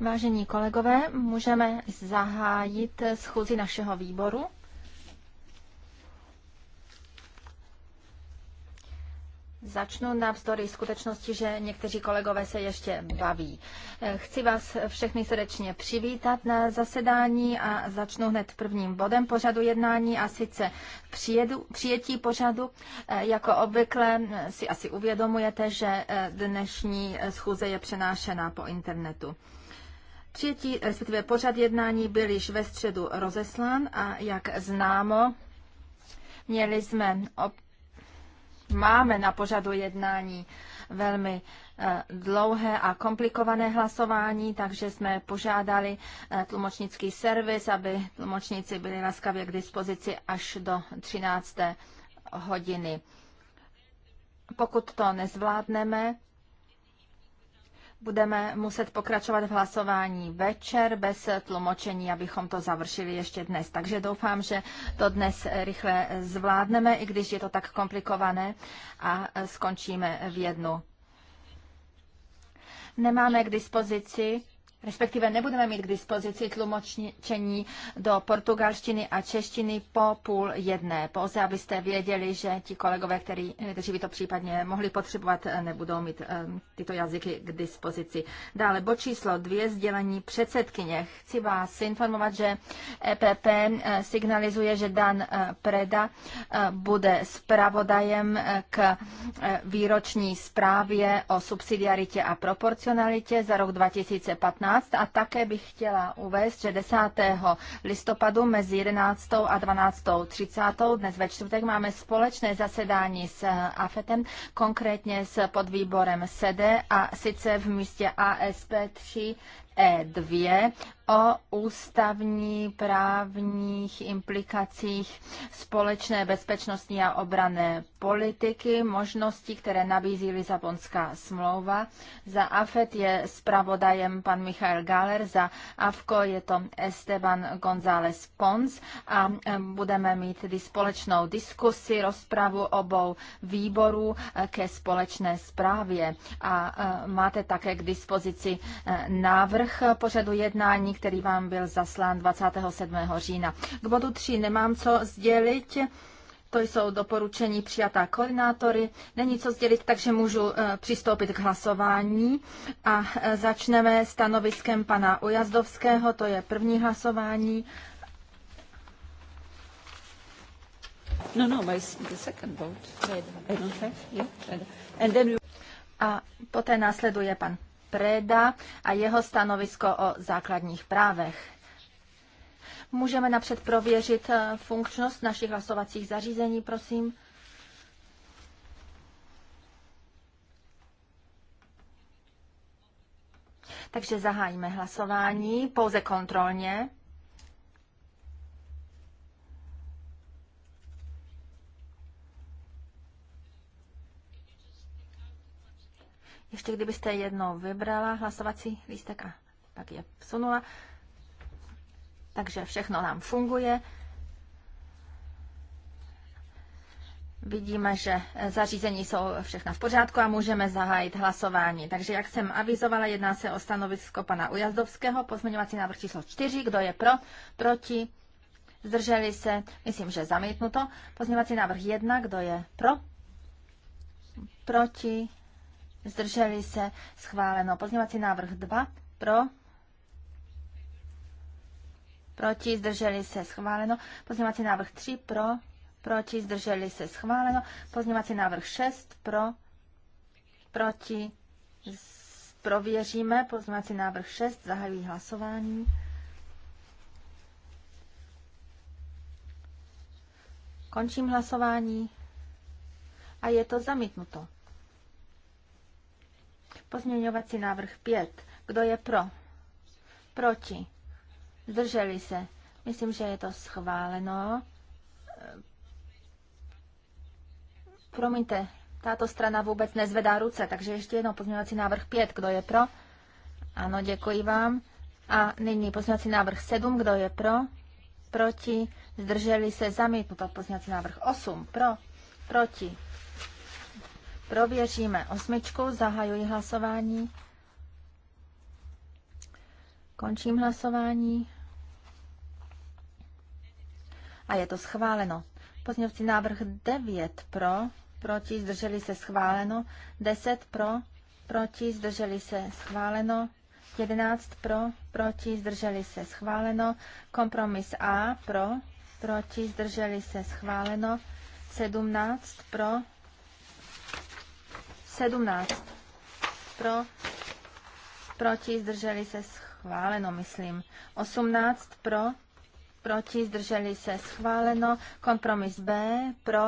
Vážení kolegové, můžeme zahájit schůzi našeho výboru. Začnu navzdory skutečnosti, že někteří kolegové se ještě baví. Eh, chci vás všechny srdečně přivítat na zasedání a začnu hned prvním bodem pořadu jednání a sice přijedu, přijetí pořadu. Eh, jako obvykle hm, si asi uvědomujete, že eh, dnešní schůze je přenášena po internetu. Přijetí, respektive pořad jednání byl již ve středu rozeslán a jak známo, Měli jsme máme na pořadu jednání velmi eh, dlouhé a komplikované hlasování, takže jsme požádali eh, tlumočnický servis, aby tlumočníci byli laskavě k dispozici až do 13. hodiny. Pokud to nezvládneme, budeme muset pokračovat v hlasování večer bez tlumočení, abychom to završili ještě dnes. Takže doufám, že to dnes rychle zvládneme, i když je to tak komplikované a skončíme v jednu. Nemáme k dispozici respektive nebudeme mít k dispozici tlumočení do portugalštiny a češtiny po půl jedné. Pouze abyste věděli, že ti kolegové, který, kteří by to případně mohli potřebovat, nebudou mít um, tyto jazyky k dispozici. Dále bod číslo dvě, sdělení předsedkyně. Chci vás informovat, že EPP eh, signalizuje, že Dan eh, Preda bude zpravodajem k výroční zprávě o subsidiaritě a proporcionalitě za rok 2015 11 a také bych chtěla uvést, že 10. listopadu mezi 11. a 12.30 dnes ve čtvrtek máme společné zasedání s AFETem, konkrétně s podvýborem SEDE a sice v místě ASP 3 E2 o ústavní právních implikacích společné bezpečnostní a obrané politiky, možnosti, které nabízí Lisabonská smlouva. Za AFET je zpravodajem pan Michael Galer, za AFKO je to Esteban González Pons a budeme mít tedy společnou diskusi, rozpravu obou výborů e, ke společné zprávě. A e, máte také k dispozici e, návrh pořadu jednání, který vám byl zaslán 27. října. K bodu 3 nemám co sdělit. To jsou doporučení přijatá koordinátory. Není co sdělit, takže můžu eh, přistoupit k hlasování. A eh, začneme stanoviskem pana Ujazdovského, to je první hlasování. No, no, my the second vote. I don't have. Yeah. And then you... A poté následuje pan Preda a jeho stanovisko o základních právech. Můžeme napřed prověřit eh, funkčnost našich hlasovacích zařízení, prosím. Takže zahájíme hlasování pouze kontrolně. Ještě kdybyste jednou vybrala hlasovací lístek a pak je vsunula. Takže všechno nám funguje. Vidíme, že zařízení jsou všechna v pořádku a můžeme zahájit hlasování. Takže jak jsem avizovala, jedná se o stanovisko pana Ujazdovského, pozměňovací návrh číslo 4, kdo je pro, proti, zdrželi se, myslím, že zamítnuto. Pozměňovací návrh 1, kdo je pro, proti, zdrželi se, schváleno. Pozměňovací návrh 2, pro, proti, zdrželi se, schváleno. Pozměňovací návrh 3, pro, proti, zdrželi se, schváleno. Pozměňovací návrh 6, pro, proti, z... prověříme. Pozměňovací návrh 6, zahajují hlasování. Končím hlasování a je to zamítnuto. Pozměňovací návrh 5. Kdo je pro? Proti? Zdrželi se? Myslím, že je to schváleno. Promiňte, tato strana vůbec nezvedá ruce, takže ještě jednou pozměňovací návrh 5. Kdo je pro? Ano, děkuji vám. A nyní pozměňovací návrh 7. Kdo je pro? Proti? Zdrželi se? Zamítnuto. Pozměňovací návrh 8. Pro? Proti? Prověříme osmičku, zahajuji hlasování. Končím hlasování. A je to schváleno. Pozněvci návrh 9 pro, proti, zdrželi se schváleno. 10 pro, proti, zdrželi se schváleno. 11 pro, proti, zdrželi se schváleno. Kompromis A pro, proti, zdrželi se schváleno. 17 pro, 17 pro, proti, zdrželi se schváleno, myslím. 18 pro, proti, zdrželi se schváleno. Kompromis B pro,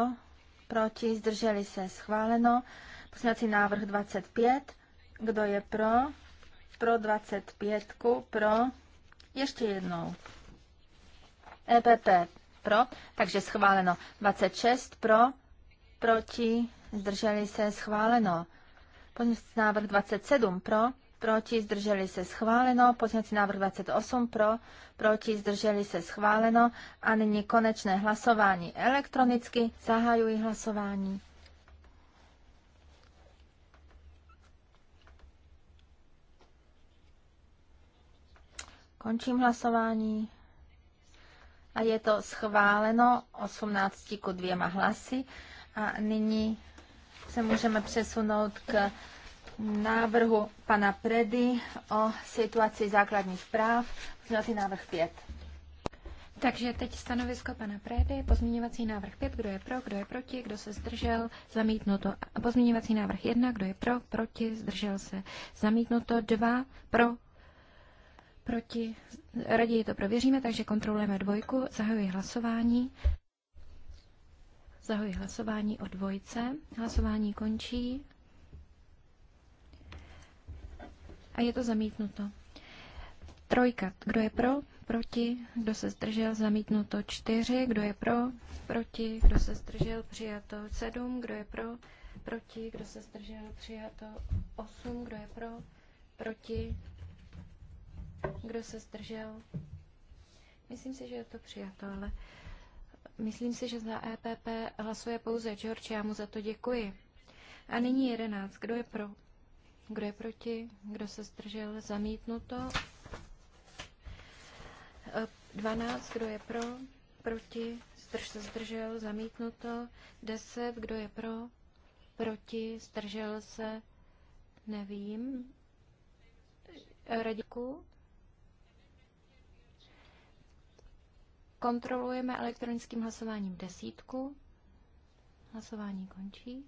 proti, zdrželi se schváleno. Poslanecí návrh 25. Kdo je pro? Pro 25. Pro. Ještě jednou. EPP pro, takže schváleno. 26 pro, proti, zdrželi se, schváleno. Pozměňovací návrh 27 pro, proti, zdrželi se, schváleno. Pozměňovací návrh 28 pro, proti, zdrželi se, schváleno. A nyní konečné hlasování elektronicky. Zahajuji hlasování. Končím hlasování. A je to schváleno 18 ku dvěma hlasy. A nyní se můžeme přesunout k návrhu pana Predy o situaci základních práv, pozměňovací návrh 5. Takže teď stanovisko pana Predy, pozměňovací návrh 5, kdo je pro, kdo je proti, kdo se zdržel, zamítnuto. A pozměňovací návrh 1, kdo je pro, proti, zdržel se, zamítnuto. 2, pro, proti, raději to prověříme, takže kontrolujeme dvojku, zahajuji hlasování. Zahoji hlasování o dvojce. Hlasování končí. A je to zamítnuto. Trojka. Kdo je pro? Proti. Kdo se zdržel? Zamítnuto. Čtyři. Kdo je pro? Proti. Kdo se zdržel? Přijato. Sedm. Kdo je pro? Proti. Kdo se zdržel? Přijato. Osm. Kdo je pro? Proti. Kdo se zdržel? Myslím si, že je to přijato, ale Myslím si, že za EPP hlasuje pouze George, já mu za to děkuji. A nyní jedenáct. Kdo je pro? Kdo je proti? Kdo se zdržel? Zamítnuto. 12. E, Kdo je pro? Proti? Zdrž se zdržel? Zamítnuto. Deset. Kdo je pro? Proti? Zdržel se? Nevím. E, Radiku? Kontrolujeme elektronickým hlasováním desítku. Hlasování končí.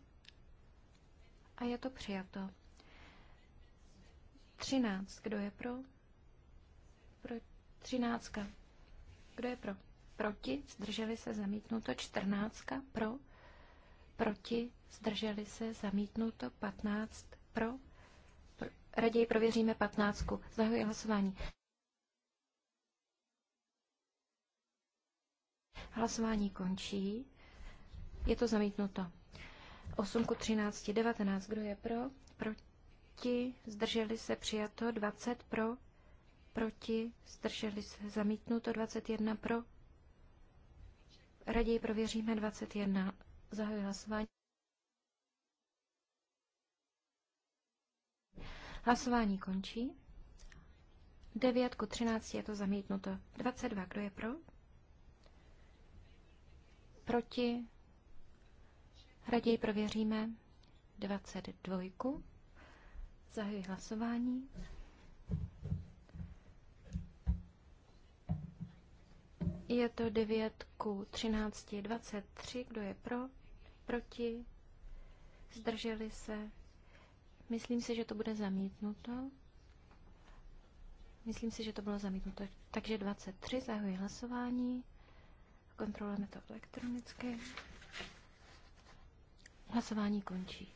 A je to přijato. 13. Kdo je pro? pro 13. Kdo je pro? Proti? Zdrželi se zamítnuto. 14. Pro? Proti? Zdrželi se zamítnuto. 15. Pro? pro raději prověříme 15. Zahajuji hlasování. Hlasování končí. Je to zamítnuto. 8 k 13, 19. Kdo je pro? Proti? Zdrželi se přijato? 20 pro? Proti? Zdrželi se zamítnuto? 21 pro? Raději prověříme 21. Zahajuji hlasování. Hlasování končí. 9 k 13 je to zamítnuto. 22. Kdo je pro? Proti? Raději prověříme 22. Zahajuji hlasování. Je to 9 ku 13, 23. Kdo je pro? Proti? Zdrželi se? Myslím si, že to bude zamítnuto. Myslím si, že to bylo zamítnuto. Takže 23. Zahajuji hlasování. Kontrolujeme to elektronicky. Hlasování končí.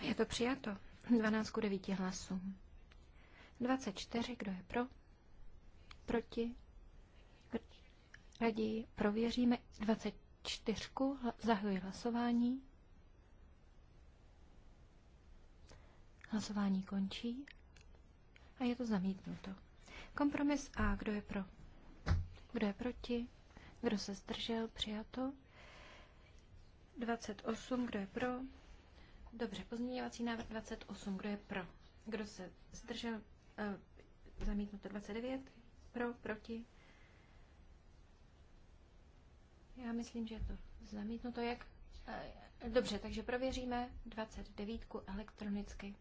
Je to přijato. 12 ku 9 hlasům. 24, kdo je pro? Proti? Raději prověříme 24. Zahajuji hlasování. Hlasování končí a je to zamítnuto. Kompromis A, kdo je pro? Kdo je proti? Kdo se zdržel? Přijato. 28. Kdo je pro? Dobře, pozměňovací návrh 28. Kdo je pro? Kdo se zdržel? E, zamítnuto 29. Pro, proti? Já myslím, že je to zamítnuto jak? Uh, dobře, takže prověříme 29 elektronicky.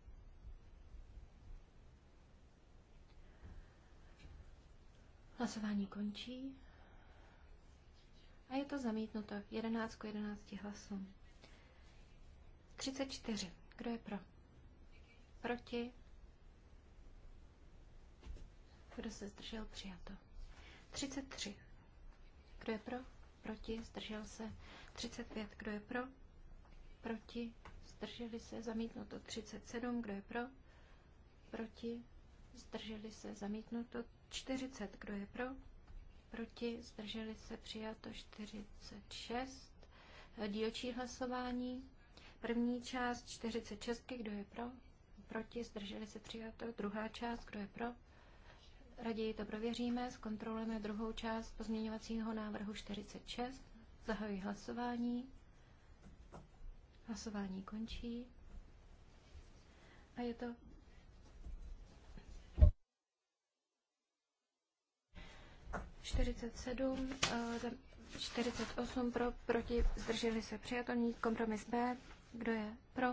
Hlasování končí. A je to zamítnuto 11 k 11 hlasům. 34. Kdo je pro? Proti? Kdo se zdržel? Přijato. 33. Kdo je pro? Proti? Zdržel se. 35. Kdo je pro? Proti? Zdrželi se. Zamítnuto. 37. Kdo je pro? Proti? Zdrželi se. Zamítnuto. 40, kdo je pro? Proti, zdrželi se, přijato 46. Dílčí hlasování. První část 46, kdo je pro? Proti, zdrželi se, přijato. Druhá část, kdo je pro? Raději to prověříme, zkontrolujeme druhou část pozměňovacího návrhu 46. Zahajuji hlasování. Hlasování končí. A je to 47, 48 eh, pro, proti, zdrželi se přijato, kompromis B, kdo je pro,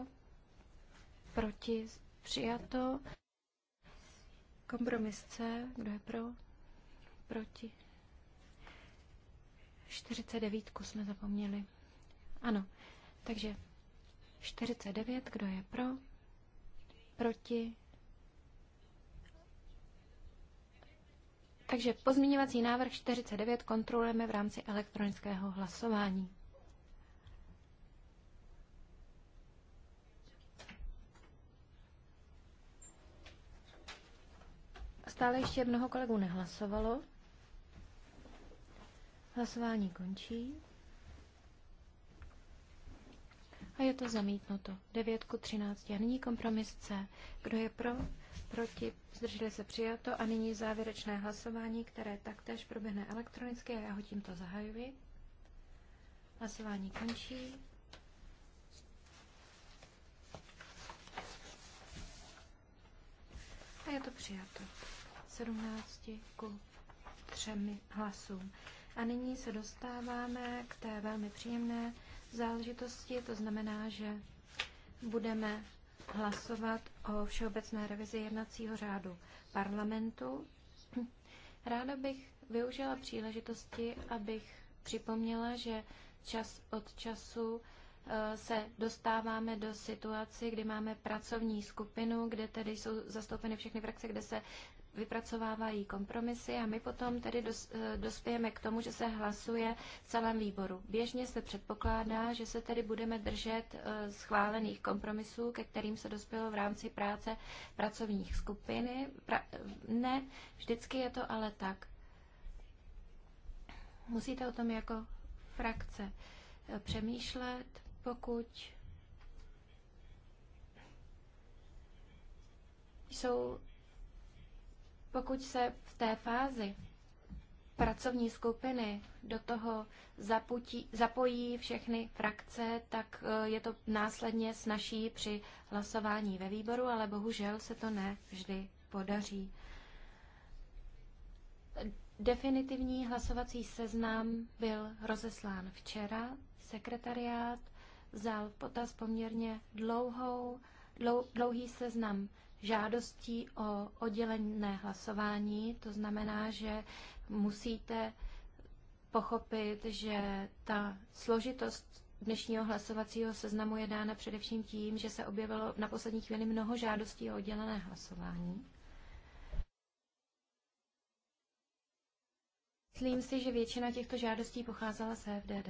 proti, přijato, kompromis C, kdo je pro, proti, 49 jsme zapomněli, ano, takže 49, kdo je pro, proti, Takže pozměňovací návrh 49 kontrolujeme v rámci elektronického hlasování. Stále ještě mnoho kolegů nehlasovalo. Hlasování končí. A je to zamítnuto. 9 ku 13. A nyní kompromis C. Kdo je pro? proti, zdrželi se přijato a nyní závěrečné hlasování, které taktéž proběhne elektronicky a já ho tímto zahajuji. Hlasování končí. A je to přijato. 17 ku třemi hlasům. A nyní se dostáváme k té velmi příjemné záležitosti, to znamená, že budeme hlasovat o všeobecné revizi jednacího řádu parlamentu. Ráda bych využila příležitosti, abych připomněla, že čas od času eh, se dostáváme do situaci, kdy máme pracovní skupinu, kde tedy jsou zastoupeny všechny frakce, kde se vypracovávají kompromisy a my potom tedy dos, eh, dospějeme k tomu, že se hlasuje v celém výboru. Běžně se předpokládá, že se tedy budeme držet eh, schválených kompromisů, ke kterým se dospělo v rámci práce pracovních skupiny. Pra, eh, ne, vždycky je to ale tak. Musíte o tom jako frakce přemýšlet, pokud jsou pokud se v té fázi pracovní skupiny do toho zapotí, zapojí všechny frakce, tak e, je to následně snaží při hlasování ve výboru, ale bohužel se to ne vždy podaří. Definitivní hlasovací seznam byl rozeslán včera. Sekretariát vzal v potaz poměrně dlouhou, dlou, dlouhý seznam žádostí o oddělené hlasování. To znamená, že musíte pochopit, že ta složitost dnešního hlasovacího seznamu je dána především tím, že se objevilo na poslední chvíli mnoho žádostí o oddělené hlasování. Myslím si, že většina těchto žádostí pocházela z FDD.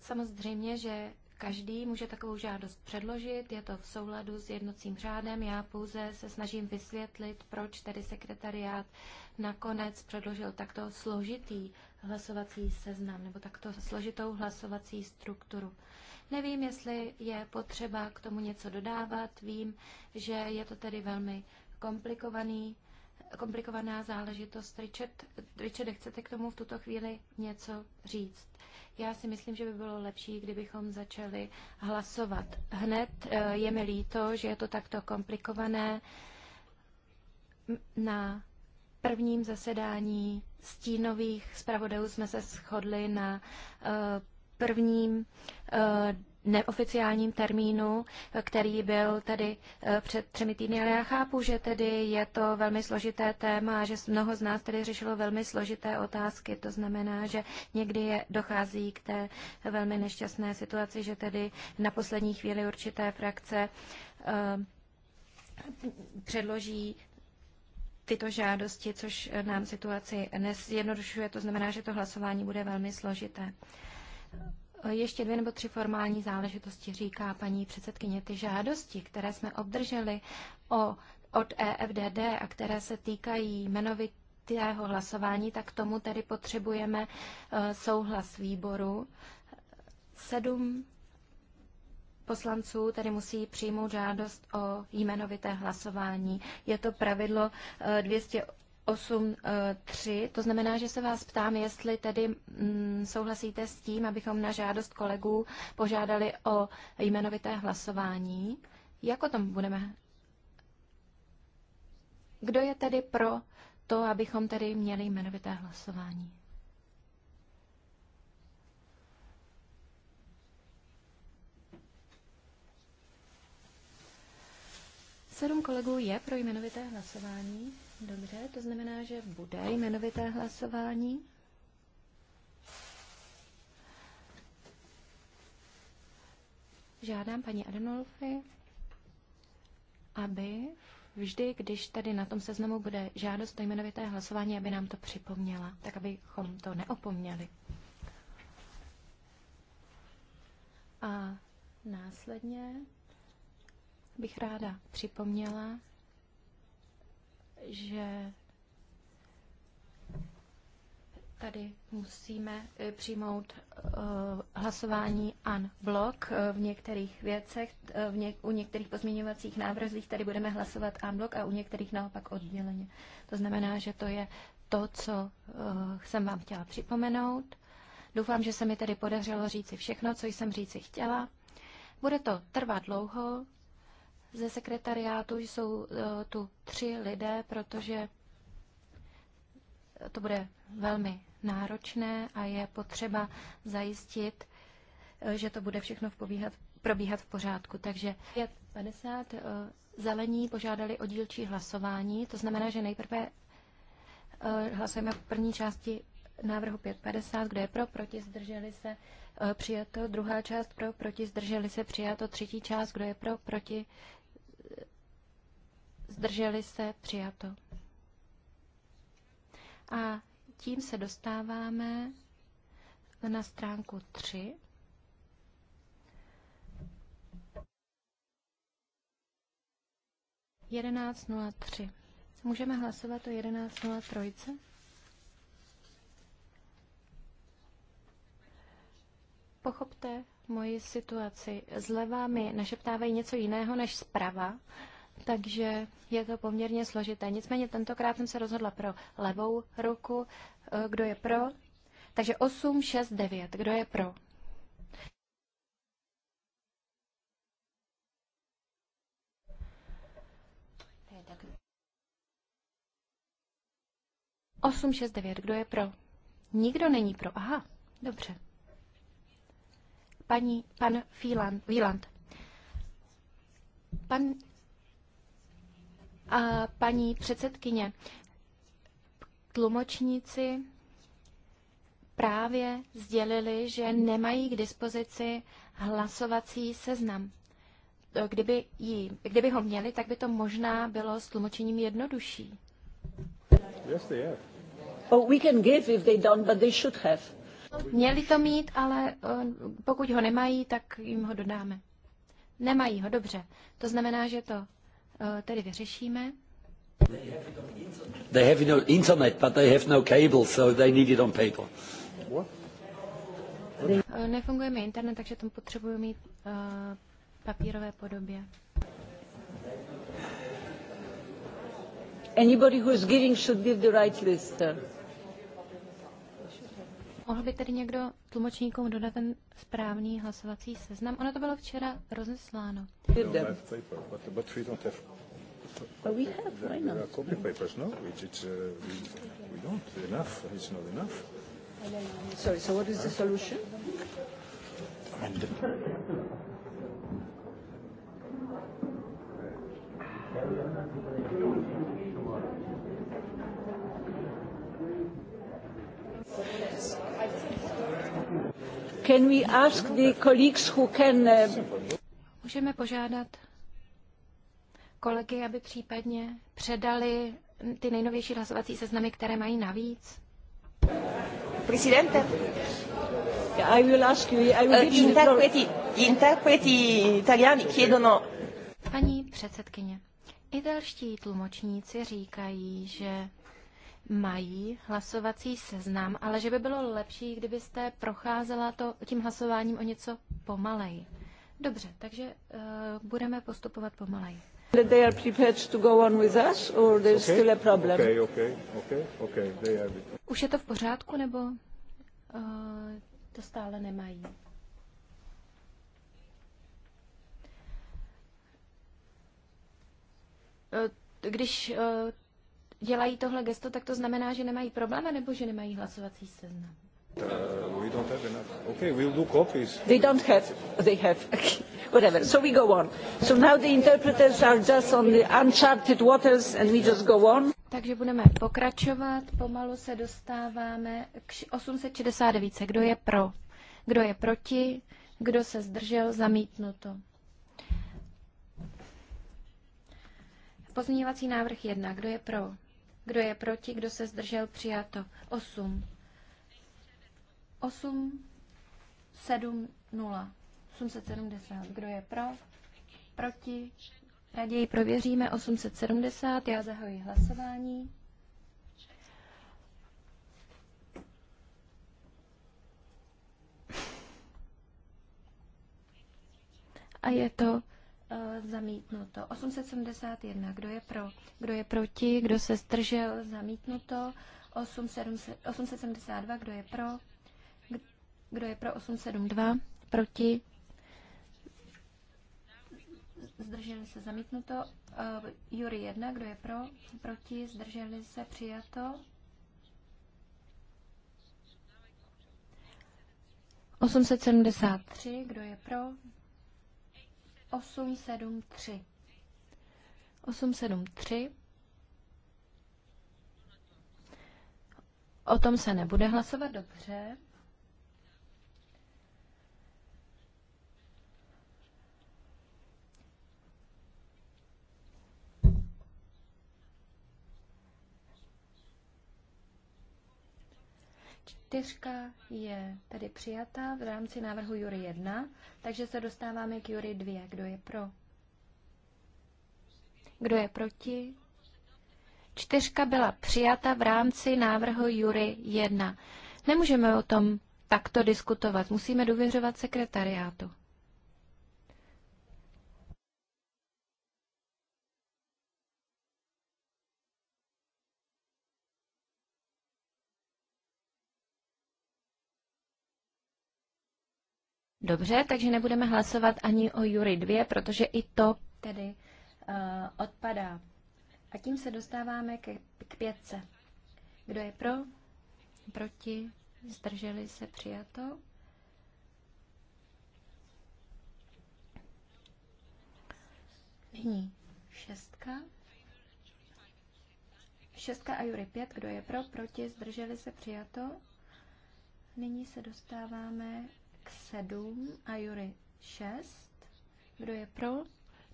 Samozřejmě, že Každý může takovou žádost předložit, je to v souladu s jednocím řádem. Já pouze se snažím vysvětlit, proč tedy sekretariát nakonec předložil takto složitý hlasovací seznam nebo takto složitou hlasovací strukturu. Nevím, jestli je potřeba k tomu něco dodávat. Vím, že je to tedy velmi komplikovaný, komplikovaná záležitost. Richard, Richard, chcete k tomu v tuto chvíli něco říct? Já si myslím, že by bylo lepší, kdybychom začali hlasovat hned. Eh, je mi líto, že je to takto komplikované. Na prvním zasedání stínových zpravodajů jsme se shodli na eh, prvním eh, neoficiálním termínu, který byl tedy eh, před třemi týdny, ale já chápu, že tedy je to velmi složité téma a že mnoho z nás tedy řešilo velmi složité otázky. To znamená, že někdy je, dochází k té velmi nešťastné situaci, že tedy na poslední chvíli určité frakce eh, předloží tyto žádosti, což nám situaci nezjednodušuje. To znamená, že to hlasování bude velmi složité. Eh, ještě dvě nebo tři formální záležitosti, říká paní předsedkyně. Ty žádosti, které jsme obdrželi o, od EFDD a které se týkají jmenovitého hlasování, tak tomu tedy potřebujeme eh, souhlas výboru. Sedm poslanců tedy musí přijmout žádost o jmenovité hlasování. Je to pravidlo 200 eh, 8.3. Eh, to znamená, že se vás ptám, jestli tedy mm, souhlasíte s tím, abychom na žádost kolegů požádali o jmenovité hlasování. Jak o tom budeme? Kdo je tedy pro to, abychom tedy měli jmenovité hlasování? Sedm kolegů je pro jmenovité hlasování. Dobře, to znamená, že bude jmenovité hlasování. Žádám paní Adenolfy, aby vždy, když tady na tom seznamu bude žádost o jmenovité hlasování, aby nám to připomněla, tak abychom to neopomněli. A následně bych ráda připomněla, že tady musíme eh, přijmout eh, hlasování an blok eh, v některých věcech, v něk, u některých pozměňovacích návrzích tady budeme hlasovat an blok a u některých naopak odděleně. To znamená, že to je to, co jsem vám chtěla připomenout. Doufám, že se mi tedy podařilo říci všechno, co jsem říci chtěla. Bude to trvat dlouho, ze sekretariátu jsou eh, tu tři lidé, protože to bude velmi náročné a je potřeba zajistit, eh, že to bude všechno pobíhat, probíhat v pořádku. Takže 50 eh, zelení požádali o dílčí hlasování, to znamená, že nejprve hlasujeme v první části návrhu 550, kde je pro, proti, zdrželi se, přijato, druhá část pro, proti, zdrželi se, přijato, třetí část, kdo je pro, proti, zdrželi se, přijato. A tím se dostáváme na stránku 3. Jedenáct nula tři. Můžeme hlasovat o jedenáct nula trojce? Pochopte moji situaci. Zleva mi našeptávají něco jiného než zprava takže je to poměrně složité. Nicméně tentokrát jsem se rozhodla pro levou ruku. Eh, kdo je pro? Takže 8, 6, 9. Kdo je pro? Tak. 8, 6, 9. Kdo je pro? Nikdo není pro. Aha, dobře. Paní, pan Fíland, Víland. Pan a paní předsedkyně, tlumočníci právě sdělili, že nemají k dispozici hlasovací seznam. Kdyby, jí, kdyby ho měli, tak by to možná bylo s tlumočením jednodušší. Yes, they have. Oh, we can give if they don't, but they should have. Měli to mít, ale eh, pokud ho nemají, tak jim ho dodáme. Nemají ho, dobře. To znamená, že to Eh, tedy vyřešíme. They have no internet, but they have no cable, so they need it on paper. Eh, nefunguje mi internet, takže tam potřebuji mít eh, papírové podobě. Anybody who is giving should give the right list. Mohl by tedy někdo tlumočníkům dodat ten správný hlasovací seznam? Ono to bylo včera rozesláno. No, but we have, why not? There are copy papers, no? it's, uh, we, we don't. Enough. It's not enough. Sorry, so what is the solution? I mean, the Can we ask the colleagues who can... Uh, Můžeme požádat kolegy, aby případně předali ty nejnovější hlasovací seznamy, které mají navíc? Presidente? I will ask you, I will uh, interpreti, interpreti italiani chiedono... Paní předsedkyně, italští tlumočníci říkají, že mají hlasovací seznam, ale že by bylo lepší, kdybyste procházela to, tím hlasováním o něco pomaleji. Dobře, takže uh, budeme postupovat pomaleji. they are prepared to go on with us, or there's okay. still a problem? Okay, okay, okay, okay. They are... Už je to v pořádku, nebo uh, to stále nemají? Uh, když uh, dělají tohle gesto, tak to znamená, že nemají problém, nebo že nemají hlasovací seznam? Uh, we don't have enough. Okay, we'll do copies. They don't have. They have. Whatever. So we go on. So now the interpreters are just on the uncharted waters and we just go on. Takže budeme pokračovat. Pomalu se dostáváme k 869. Kdo je pro? Kdo je proti? Kdo se zdržel? Zamítnuto. Pozměňovací návrh 1. Kdo je pro? Kdo je proti? Kdo se zdržel? Přijato. 8. 8, 7, 0. 870. Kdo je pro? Proti? Raději prověříme 870. Já zahoji hlasování. A je to Eh, zamítnuto. 871, kdo je pro, kdo je proti, kdo se zdržel, zamítnuto. 872, kdo je pro, kdo je pro 872, proti, zdrželi se, zamítnuto. Uh, Jury 1, kdo je pro, proti, zdrželi se, přijato. 873, kdo je pro, 873. 873. O tom se nebude hlasovat dobře. Čtyřka je tedy přijata v rámci návrhu Jury 1, takže se dostáváme k Jury 2. Kdo je pro? Kdo je proti? Čtyřka byla přijata v rámci návrhu Jury 1. Nemůžeme o tom takto diskutovat. Musíme důvěřovat sekretariátu. Dobře, takže nebudeme hlasovat ani o Jury 2, protože i to tedy uh, odpadá. A tím se dostáváme k, k pětce. Kdo je pro? Proti? Zdrželi se přijato? Nyní šestka. Šestka a Jury 5. Kdo je pro? Proti? Zdrželi se přijato? Nyní se dostáváme 7 a Jury 6. Kdo je pro?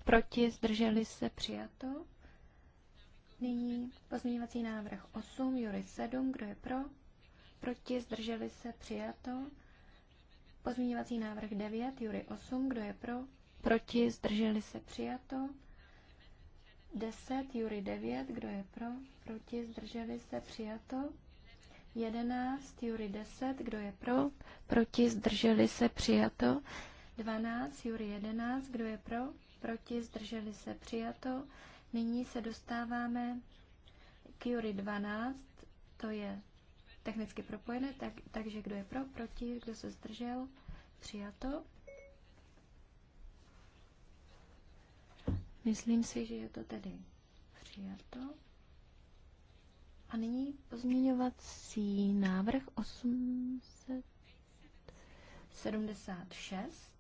Proti? Zdrželi se? Přijato. Nyní pozměňovací návrh 8, Jury 7. Kdo je pro? Proti? Zdrželi se? Přijato. Pozměňovací návrh 9, Jury 8. Kdo je pro? Proti? Zdrželi se? Přijato. 10, Jury 9. Kdo je pro? Proti? Zdrželi se? Přijato. 11, Jury 10, kdo je pro, proti, zdrželi se, přijato. 12, Jury 11, kdo je pro, proti, zdrželi se, přijato. Nyní se dostáváme k Jury 12, to je technicky propojené, tak, takže kdo je pro, proti, kdo se zdržel, přijato. Myslím si, že je to tedy přijato. A nyní pozměňovací návrh 876.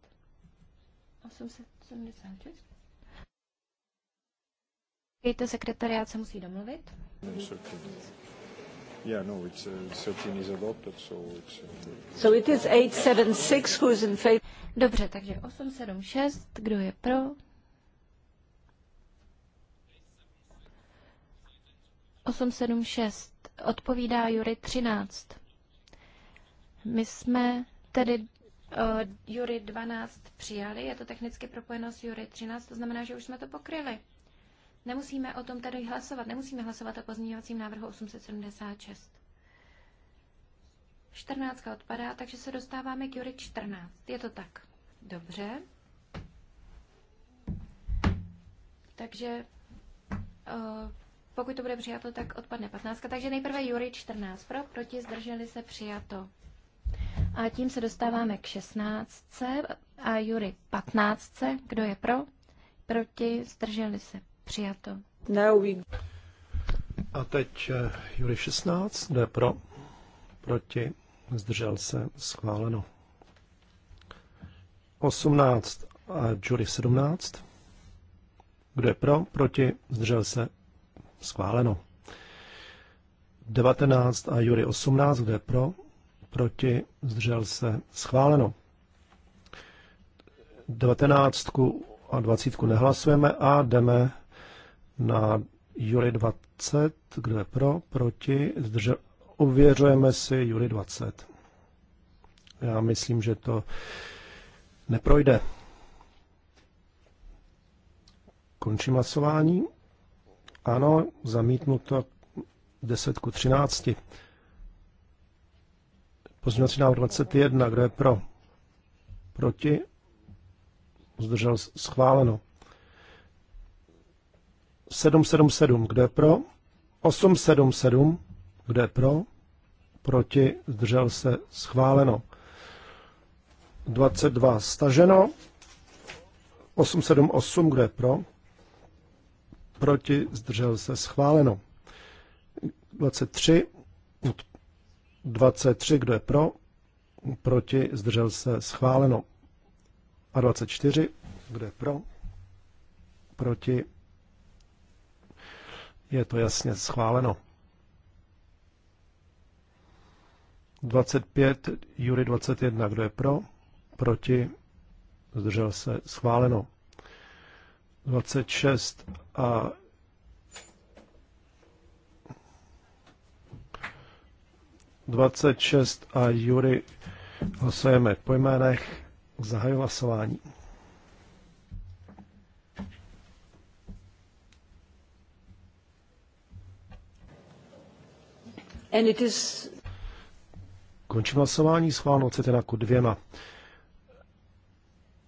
876. Víte, sekretariát se musí domluvit. Yeah, no, it's, uh, 13 is adopted, so it's... Uh... So it is 876 who is in favor. Dobře, takže 876, kdo je pro, 876 odpovídá Jury 13. My jsme tedy uh, Jury 12 přijali, je to technicky propojeno s Jury 13, to znamená, že už jsme to pokryli. Nemusíme o tom tedy hlasovat, nemusíme hlasovat o pozměňovacím návrhu 876. 14 odpadá, takže se dostáváme k Jury 14. Je to tak. Dobře. Takže uh, pokud to bude přijato, tak odpadne 15. Takže nejprve Jury 14 pro, proti zdrželi se přijato. A tím se dostáváme k 16. a Jury 15. Kdo je pro? Proti zdrželi se přijato. Now A teď eh, Jury 16. Kdo je pro? Proti zdržel se schváleno. 18 a Jury 17. Kdo je pro? Proti zdržel se Schváleno. 19 a Jury 18, kde pro, proti, zdržel se, schváleno. 19 a 20 nehlasujeme a jdeme na Jury 20, kde pro, proti, zdržel, ověřujeme si Jury 20. Já myslím, že to neprojde. Končím hlasování. Ano, zamítnuto 10 ku 13. Pozměňovací návrh 21. Kdo je pro? Proti? Zdržel schváleno. 777. Kdo je pro? 877. Kdo je pro? Proti? Zdržel se schváleno. 22. Staženo. 878. Kdo je pro? proti, zdržel se schváleno. 23, 23, kdo je pro, proti, zdržel se schváleno. A 24, kdo je pro, proti, je to jasně schváleno. 25, Jury 21, kdo je pro, proti, zdržel se schváleno. 26 a a Jury hlasujeme po jménech. Zahajuji hlasování. And it is... Končím hlasování, schváleno CETINA ku dvěma.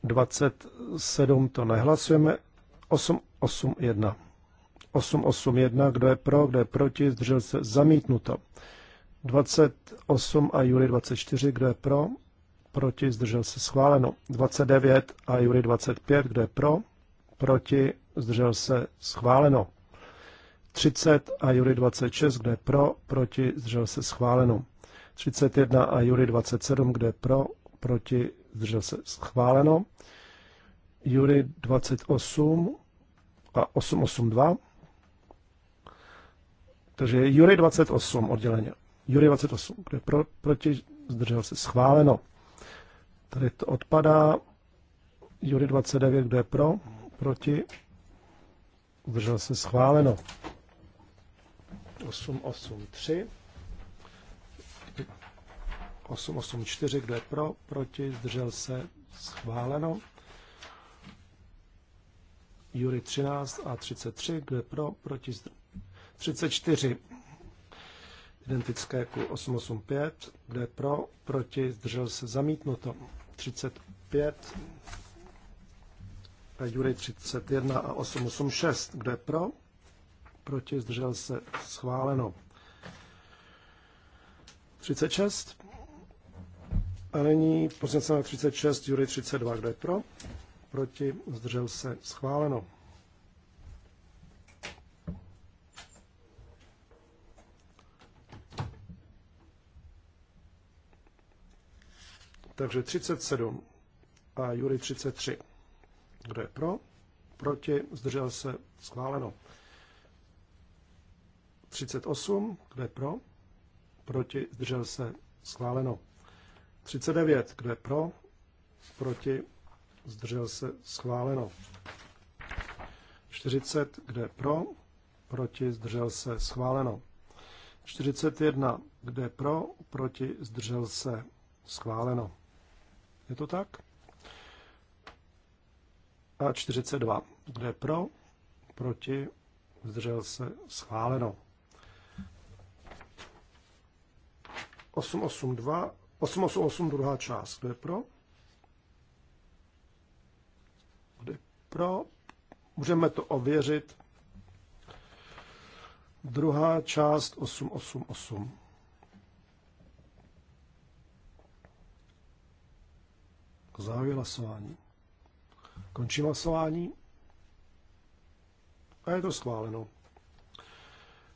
27 to nehlasujeme, 881. 881, kdo je pro, kdo je proti, zdržel se, zamítnuto. 28 a juli 24, kdo je pro, proti, zdržel se, schváleno. 29 a juli 25, kdo je pro, proti, zdržel se, schváleno. 30 a juli 26, kde pro, proti, zdržel se schváleno. 31 a juli 27, kde pro, proti, zdržel se schváleno. Jury 28 a 882. Takže Jury 28 odděleně. Jury 28, kde pro, proti zdržel se schváleno. Tady to odpadá. Jury 29, kde pro, proti zdržel se schváleno. 883. 884, kde pro, proti, zdržel se, schváleno. Jury 13 a 33, kde pro, proti, 34, identické jako 885, kde pro, proti, zdržel se, zamítnuto, 35, a Jury 31 a 886, kde pro, proti, zdržel se, schváleno. 36, a nyní poslanec 36, Jury 32, kde pro, proti, zdržel se, schváleno. Takže 37 a Jury 33. Kdo je pro? Proti, zdržel se, schváleno. 38, kdo je pro? Proti, zdržel se, schváleno. 39, kdo je pro? Proti, zdržel se schváleno. 40, kde pro, proti, zdržel se schváleno. 41, kde pro, proti, zdržel se schváleno. Je to tak? A 42, kde pro, proti, zdržel se schváleno. 882, 882 druhá část, kde pro, pro, můžeme to ověřit. Druhá část 888. Zahajuji hlasování. Končím hlasování. A je to schváleno.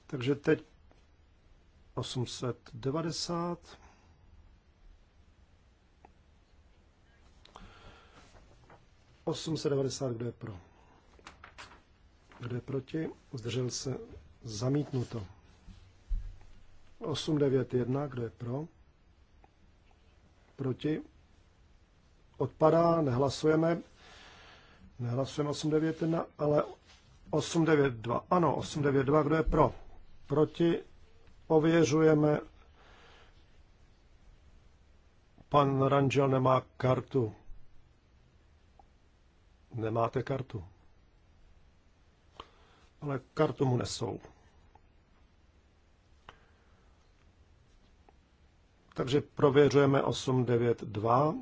Takže teď 890. 890, kdo je pro? Kdo je proti? Zdržel se zamítnuto. 891, kdo je pro? Proti? Odpadá, nehlasujeme. Nehlasujeme 891, ale 892. Ano, 892, kdo je pro? Proti? Ověřujeme. Pan Ranžel nemá kartu. Nemáte kartu. Ale kartu mu nesou. Takže prověřujeme 892.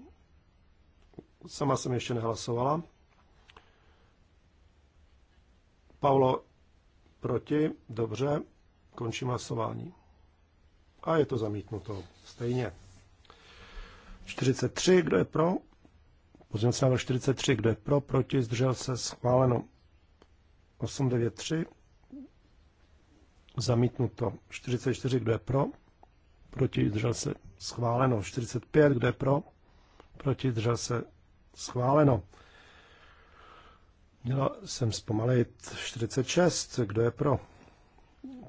Sama jsem ještě nehlasovala. Paulo proti, dobře, končím hlasování. A je to zamítnuto stejně. 43, kdo je pro? Pozměnce návrh 43, kdo je pro, proti, zdržel se, schváleno. 893, zamítnuto. 44, kdo je pro, proti, zdržel se, schváleno. 45, kdo je pro, proti, zdržel se, schváleno. Měla jsem zpomalit 46, kdo je pro,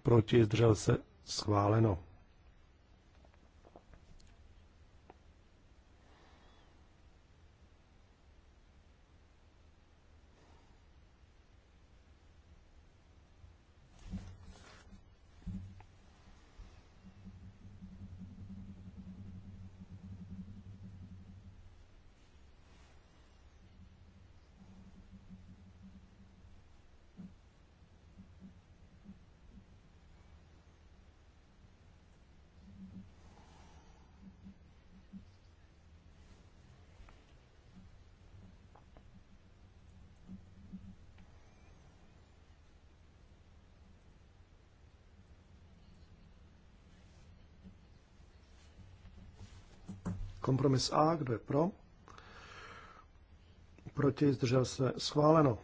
proti, zdržel se, schváleno. Kompromis A, kdo je pro? Proti, zdržel se, schváleno.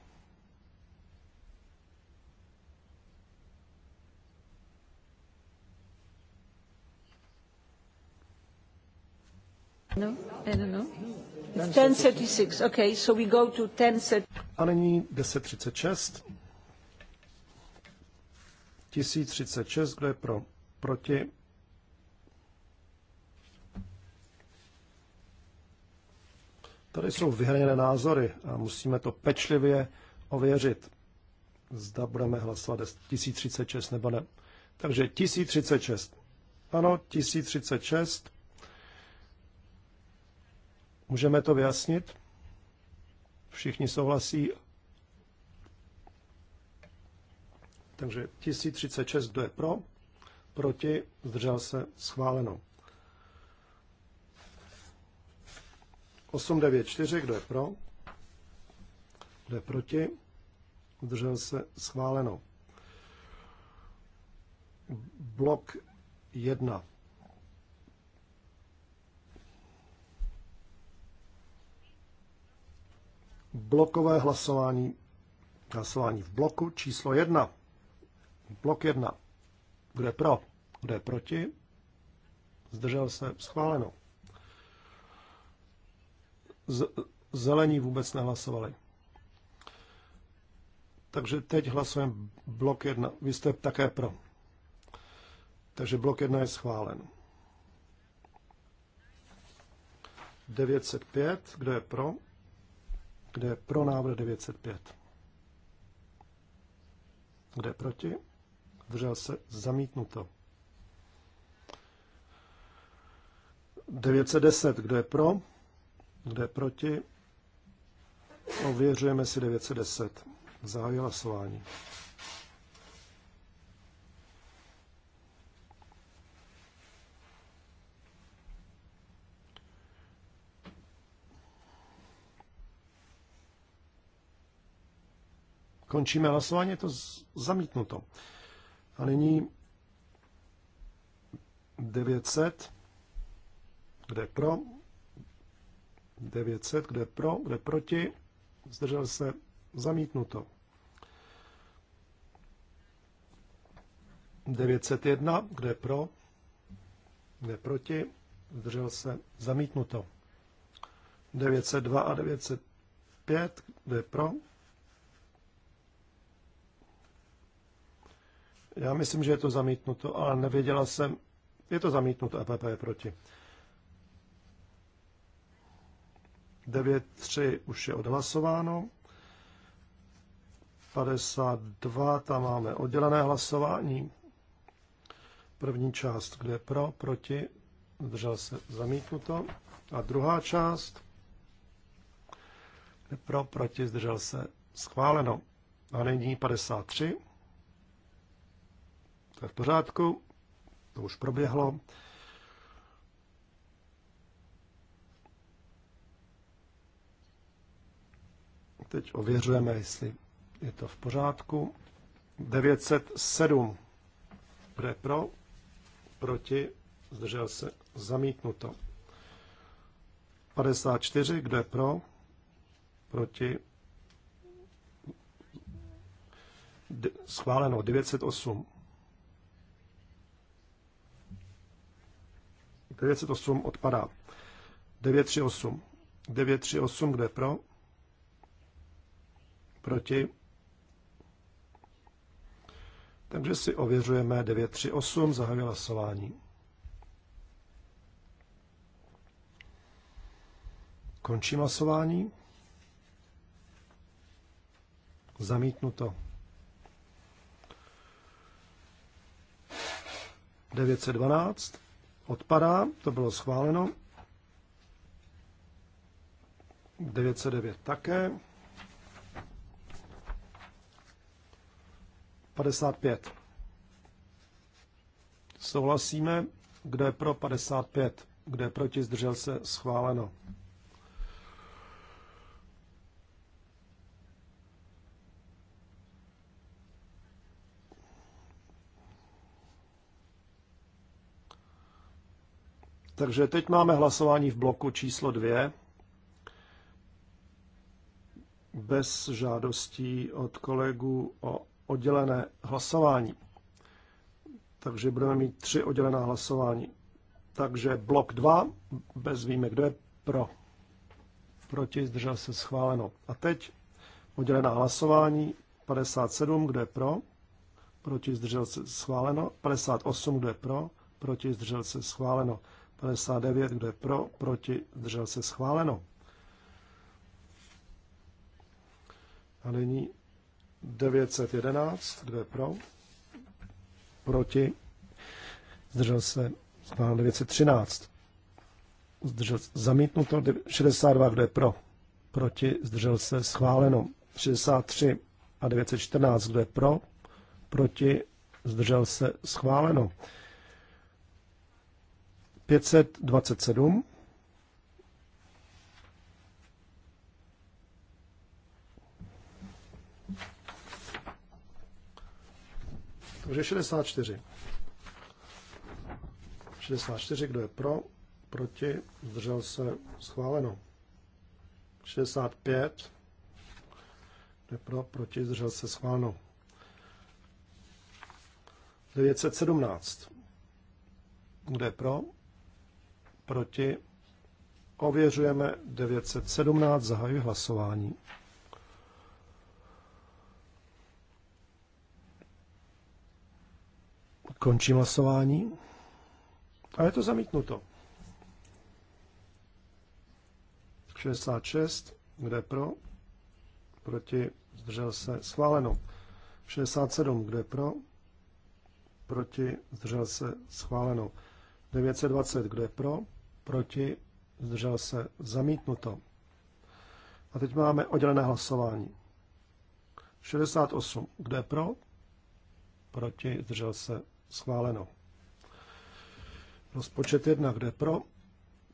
No, I don't know. 1036. Okay, so we go to 1036. A nyní 1036. 1036, kdo je pro? Proti, Tady jsou vyhraněné názory a musíme to pečlivě ověřit. Zda budeme hlasovat 1036 nebo ne. Takže 1036. Ano, 1036. Můžeme to vyjasnit? Všichni souhlasí. Takže 1036, kdo je pro? Proti? Zdržel se? Schváleno. 894, kdo je pro? Kdo je proti? Zdržel se schváleno. Blok 1. Blokové hlasování. Hlasování v bloku číslo 1. Blok 1. Kdo je pro? Kdo je proti? Zdržel se schváleno zelení vůbec nehlasovali. Takže teď hlasujeme blok 1. Vy jste také pro. Takže blok 1 je schválen. 905, kdo je pro? Kdo je pro návrh 905? Kdo je proti? Držel se zamítnuto. 910, kdo je pro? Kdo je proti? Ověřujeme si 910. Zahájí hlasování. Končíme hlasování, je to zamítnuto. A nyní 900, kde pro, 900, kde pro, kde proti, zdržel se zamítnuto. 901, kde pro, kde proti, zdržel se zamítnuto. 902 a 905, kde pro. Já myslím, že je to zamítnuto, ale nevěděla jsem, je to zamítnuto, EPP je proti. 9.3 už je odhlasováno. 52, tam máme oddělené hlasování. První část, kde pro, proti, zdržel se zamítnuto. A druhá část, kde pro, proti, zdržel se schváleno. A nyní 53. To je v pořádku, to už proběhlo. Teď ověřujeme, jestli je to v pořádku. 907. Pre pro, proti, zdržel se, zamítnuto. 54, kdo je pro, proti, schváleno 908. 908 odpadá. 938. 938, kde pro? proti. Takže si ověřujeme 938, zahajuji hlasování. Končím hlasování. Zamítnuto. 912 odpadá, to bylo schváleno. 909 také. 55. Souhlasíme, kdo je pro 55, kdo je proti, zdržel se, schváleno. Takže teď máme hlasování v bloku číslo 2 bez žádostí od kolegů o oddělené hlasování. Takže budeme mít tři oddělená hlasování. Takže blok 2, bez výjimek, kdo je pro. Proti, zdržel se schváleno. A teď oddělená hlasování 57, kdo je pro. Proti, zdržel se schváleno. 58, kdo je pro. Proti, zdržel se schváleno. 59, kdo je pro. Proti, zdržel se schváleno. A nyní 911, kdo je pro, proti, zdržel se, 913, zdržel se, zamítnuto 62, kdo je pro, proti, zdržel se, schváleno 63 a 914, kdo je pro, proti, zdržel se, schváleno 527, Takže 64. 64, kdo je pro, proti, zdržel se, schváleno. 65, kdo je pro, proti, zdržel se, schváleno. 917, kdo je pro, proti, ověřujeme 917, zahajuji hlasování. Končím hlasování. A je to zamítnuto. 66, kde pro, proti, zdržel se, schváleno. 67, kde pro, proti, zdržel se, schváleno. 920, kde pro, proti, zdržel se, zamítnuto. A teď máme oddělené hlasování. 68, kde pro, proti, zdržel se, Schváleno. Rozpočet 1, kde pro,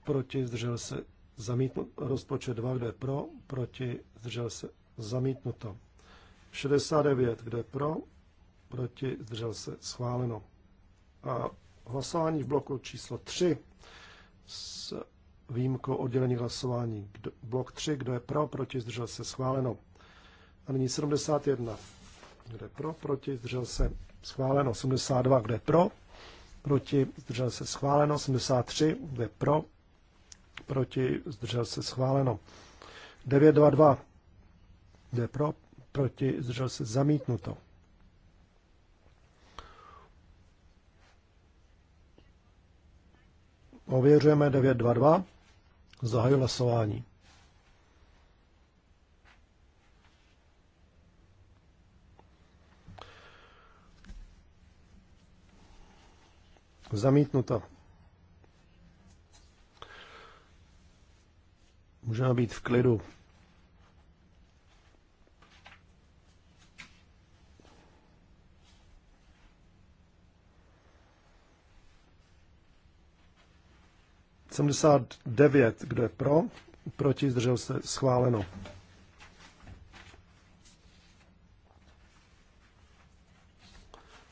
proti, zdržel se, zamítnut. Rozpočet 2, kde pro, proti, zdržel se, zamítnuto. 69, kde pro, proti, zdržel se, schváleno. A hlasování v bloku číslo 3 s výjimkou oddělení hlasování. Kdo, blok 3, kdo je pro, proti, zdržel se, schváleno. A nyní 71, kde pro, proti, zdržel se, schváleno 82, kdo je pro, proti, zdržel se schváleno 73, kdo je pro, proti, zdržel se schváleno 922, kdo je pro, proti, zdržel se zamítnuto. Ověřujeme 922, zahajuji hlasování. Zamítnuto. Můžeme být v klidu. devět, kdo je pro, proti, zdržel se, schváleno.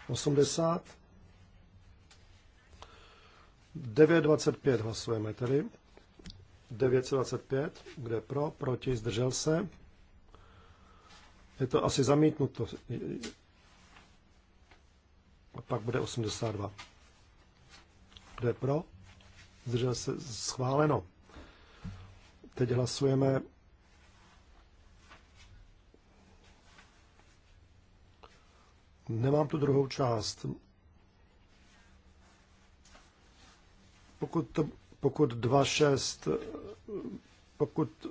Osmdesát. 9.25 hlasujeme tedy. 925, kde pro, proti, zdržel se. Je to asi zamítnuto. A pak bude 82. Kde pro, zdržel se, schváleno. Teď hlasujeme Nemám tu druhou část. pokud, to, pokud 2.6, pokud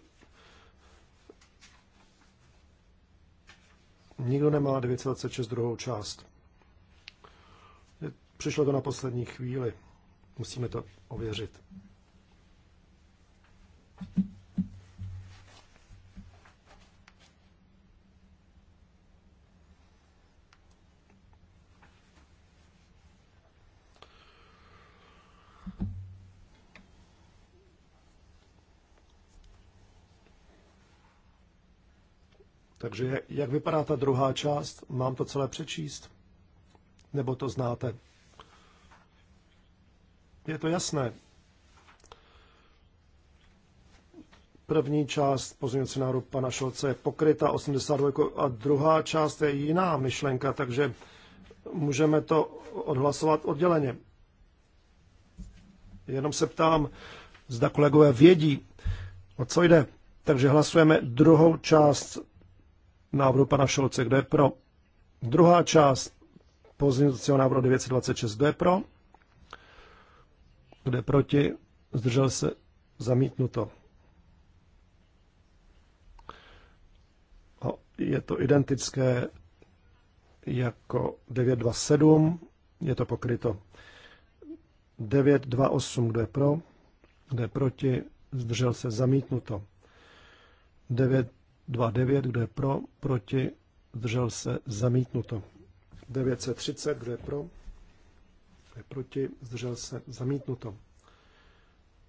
nikdo nemá 9,26 druhou část. Přišlo to na poslední chvíli. Musíme to ověřit. Takže jak vypadá ta druhá část? Mám to celé přečíst? Nebo to znáte? Je to jasné. První část pozměňovací návrhu pana Šolce je pokryta 82 a druhá část je jiná myšlenka, takže můžeme to odhlasovat odděleně. Jenom se ptám, zda kolegové vědí, o co jde. Takže hlasujeme druhou část návrhu pana Šolce. Kdo je pro? Druhá část pozměňovacího návrhu 926. Kdo je pro? Kdo je proti? Zdržel se? Zamítnuto. Je to identické jako 927, je to pokryto. 928, kdo je pro, kdo je proti, zdržel se zamítnuto. 9, 2.9, kdo je pro, proti, zdržel se, zamítnuto. 930, kdo je pro, kdo je proti, zdržel se, zamítnuto.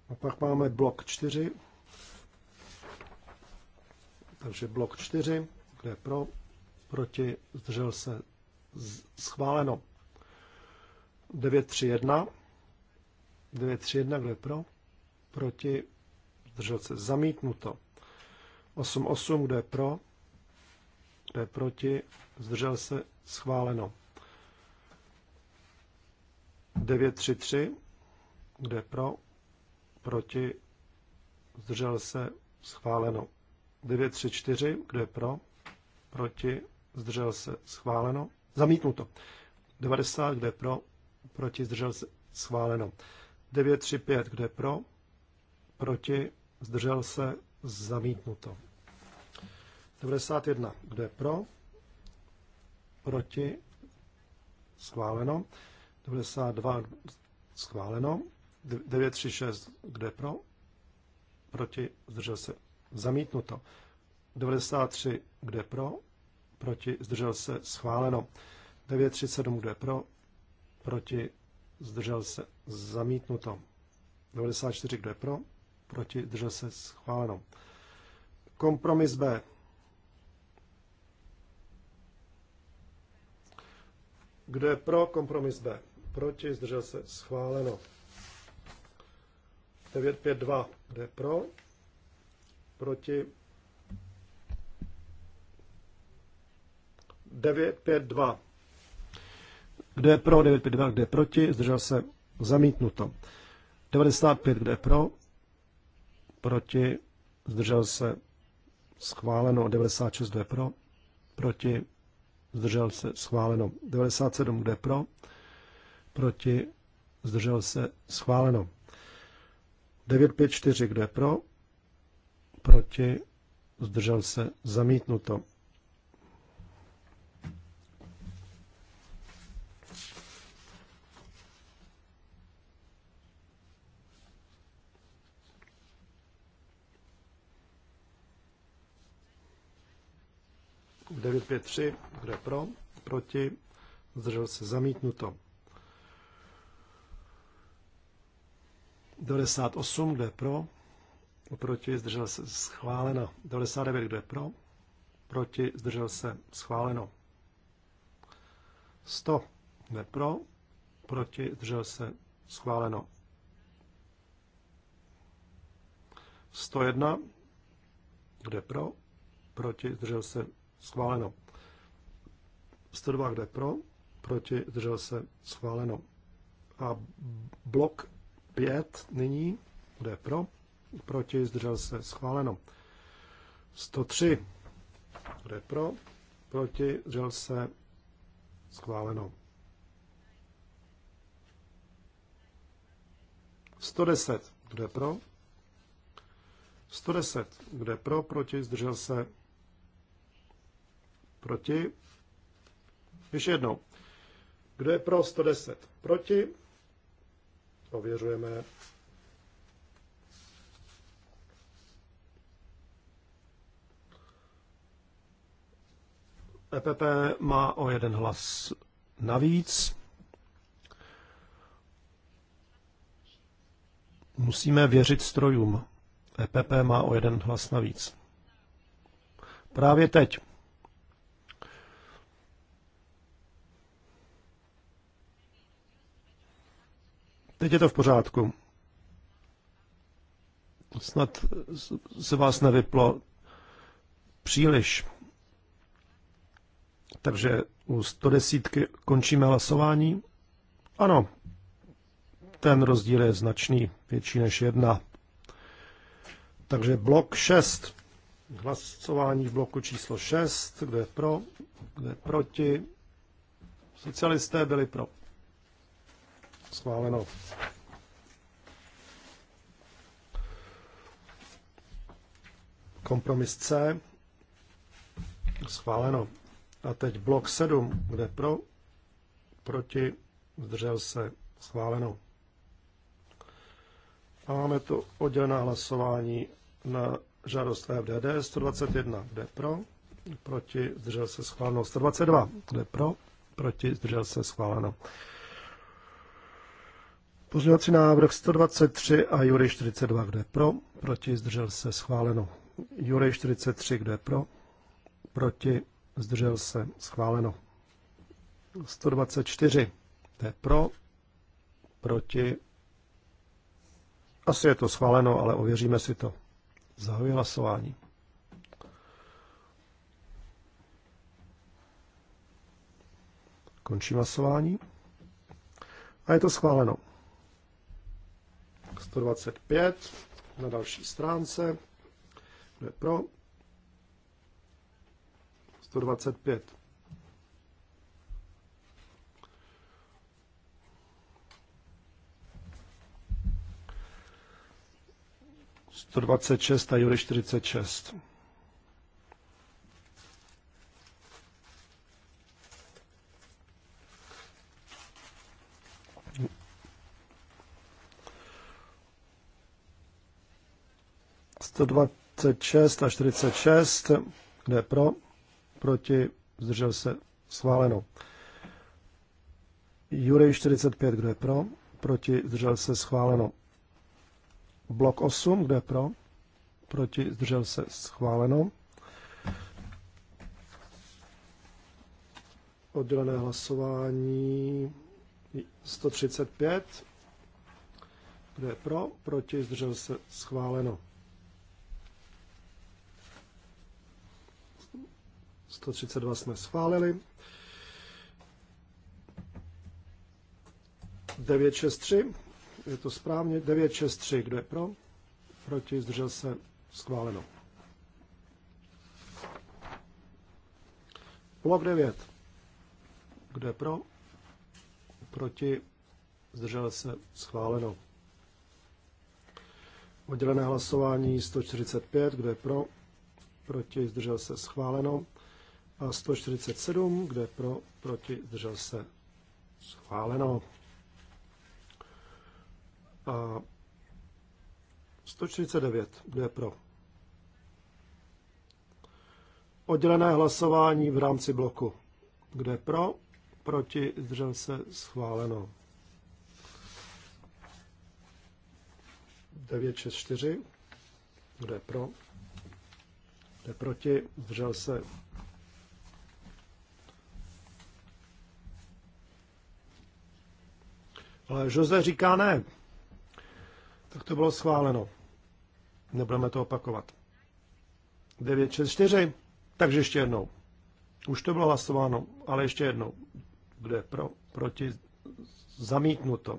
A pak máme blok 4, takže blok 4, kde je pro, proti, zdržel se, schváleno. 931, 931, kde je pro, proti, zdržel se, zamítnuto. 8.8, kdo je pro, kdo je proti, zdržel se, schváleno. 9.3.3, kdo je pro, proti, zdržel se, schváleno. 9.3.4, kdo je pro, proti, zdržel se, schváleno. Zamítnuto. 90, kdo je pro, proti, zdržel se, schváleno. 935, kdo je pro, proti, zdržel se, zamítnuto. 91. Kdo je pro? Proti? Schváleno. 92. Schváleno. 936. Kdo je pro? Proti? Zdržel se. Zamítnuto. 93. Kdo je pro? Proti? Zdržel se. Schváleno. 937. Kdo je pro? Proti? Zdržel se. Zamítnuto. 94. Kdo je pro? Proti? Zdržel se. Schváleno. Kompromis B. Kdo je pro kompromis B? Proti, zdržel se, schváleno. 952, kdo je pro? Proti. 952. Kdo je pro? 952, kdo je proti? Zdržel se, zamítnuto. 95, kdo je pro? Proti, zdržel se, schváleno. 96, kdo je pro? Proti, zdržel se, schváleno. 97, bude pro, proti, zdržel se, schváleno. 954, kde pro, proti, zdržel se, zamítnuto. 953, kdo je pro, proti, zdržel se zamítnuto. 98, kdo je pro, proti, zdržel se schváleno. 99, kdo je pro, proti, zdržel se schváleno. 100, kdo je pro, proti, zdržel se schváleno. 101, kdo je pro, proti, zdržel se schváleno. 102, kde pro, proti, zdržel se, schváleno. A blok 5 nyní, kde pro, proti, zdržel se, schváleno. 103, kde pro, proti, zdržel se, schváleno. 110, kde pro, 110, kde pro, proti, zdržel se, Proti? Ještě jednou. Kdo je pro 110? Proti? Ověřujeme. EPP má o jeden hlas navíc. Musíme věřit strojům. EPP má o jeden hlas navíc. Právě teď. Teď je to v pořádku. Snad se vás nevyplo příliš. Takže u 110 končíme hlasování. Ano, ten rozdíl je značný, větší než jedna. Takže blok 6. Hlasování v bloku číslo 6. Kdo je pro? Kdo je proti? Socialisté byli pro. Schváleno. Kompromis C. Schváleno. A teď blok 7, kde pro, proti, zdržel se, schváleno. A máme tu oddělená hlasování na žádost FDD 121, kde pro, proti, zdržel se, schváleno. 122, kde pro, proti, zdržel se, schváleno. Pozměňovací návrh 123 a Jury 42, kdo je pro, proti, zdržel se, schváleno. Jury 43, kdo je pro, proti, zdržel se, schváleno. 124, to je pro, proti, asi je to schváleno, ale ověříme si to. Zahajuji hlasování. Končím hlasování. A je to schváleno. 125 na další stránce. Kdo je pro? 125. Sto dvacet šest a Jury čtyřicet šest. 126 a 46, kde pro, proti, zdržel se, schváleno. Jury 45, kde pro, proti, zdržel se, schváleno. Blok 8, kde pro, proti, zdržel se, schváleno. Oddělené hlasování 135, kde pro, proti, zdržel se, schváleno. 132 jsme schválili. 963, je to správně, 963, kdo je pro? Proti, zdržel se, schváleno. Blok 9, kdo je pro? Proti, zdržel se, schváleno. Oddělené hlasování 145, kdo je pro? Proti, zdržel se, schváleno a 147, kde pro, proti, zdržel se schváleno. A 149, kde pro. Oddělené hlasování v rámci bloku. Kde pro, proti, zdržel se schváleno. 964, kde pro, kde proti, zdržel se Ale Jose říká ne. Tak to bylo schváleno. Nebudeme to opakovat. 964. Takže ještě jednou. Už to bylo hlasováno, ale ještě jednou. Kdo je pro, proti? Zamítnuto.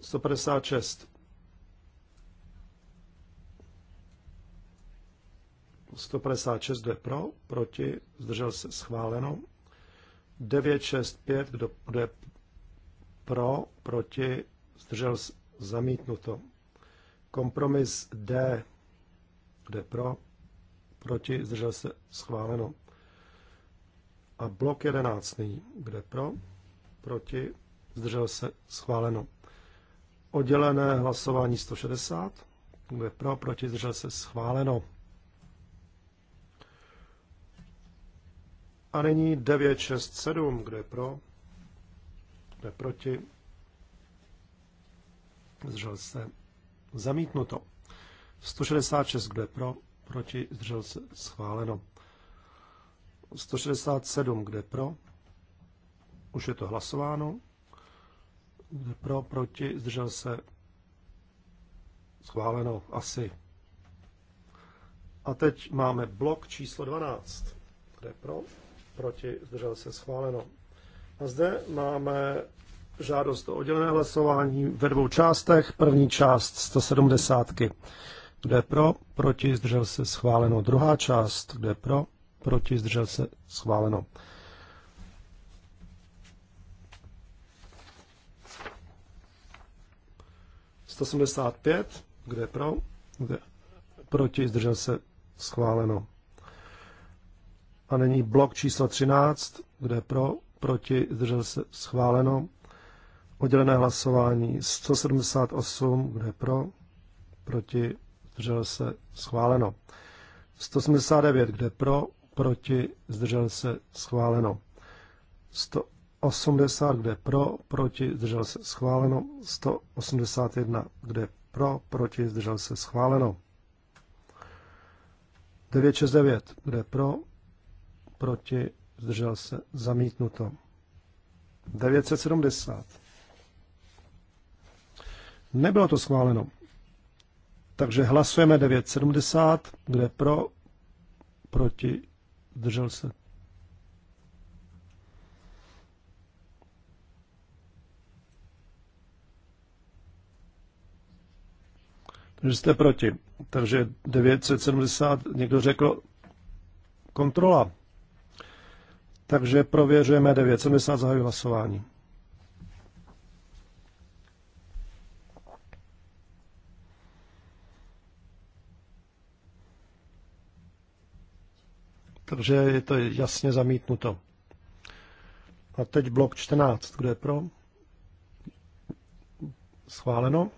156. 156 jde pro, proti, zdržel se schváleno. 965, kdo bude pro, proti, zdržel zamítnuto. Kompromis D, kde pro, proti, zdržel se schváleno. A blok 11 kde pro, proti, zdržel se schváleno. Oddělené hlasování 160, kde pro, proti, zdržel se schváleno. A nyní 967, kdo je pro, kdo je proti, zdržel se, zamítnuto. 166, kdo je pro, proti, zdržel se, schváleno. 167, kde pro, už je to hlasováno, kde pro, proti, zdržel se, schváleno, asi. A teď máme blok číslo 12, kde pro, proti, zdržel se schváleno. A zde máme žádost o oddělené hlasování ve dvou částech. První část 170. Kde pro, proti, zdržel se schváleno. Druhá část, kde pro, proti, zdržel se schváleno. pět, kde pro, kde proti, zdržel se schváleno. A není blok číslo 13, kde pro, proti, zdržel se schváleno. Oddělené hlasování 178, kde pro, proti, zdržel se schváleno. 179, kde pro, proti, zdržel se schváleno. 180, kde pro, proti, zdržel se schváleno. 181, kde pro, proti, zdržel se schváleno. 969, kde pro, proti, zdržel se, zamítnuto. 970. Nebylo to schváleno. Takže hlasujeme 970, kde pro, proti, zdržel se. Takže jste proti. Takže 970, někdo řekl, kontrola. Takže prověřujeme 970, zahajuji hlasování. Takže je to jasně zamítnuto. A teď blok 14. Kdo je pro? Schváleno.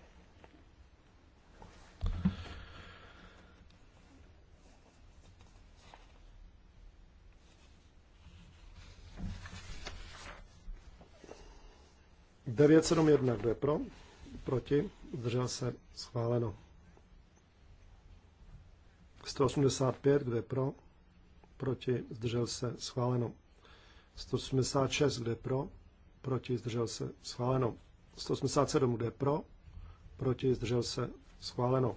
971, kdo je pro? Proti? Zdržel se? Schváleno. 185, kdo je pro? Proti? Zdržel se? Schváleno. 186, kdo je pro? Proti? Zdržel se? Schváleno. 187, kdo je pro? Proti? Zdržel se? Schváleno.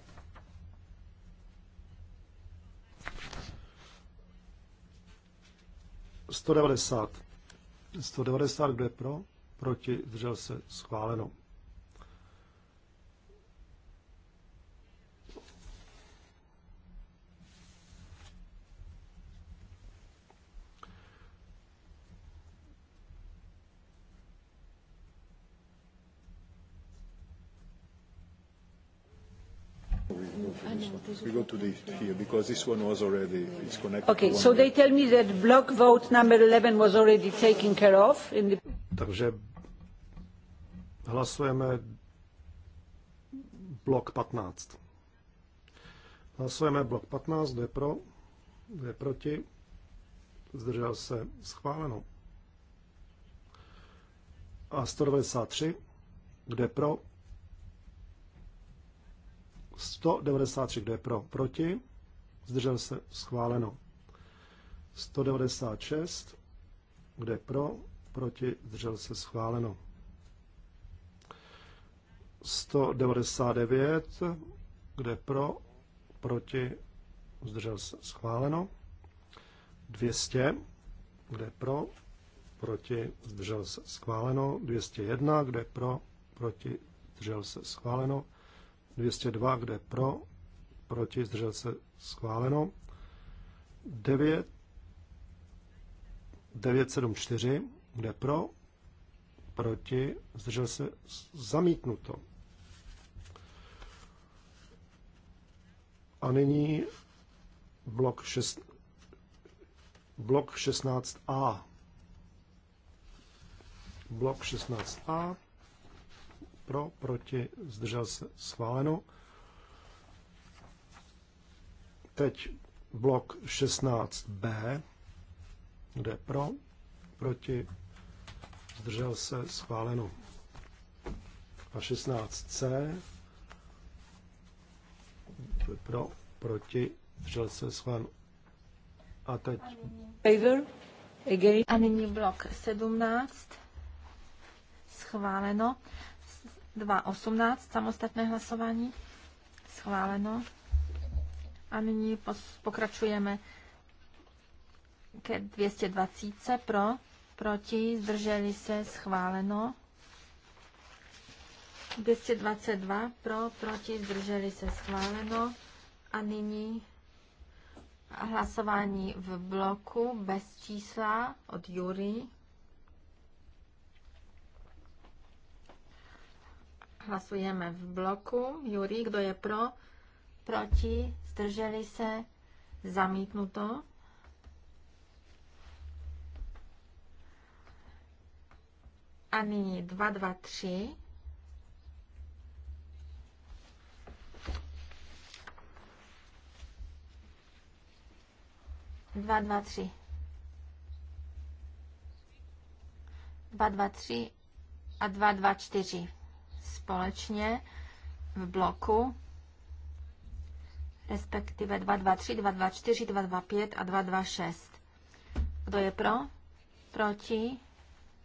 Sto devadesát. Sto devadesát, kdo je pro? proti, zdržel se, schváleno. We go to the here because this one was already it's connected. Okay, so they tell me that block vote number 11 was already taken care of in the Takže Hlasujeme blok 15. Hlasujeme blok 15, kdo je pro, kdo je proti, zdržel se schváleno. A 193, kdo je pro, 193, kdo je pro, proti, zdržel se schváleno. 196, kde pro, proti, zdržel se schváleno. 199, kde pro, proti, zdržel se schváleno. 200, kde pro, proti, zdržel se schváleno. 201, kde pro, proti, zdržel se schváleno. 202, kde pro, proti, zdržel se schváleno. 9, 974, kde pro, proti, zdržel se zamítnuto. A nyní blok, šest, blok 16a. Blok 16a. Pro, proti, zdržel se schváleno. Teď blok 16b, kde pro, proti, zdržel se schváleno. A 16c pro, proti, zdržel se schválen. A teď... Favor, again. A nyní blok 17, schváleno. 2.18, samostatné hlasování, schváleno. A nyní pokračujeme ke 220 pro, proti, zdrželi se, schváleno. 222 pro, proti, zdrželi se schváleno. A nyní hlasování v bloku bez čísla od Jury. Hlasujeme v bloku. Jury, kdo je pro, proti, zdrželi se, zamítnuto. A nyní 223 2, 2, 3. 2, 2, 3 a 2, 2, 4 společně v bloku, respektive 2, 2, 3, 2, 2, 4, 2, 2, 5 a 2, 2, 6. Kdo je pro? Proti?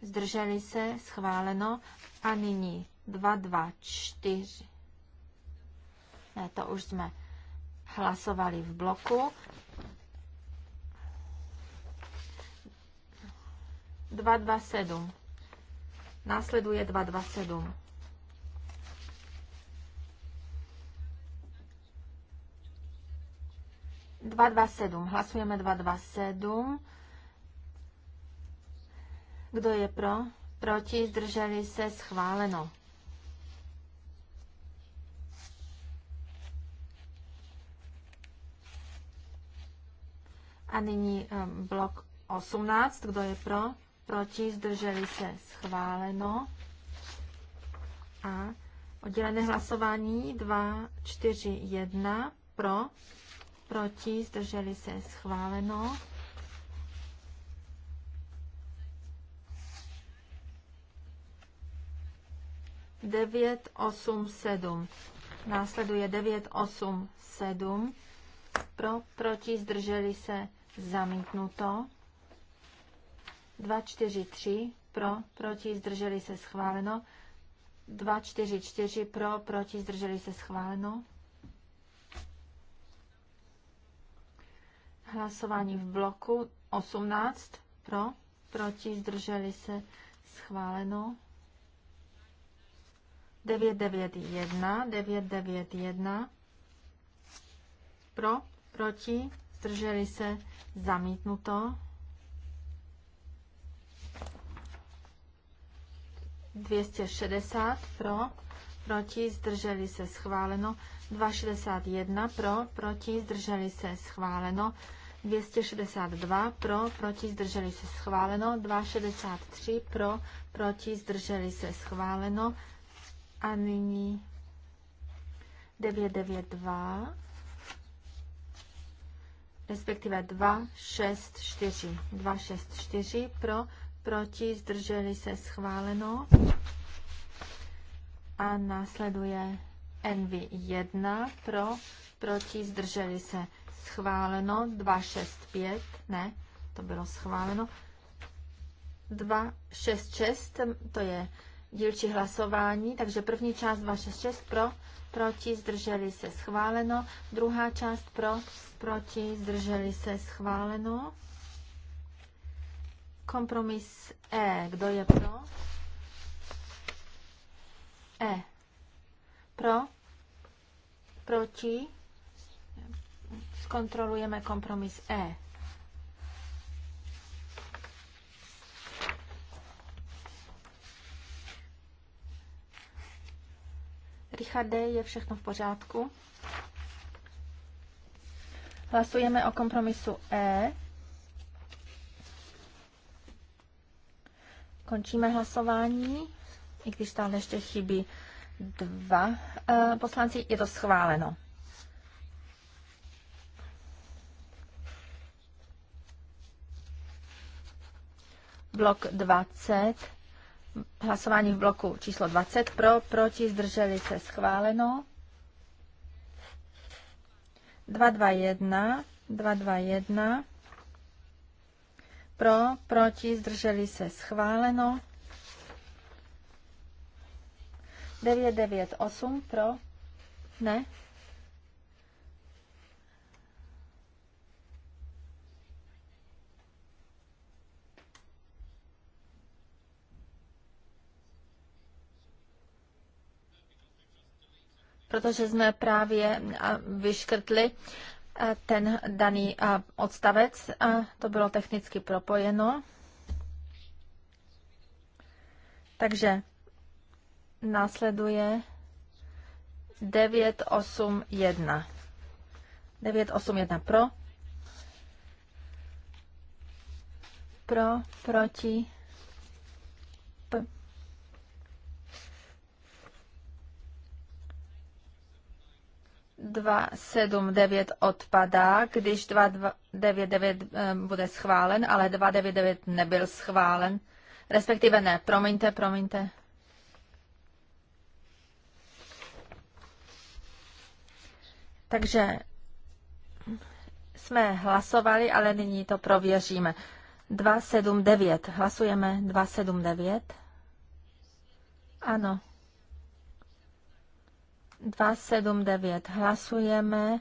Zdrželi se? Schváleno. A nyní 2, 2, 4. Ne, to už jsme hlasovali v bloku. 227. Následuje 227. Dva dva sedm. Hlasujeme dva dva sedm. Kdo je pro? Proti? Zdrželi se? Schváleno. A nyní eh, blok 18. Kdo je pro? proti, zdrželi se, schváleno. A oddělené hlasování 2, 4, 1, pro, proti, zdrželi se, schváleno. Devět, osm, sedm. Následuje devět, osm, sedm. Pro, proti, zdrželi se, zamítnuto. 3, pro, proti, zdrželi se schváleno. 4, pro, proti, zdrželi se schváleno. Hlasování v bloku 18 pro, proti, zdrželi se schváleno. 9, 1, pro, proti, zdrželi se zamítnuto. 260 pro, proti, zdrželi se schváleno. 261 pro, proti, zdrželi se schváleno. 262 pro, proti, zdrželi se schváleno. 263 pro, proti, zdrželi se schváleno. A nyní 992 respektive 264. 264 pro, proti, zdrželi se schváleno. A následuje NV1 pro, proti, zdrželi se schváleno. 265, ne, to bylo schváleno. 266, to je dílčí hlasování, takže první část 266 pro, proti, zdrželi se schváleno. Druhá část pro, proti, zdrželi se schváleno. Kompromis E. Kdo je pro? E. Pro? Proti? Zkontrolujeme kompromis E. Richarde, je všechno v pořádku? Hlasujeme o kompromisu E. Končíme hlasování, i když stále ještě chybí dva eh, poslanci. Je to schváleno. Blok 20. Hlasování v bloku číslo 20. Pro, proti, zdrželi se schváleno. 221, 221 pro, proti, zdrželi se schváleno. 998 pro, ne. protože jsme právě vyškrtli ten daný odstavec. To bylo technicky propojeno. Takže následuje 981. 981 pro. Pro, proti 279 odpadá, když 299 eh, bude schválen, ale 299 nebyl schválen. Respektive ne, promiňte, promiňte. Takže jsme hlasovali, ale nyní to prověříme. 279. Hlasujeme 279. Ano. 279 hlasujeme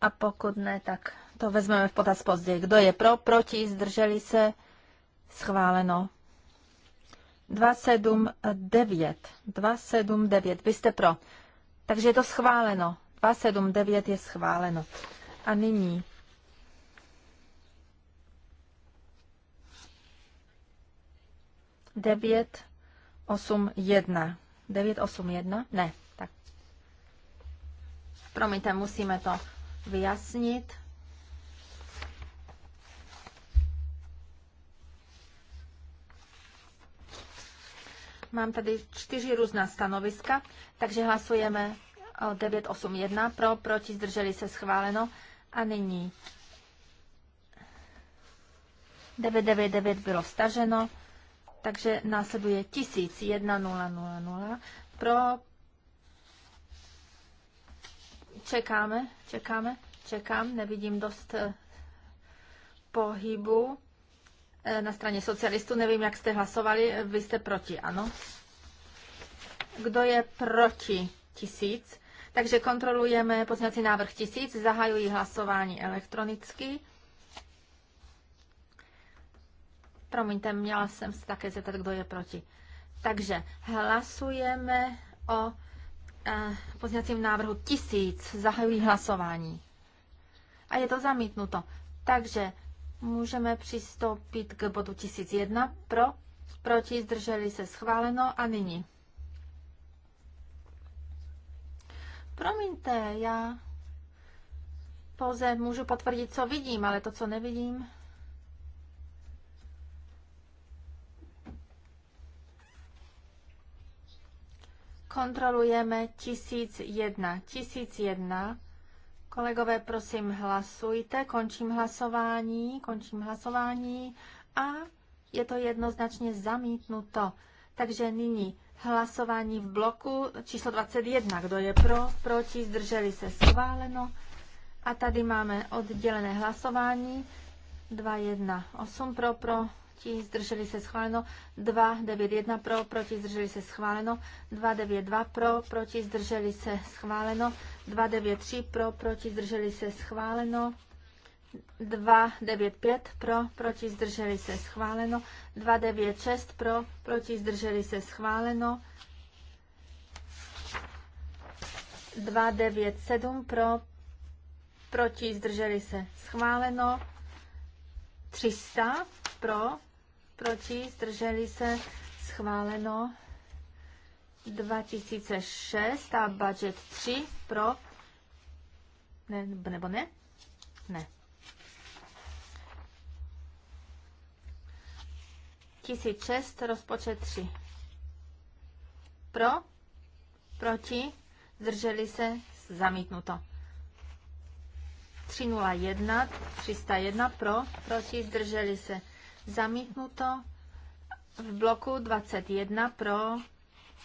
a pokud ne, tak to vezmeme v potaz později. Kdo je pro, proti, zdrželi se, schváleno. 279, 279, vy jste pro. Takže je to schváleno. 279 je schváleno. A nyní devět osm jedna. Devět osm jedna? Ne. Promiňte, musíme to vyjasnit. Mám tady čtyři různá stanoviska, takže hlasujeme 981 pro, proti, zdrželi se schváleno. A nyní 999 bylo staženo, takže následuje 1000, 1000 pro, Čekáme, čekáme, čekám, nevidím dost eh, pohybu eh, na straně socialistů. Nevím, jak jste hlasovali, eh, vy jste proti, ano? Kdo je proti tisíc? Takže kontrolujeme pozměňovací návrh tisíc, zahajují hlasování elektronicky. Promiňte, měla jsem se také zeptat, kdo je proti. Takže hlasujeme o Eh, pozněcím návrhu tisíc, zahajují hlasování. A je to zamítnuto. Takže můžeme přistoupit k bodu 1001 pro, proti, zdrželi se schváleno a nyní. Promiňte, já pouze můžu potvrdit, co vidím, ale to, co nevidím, Kontrolujeme 1001. 1001. Kolegové, prosím, hlasujte. Končím hlasování. Končím hlasování. A je to jednoznačně zamítnuto. Takže nyní hlasování v bloku číslo 21. Kdo je pro, proti, zdrželi se, schváleno. A tady máme oddělené hlasování. 2, 1, 8 pro, pro, proti, zdrželi se schváleno, 291 pro, proti, zdrželi se schváleno, 292 pro, proti, zdrželi se schváleno, 293 pro, proti, zdrželi se schváleno, 295 pro, proti, zdrželi se schváleno, 296 pro, proti, zdrželi se schváleno, 297 pro, proti, zdrželi se schváleno, 300 pro, proti, zdrželi se, schváleno 2006 a budget 3 pro, ne, nebo ne? Ne. 1006, rozpočet 3. Pro, proti, zdrželi se, zamítnuto. 301, 301 pro, proti, zdrželi se, Zamítnuto v bloku 21 pro,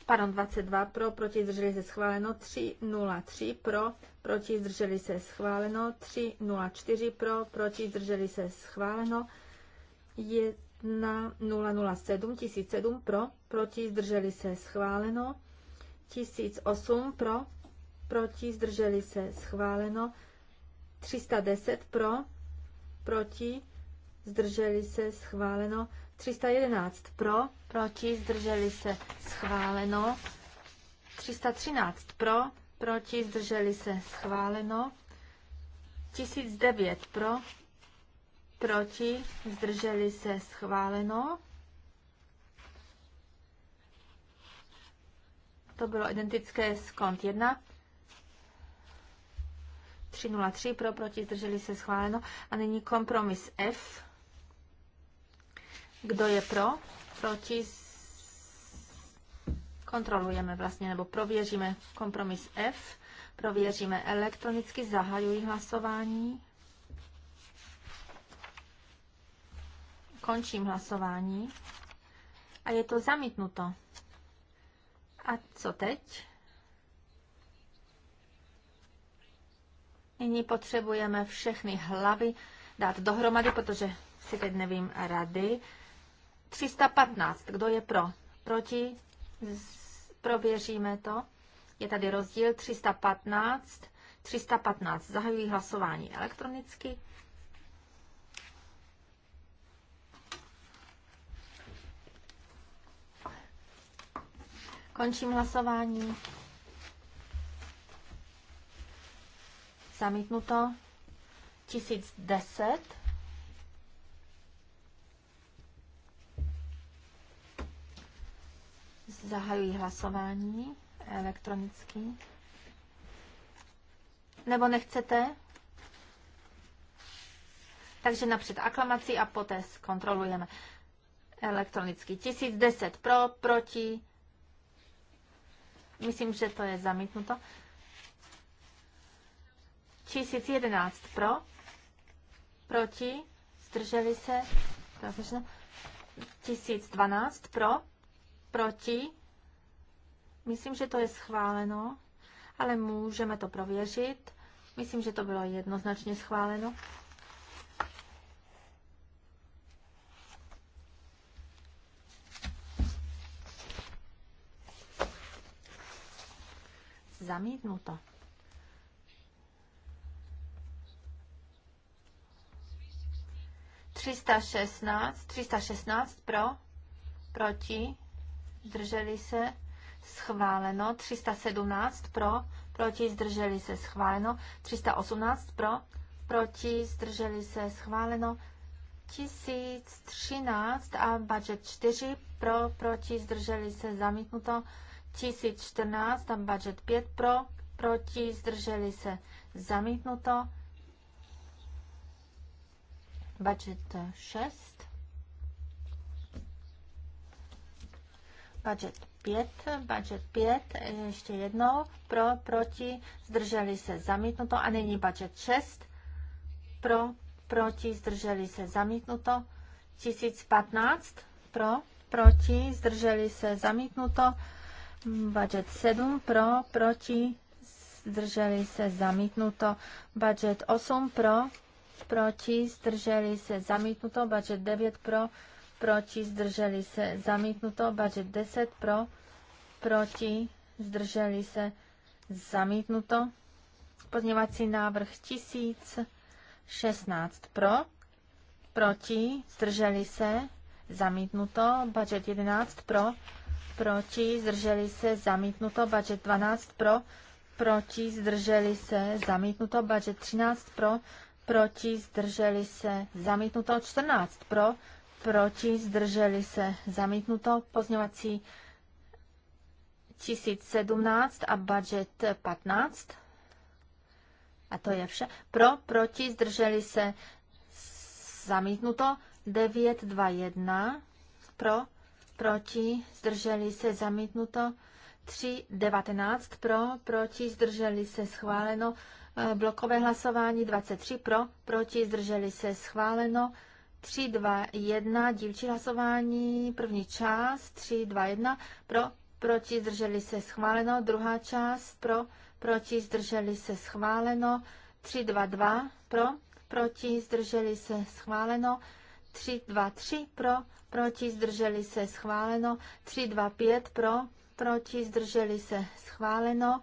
pardon, 22 pro, proti zdrželi se schváleno 303 pro, proti zdrželi se schváleno 304 pro, proti zdrželi se schváleno 1007 1007 pro, proti zdrželi se schváleno 1008 pro, proti zdrželi se schváleno 310 pro, proti zdrželi se, schváleno. 311 pro, proti, zdrželi se, schváleno. 313 pro, proti, zdrželi se, schváleno. 1009 pro, proti, zdrželi se, schváleno. To bylo identické s kont 1. 303 pro, proti, zdrželi se, schváleno. A nyní kompromis F kdo je pro? Proti? Kontrolujeme vlastně, nebo prověříme kompromis F. Prověříme elektronicky, zahajuji hlasování. Končím hlasování. A je to zamítnuto. A co teď? Nyní potřebujeme všechny hlavy dát dohromady, protože si teď nevím rady. 315. Kdo je pro? Proti? Prověříme to. Je tady rozdíl 315. 315. Zahajují hlasování elektronicky. Končím hlasování. Zamítnuto. 1010. Zahajuji hlasování elektronicky. Nebo nechcete? Takže napřed aklamací a poté zkontrolujeme elektronicky. 1010 pro, proti. Myslím, že to je zamítnuto. 1011 pro, proti, zdrželi se, 1012 pro, proti, Myslím, že to je schváleno, ale můžeme to prověřit. Myslím, že to bylo jednoznačně schváleno. Zamítnuto. Třista šestnáct, třista šestnáct pro, proti, drželi se, schváleno, 317 pro, proti zdrželi se schváleno, 318 pro, proti zdrželi se schváleno, 1013 a budget 4 pro, proti zdrželi se zamítnuto, 1014 a budget 5 pro, proti zdrželi se zamítnuto, budget 6 budget 5, budget 5, ještě jednou, pro, proti, zdrželi se zamítnuto a nyní budget 6, pro, proti, zdrželi se zamítnuto, 1015, pro, proti, zdrželi se zamítnuto, budget 7, pro, proti, zdrželi se zamítnuto, budget 8, pro, proti, zdrželi se zamítnuto, budget 9, pro, proti, zdrželi se, zamítnuto, budget 10 pro, proti, zdrželi se, zamítnuto, pozměvací návrh 1016 pro, proti, zdrželi se, zamítnuto, budget 11 pro, proti, zdrželi se, zamítnuto, budget 12 pro, proti, zdrželi se, zamítnuto, budget 13 pro, proti, zdrželi se, zamítnuto, 14 pro, proti, zdrželi se zamítnuto, pozňovací 1017 a budget 15. A to je vše. Pro, proti, zdrželi se zamítnuto 921. Pro, proti, zdrželi se zamítnuto 319. Pro, proti, zdrželi se schváleno eh, blokové hlasování 23. Pro, proti, zdrželi se schváleno 3, 2, 1, dílčí hlasování, první část, 3, 2, 1, pro, proti, zdrželi se schváleno, druhá část, pro, proti, zdrželi se schváleno, 3, 2, 2, pro, proti, zdrželi se schváleno, 3, 2, 3, pro, proti, zdrželi se schváleno, 3, 2, 5, pro, proti, zdrželi se schváleno,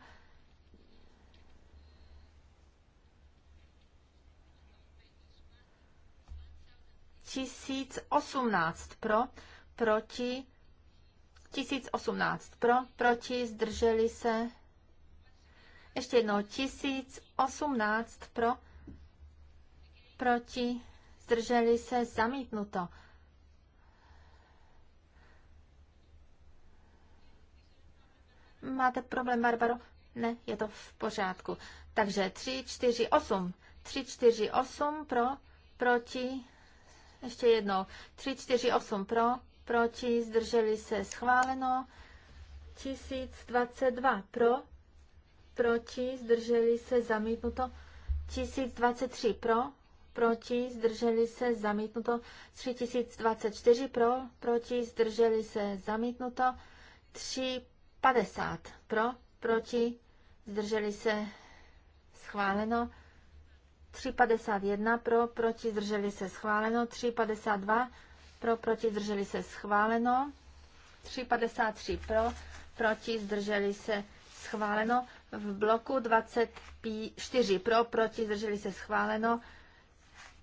1018 pro, proti, 1018 pro, proti, zdrželi se, ještě jednou 1018 pro, proti, zdrželi se, zamítnuto. Máte problém, Barbaro? Ne, je to v pořádku. Takže 3, 4, 8. 3, 4, 8 pro, proti, ještě jednou. 3, 4, 8 pro, proti, zdrželi se, schváleno. 1022 pro, proti, zdrželi se, zamítnuto. 1023 pro, proti, zdrželi se, zamítnuto. 3024 pro, proti, zdrželi se, zamítnuto. 350 pro, proti, zdrželi se, schváleno. 3,51 pro, proti, zdrželi se schváleno. 3,52 pro, proti, zdrželi se schváleno. 3,53 pro, proti, zdrželi se schváleno. V bloku 24 pro, proti, zdrželi se schváleno.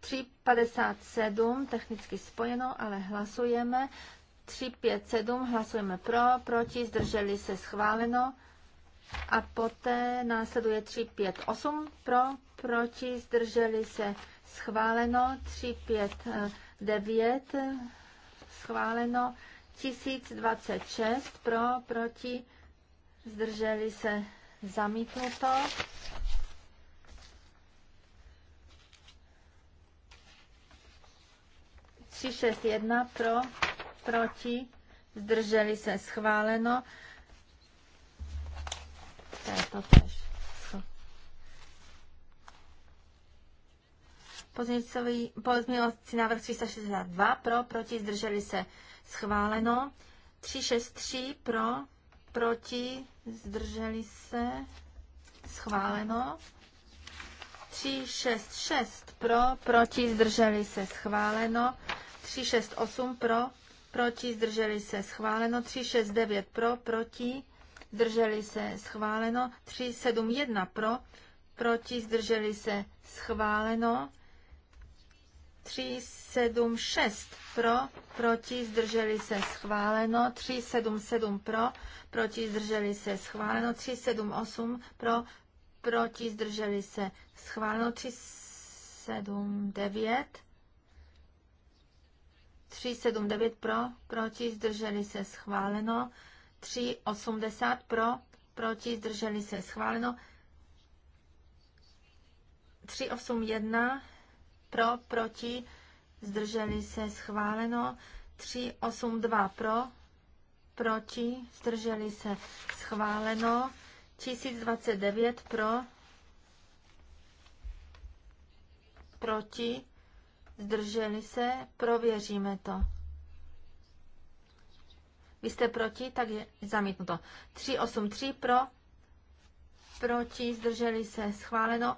3,57 technicky spojeno, ale hlasujeme. 3,57 hlasujeme pro, proti, zdrželi se schváleno. A poté následuje 3, 5, 8 pro, proti, zdrželi se schváleno, 3, 5, 9 schváleno, 1026 pro, proti, zdrželi se zamítnuto. Tři, šest, jedna pro, proti, zdrželi se schváleno to je to tež. Pozměňovací návrh 362 pro, proti, zdrželi se schváleno. 363 pro, proti, zdrželi se schváleno. 366 pro, proti, zdrželi se schváleno. 368 pro, proti, zdrželi se schváleno. 369 pro, proti, zdrželi se schváleno, 371 pro, proti, zdrželi se schváleno, 376 pro, proti, zdrželi se schváleno, 377 pro, proti, zdrželi se schváleno, 378 pro, proti, zdrželi se schváleno, 379 379 pro, proti, zdrželi se schváleno, 3,80 pro, proti, zdrželi se, schváleno. 3,81 pro, proti, zdrželi se, schváleno. 3,82 pro, proti, zdrželi se, schváleno. 1029 pro, proti, zdrželi se, prověříme to. Vy jste proti, tak je zamítnuto. 383 pro, proti, zdrželi se, schváleno.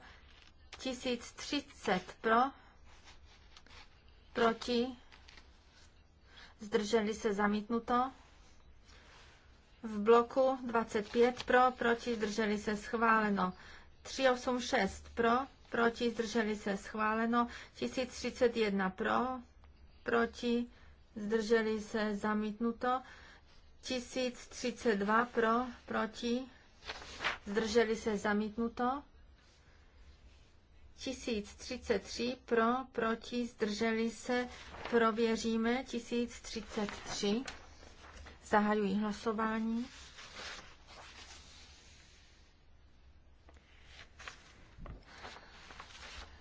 1030 pro, proti, zdrželi se, zamítnuto. V bloku 25 pro, proti, zdrželi se, schváleno. 386 pro, proti, zdrželi se, schváleno. 1031 pro, proti, zdrželi se, zamítnuto. 1032 pro, proti, zdrželi se zamítnuto. 1033 pro, proti, zdrželi se, prověříme. 1033. zahajují hlasování.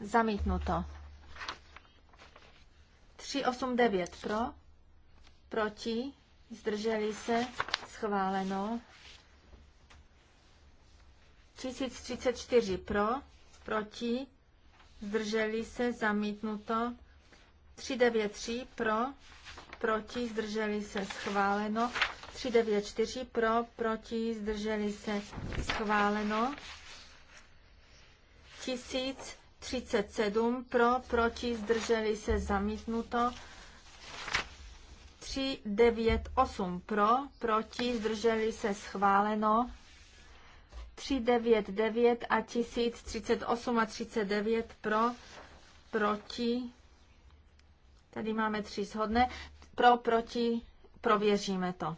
Zamítnuto. 389 pro, proti, zdrželi se, schváleno. 1034 pro, proti, zdrželi se, zamítnuto. 393 pro, proti, zdrželi se, schváleno. 394 pro, proti, zdrželi se, schváleno. 1037 pro, proti, zdrželi se, zamítnuto. 398 pro, proti, zdrželi se schváleno. 399 a 1038 a 39 pro, proti. Tady máme tři shodné. Pro, proti, prověříme to.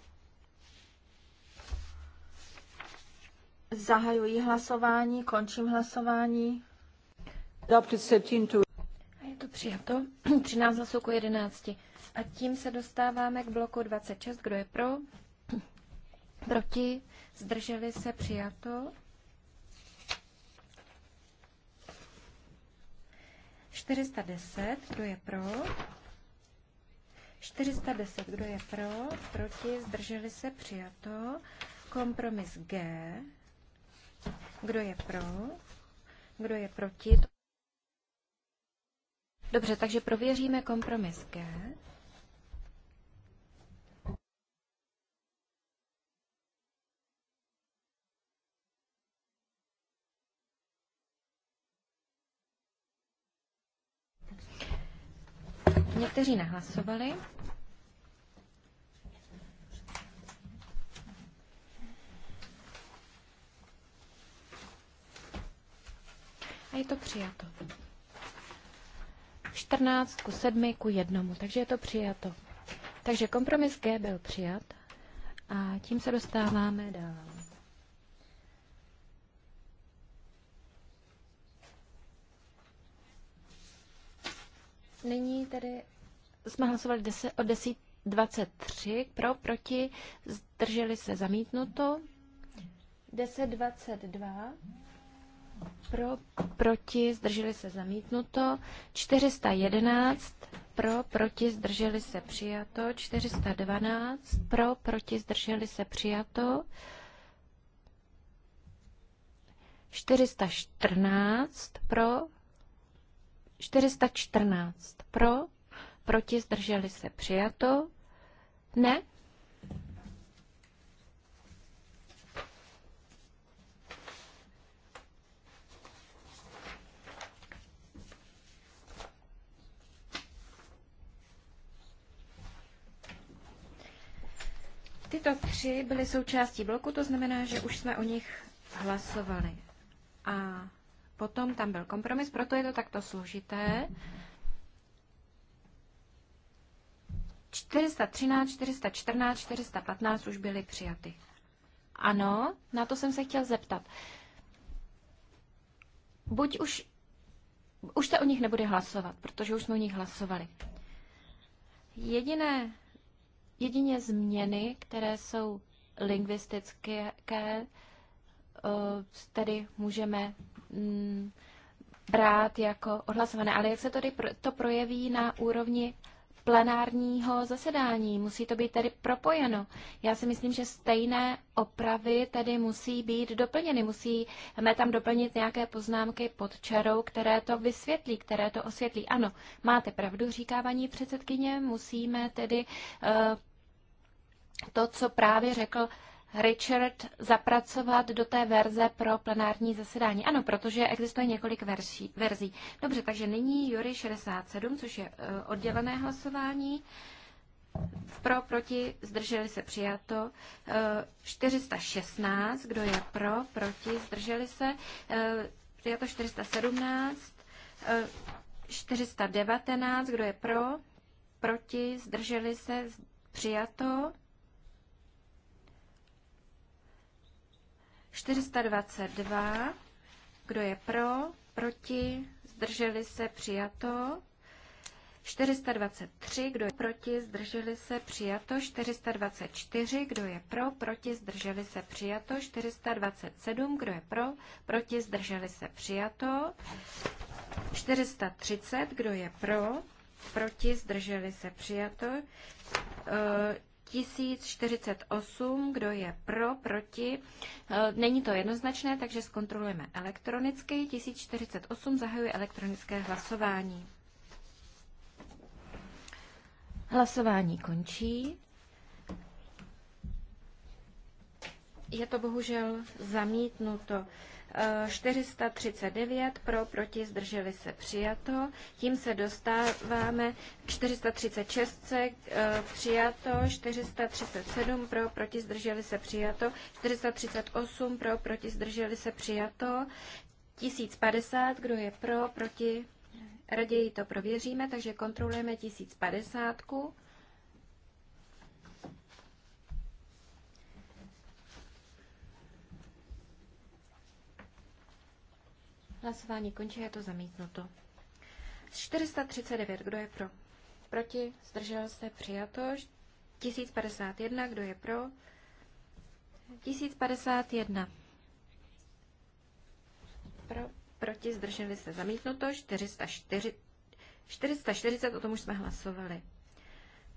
Zahajuji hlasování, končím hlasování. Dobře, to přijato. 13 hlasů ku 11. A tím se dostáváme k bloku 26. Kdo je pro? Proti? Zdrželi se přijato. Čtyřista deset, Kdo je pro? 410. Kdo je pro? Proti? Zdrželi se přijato. Kompromis G. Kdo je pro? Kdo je proti? Dobře, takže prověříme kompromis G. Někteří nehlasovali. A je to přijato. 14 ku 7 ku 1, takže je to přijato. Takže kompromis G byl přijat a tím se dostáváme dál. Nyní tedy jsme hlasovali deset, o 10, 23 pro, proti, zdrželi se zamítnuto. 10, 22 pro, proti, zdrželi se zamítnuto, 411 pro, proti, zdrželi se přijato, 412 pro, proti, zdrželi se přijato, 414 pro, 414 pro, proti, zdrželi se přijato, ne, Tyto tři byly součástí bloku, to znamená, že už jsme o nich hlasovali. A potom tam byl kompromis, proto je to takto složité. 413, 414, 415 už byly přijaty. Ano, na to jsem se chtěl zeptat. Buď už, už se o nich nebude hlasovat, protože už jsme o nich hlasovali. Jediné Jedině změny, které jsou lingvistické, eh, tedy můžeme mm, brát jako odhlasované. Ale jak se tady to projeví na úrovni plenárního zasedání. Musí to být tedy propojeno. Já si myslím, že stejné opravy tedy musí být doplněny. Musíme hm, tam doplnit nějaké poznámky pod čarou, které to vysvětlí, které to osvětlí. Ano, máte pravdu, říká paní předsedkyně, musíme tedy uh, to, co právě řekl Richard zapracovat do té verze pro plenární zasedání. Ano, protože existuje několik verzí. verzí. Dobře, takže nyní Jury 67, což je eh, oddělené hlasování. Pro, proti, zdrželi se přijato. 416, eh, eh, kdo je pro, proti, zdrželi se. Přijato 417. 419, kdo je pro, proti, zdrželi se, přijato. 422. Kdo je pro? Proti? Zdrželi se? Přijato. 423, kdo je proti, zdrželi se, přijato. 424, kdo je pro, proti, zdrželi se, přijato. 427, kdo je pro, proti, zdrželi se, přijato. 430, kdo je pro, proti, zdrželi se, přijato. Eh, 1048, kdo je pro, proti. E, není to jednoznačné, takže zkontrolujeme elektronicky. 1048 zahajuje elektronické hlasování. Hlasování končí. Je to bohužel zamítnuto. 439 pro, proti, zdrželi se přijato. Tím se dostáváme 436 eh, přijato, 437 pro, proti, zdrželi se přijato, 438 pro, proti, zdrželi se přijato, 1050, kdo je pro, proti, raději to prověříme, takže kontrolujeme 1050. -ku. Hlasování končí, je to zamítnuto. 439, kdo je pro? Proti, zdržel se, přijato. 1051, kdo je pro? 1051. Pro, proti, zdrželi se, zamítnuto. 404, 440, o tom už jsme hlasovali.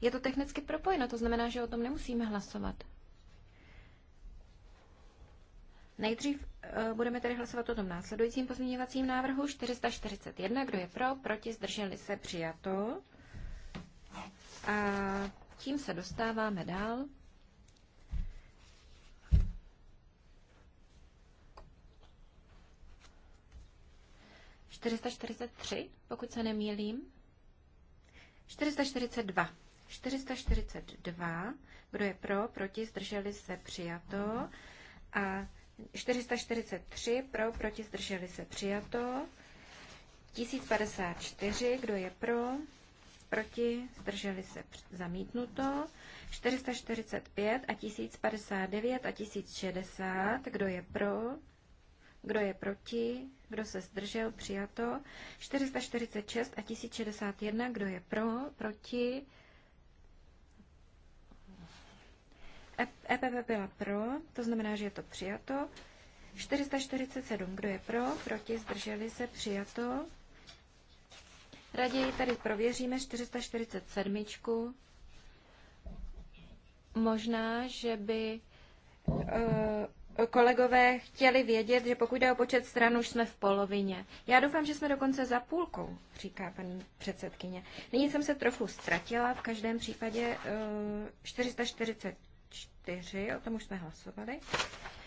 Je to technicky propojeno, to znamená, že o tom nemusíme hlasovat. Nejdřív eh, budeme tedy hlasovat o tom následujícím pozměňovacím návrhu 441. Kdo je pro, proti, zdrželi se, přijato. A tím se dostáváme dál. ...443, pokud se nemýlím. 442. 442. Kdo je pro, proti, zdrželi se, přijato. A 443 pro, proti zdrželi se přijato. 1054, kdo je pro, proti zdrželi se zamítnuto. 445 a 1059 a 1060, kdo je pro, kdo je proti, kdo se zdržel, přijato. 446 a 1061, kdo je pro, proti, EPP e byla pro, to znamená, že je to přijato. 447, kdo je pro, proti, zdrželi se, přijato. Raději tady prověříme 447. Možná, že by eh, kolegové chtěli vědět, že pokud jde o počet stran, už jsme v polovině. Já doufám, že jsme dokonce za půlkou, říká paní předsedkyně. Nyní jsem se trochu ztratila, v každém případě 440 eh, 4, o tom už jsme hlasovali.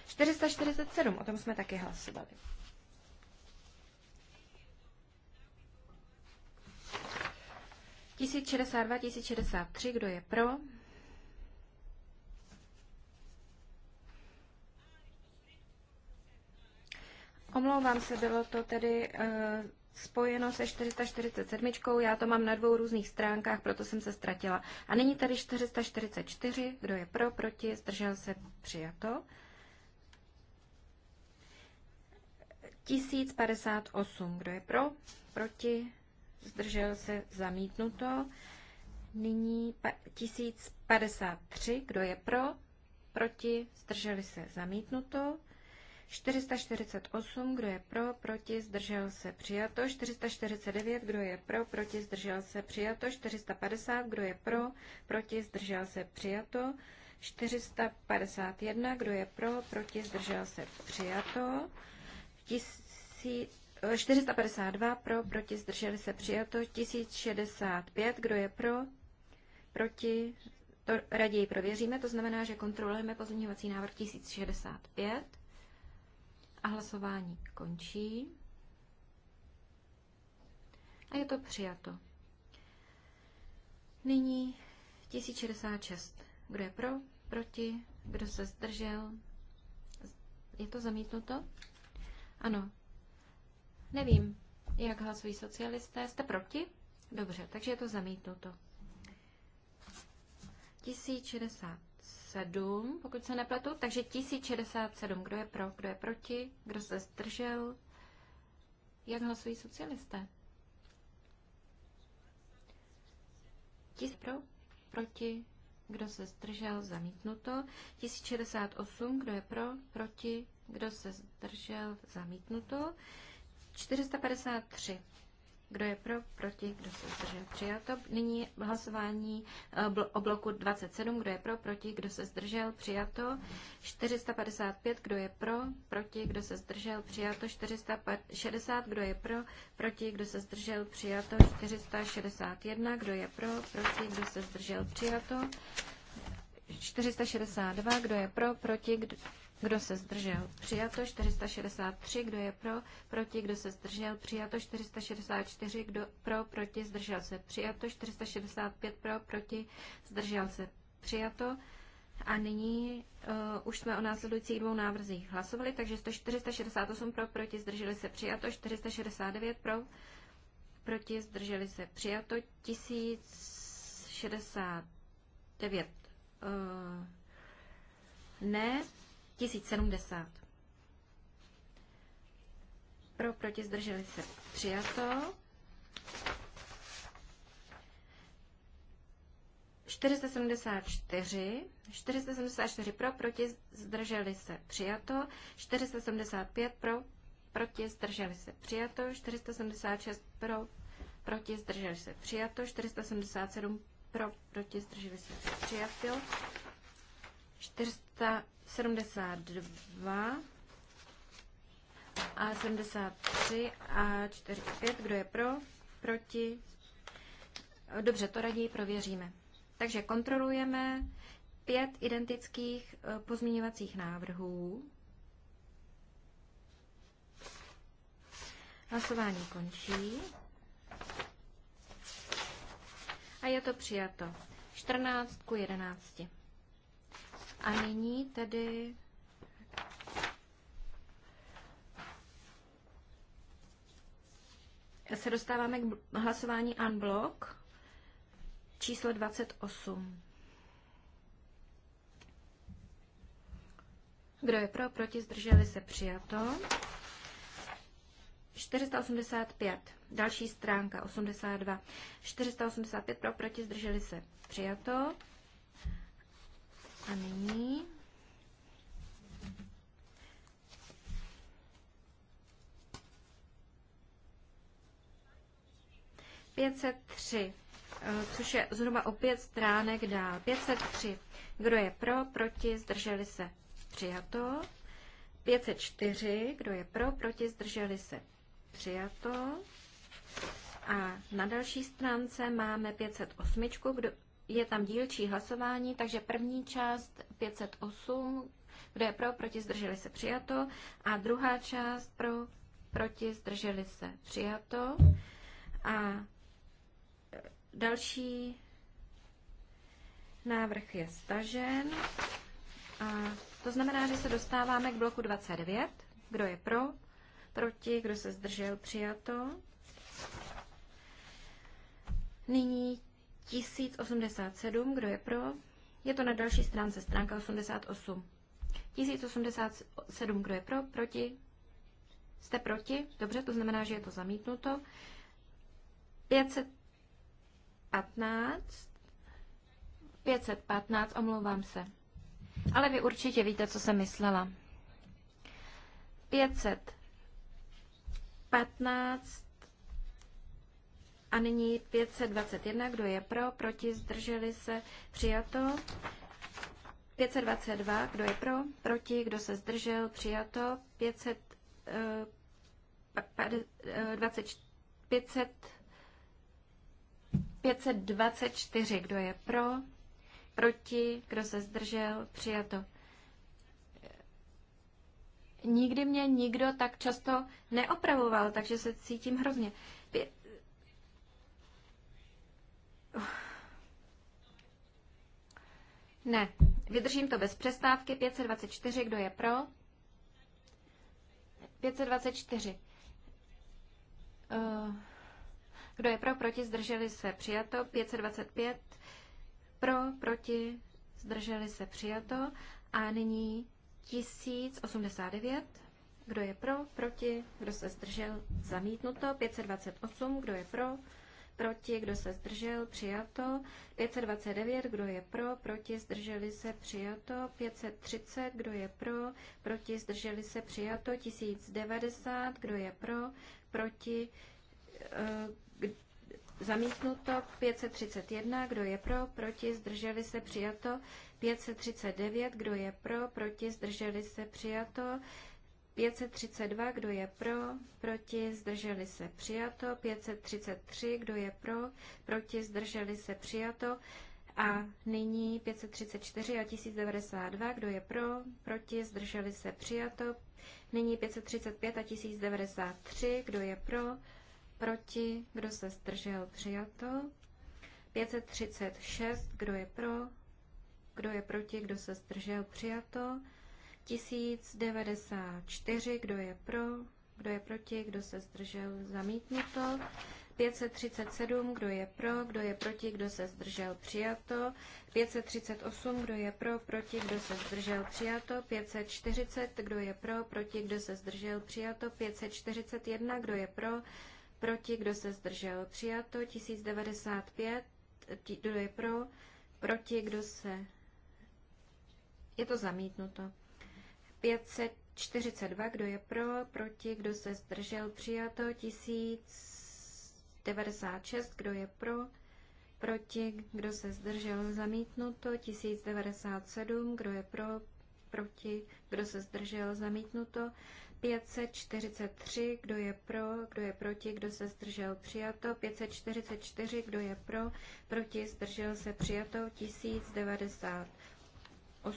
447, o tom jsme taky hlasovali. Tisíc šedesát dva, tisíc šedesát tři, kdo je pro? Omlouvám se, bylo to tedy uh, spojeno se 447. Já to mám na dvou různých stránkách, proto jsem se ztratila. A nyní tady 444. Kdo je pro, proti, zdržel se, přijato. 1058. Kdo je pro, proti, zdržel se, zamítnuto. Nyní 1053. Kdo je pro, proti, zdrželi se, zamítnuto. 448, kdo je pro, proti, zdržel se, přijato. 449, kdo je pro, proti, zdržel se, přijato. 450, kdo je pro, proti, zdržel se, přijato. 451, kdo je pro, proti, zdržel se, přijato. 452 pro, proti, zdrželi se, přijato. 1065, kdo je pro, proti, to raději prověříme, to znamená, že kontrolujeme pozměňovací návrh 1065. A hlasování končí. A je to přijato. Nyní 1066. Kdo je pro? Proti? Kdo se zdržel? Je to zamítnuto? Ano. Nevím, jak hlasují socialisté. Jste proti? Dobře, takže je to zamítnuto. 1060. 67, pokud se nepletu. Takže 1067. Kdo je pro, kdo je proti, kdo se zdržel? Jak hlasují socialisté? Tis pro, proti, kdo se zdržel, zamítnuto. 1068, kdo je pro, proti, kdo se zdržel, zamítnuto. 453, kdo je pro, proti, kdo se zdržel, přijato. Nyní hlasování eh, o bloku 27. Kdo je pro, proti, kdo se zdržel, přijato. 455. Kdo je pro, proti, kdo se zdržel, přijato. 460. Kdo je pro, proti, kdo se zdržel, přijato. 461. Kdo je pro, proti, kdo se zdržel, přijato. 462. Kdo je pro, proti, kdo kdo se zdržel? Přijato 463. Kdo je pro? Proti. Kdo se zdržel? Přijato 464. Kdo pro? Proti. Zdržel se. Přijato 465. Pro. Proti. Zdržel se. Přijato. A nyní uh, už jsme o následujících dvou návrzích hlasovali, takže 468 pro, proti zdrželi se přijato, 469 pro, proti zdrželi se přijato, 1069 uh, eh, ne, 1070. Pro, proti, zdrželi se. Přijato. 474, 474 pro, proti, zdrželi se, přijato, 475 pro, proti, zdrželi se, přijato, 476 pro, proti, zdrželi se, přijato, 477 pro, proti, zdrželi se, přijato, 472 a 73 a 45. Kdo je pro? Proti? Dobře, to raději prověříme. Takže kontrolujeme pět identických eh, pozměňovacích návrhů. Hlasování končí. A je to přijato. 14 ku 11. A nyní tedy se dostáváme k hlasování unblock číslo 28. Kdo je pro, proti, zdrželi se, přijato. 485, další stránka, 82. 485 pro, proti, zdrželi se, přijato. A nyní Pětset tři, eh, což je zhruba o pět stránek dál. 503. Kdo je pro, proti, zdrželi se. Přijato. 504. Kdo je pro, proti, zdrželi se. Přijato. A na další stránce máme 508. Kdo, je tam dílčí hlasování, takže první část 508, kdo je pro, proti, zdrželi se, přijato. A druhá část pro, proti, zdrželi se, přijato. A e, další návrh je stažen. A to znamená, že se dostáváme k bloku 29. Kdo je pro, proti, kdo se zdržel, přijato. Nyní 1087, kdo je pro? Je to na další stránce, stránka 88. 1087, kdo je pro? Proti? Jste proti? Dobře, to znamená, že je to zamítnuto. 515. 515, omlouvám se. Ale vy určitě víte, co jsem myslela. 515 a nyní 521, kdo je pro, proti, zdrželi se, přijato. 522, kdo je pro, proti, kdo se zdržel, přijato. 524, eh, kdo je pro, proti, kdo se zdržel, přijato. Nikdy mě nikdo tak často neopravoval, takže se cítím hrozně. Ne, vydržím to bez přestávky. 524, kdo je pro? 524. Eh, kdo je pro, proti, zdrželi se, přijato. 525, pro, proti, zdrželi se, přijato. A nyní 1089. Kdo je pro, proti, kdo se zdržel, zamítnuto. 528, kdo je pro, proti, kdo se zdržel, přijato. 529, kdo je pro, proti, zdrželi se, přijato. 530, kdo je pro, proti, zdrželi se, přijato. 1090, kdo je pro, proti, eh, zamítnuto. 531, kdo je pro, proti, zdrželi se, přijato. 539, kdo je pro, proti, zdrželi se, přijato. 532, kdo je pro, proti, zdrželi se přijato. 533, kdo je pro, proti, zdrželi se přijato. A nyní 534 a 1092, kdo je pro, proti, zdrželi se přijato. Nyní 535 a 1093, kdo je pro, proti, kdo se zdržel přijato. 536, kdo je pro, kdo je proti, kdo se zdržel přijato. 1094, kdo je pro, kdo je proti, kdo se zdržel, zamítnuto. 537, kdo je pro, kdo je proti, kdo se zdržel, přijato. 538, kdo je pro, proti, kdo se zdržel, přijato. 540, kdo je pro, proti, kdo se zdržel, přijato. 541, kdo je pro, proti, kdo se zdržel, přijato. 1095, kdo je pro, proti, kdo se... Je to zamítnuto. 542, kdo je pro, proti, kdo se zdržel, přijato. 1096, kdo je pro, proti, kdo se zdržel, zamítnuto. 1097, kdo je pro, proti, kdo se zdržel, zamítnuto. 543, kdo je pro, kdo je proti, kdo se zdržel, přijato. 544, kdo je pro, proti, zdržel se, přijato. 1090. 8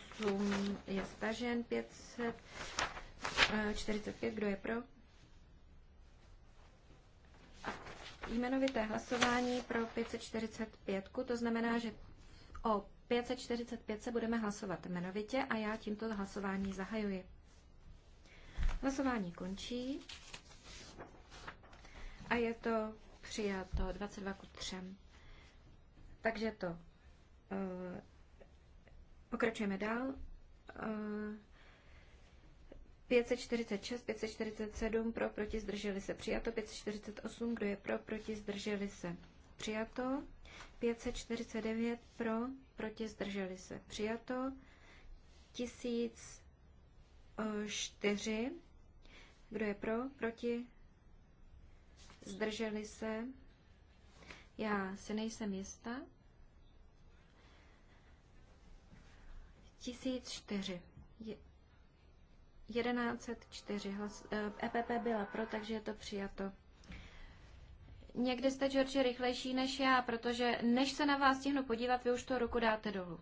je stažen, 545, kdo je pro? Jmenovité hlasování pro 545, to znamená, že o 545 se budeme hlasovat jmenovitě a já tímto hlasování zahajuji. Hlasování končí a je to přijato 22 k 3. Takže to eh, Pokračujeme dál. 546, eh, 547 pro, proti, zdrželi se přijato, 548, kdo je pro, proti, zdrželi se přijato, 549 pro, proti, zdrželi se přijato, 1004, eh, kdo je pro, proti, zdrželi se, já se nejsem jistá. 1004. 1104. Hlas, EPP eh, e byla pro, takže je to přijato. Někdy jste, George, rychlejší než já, protože než se na vás stihnu podívat, vy už to ruku dáte dolů.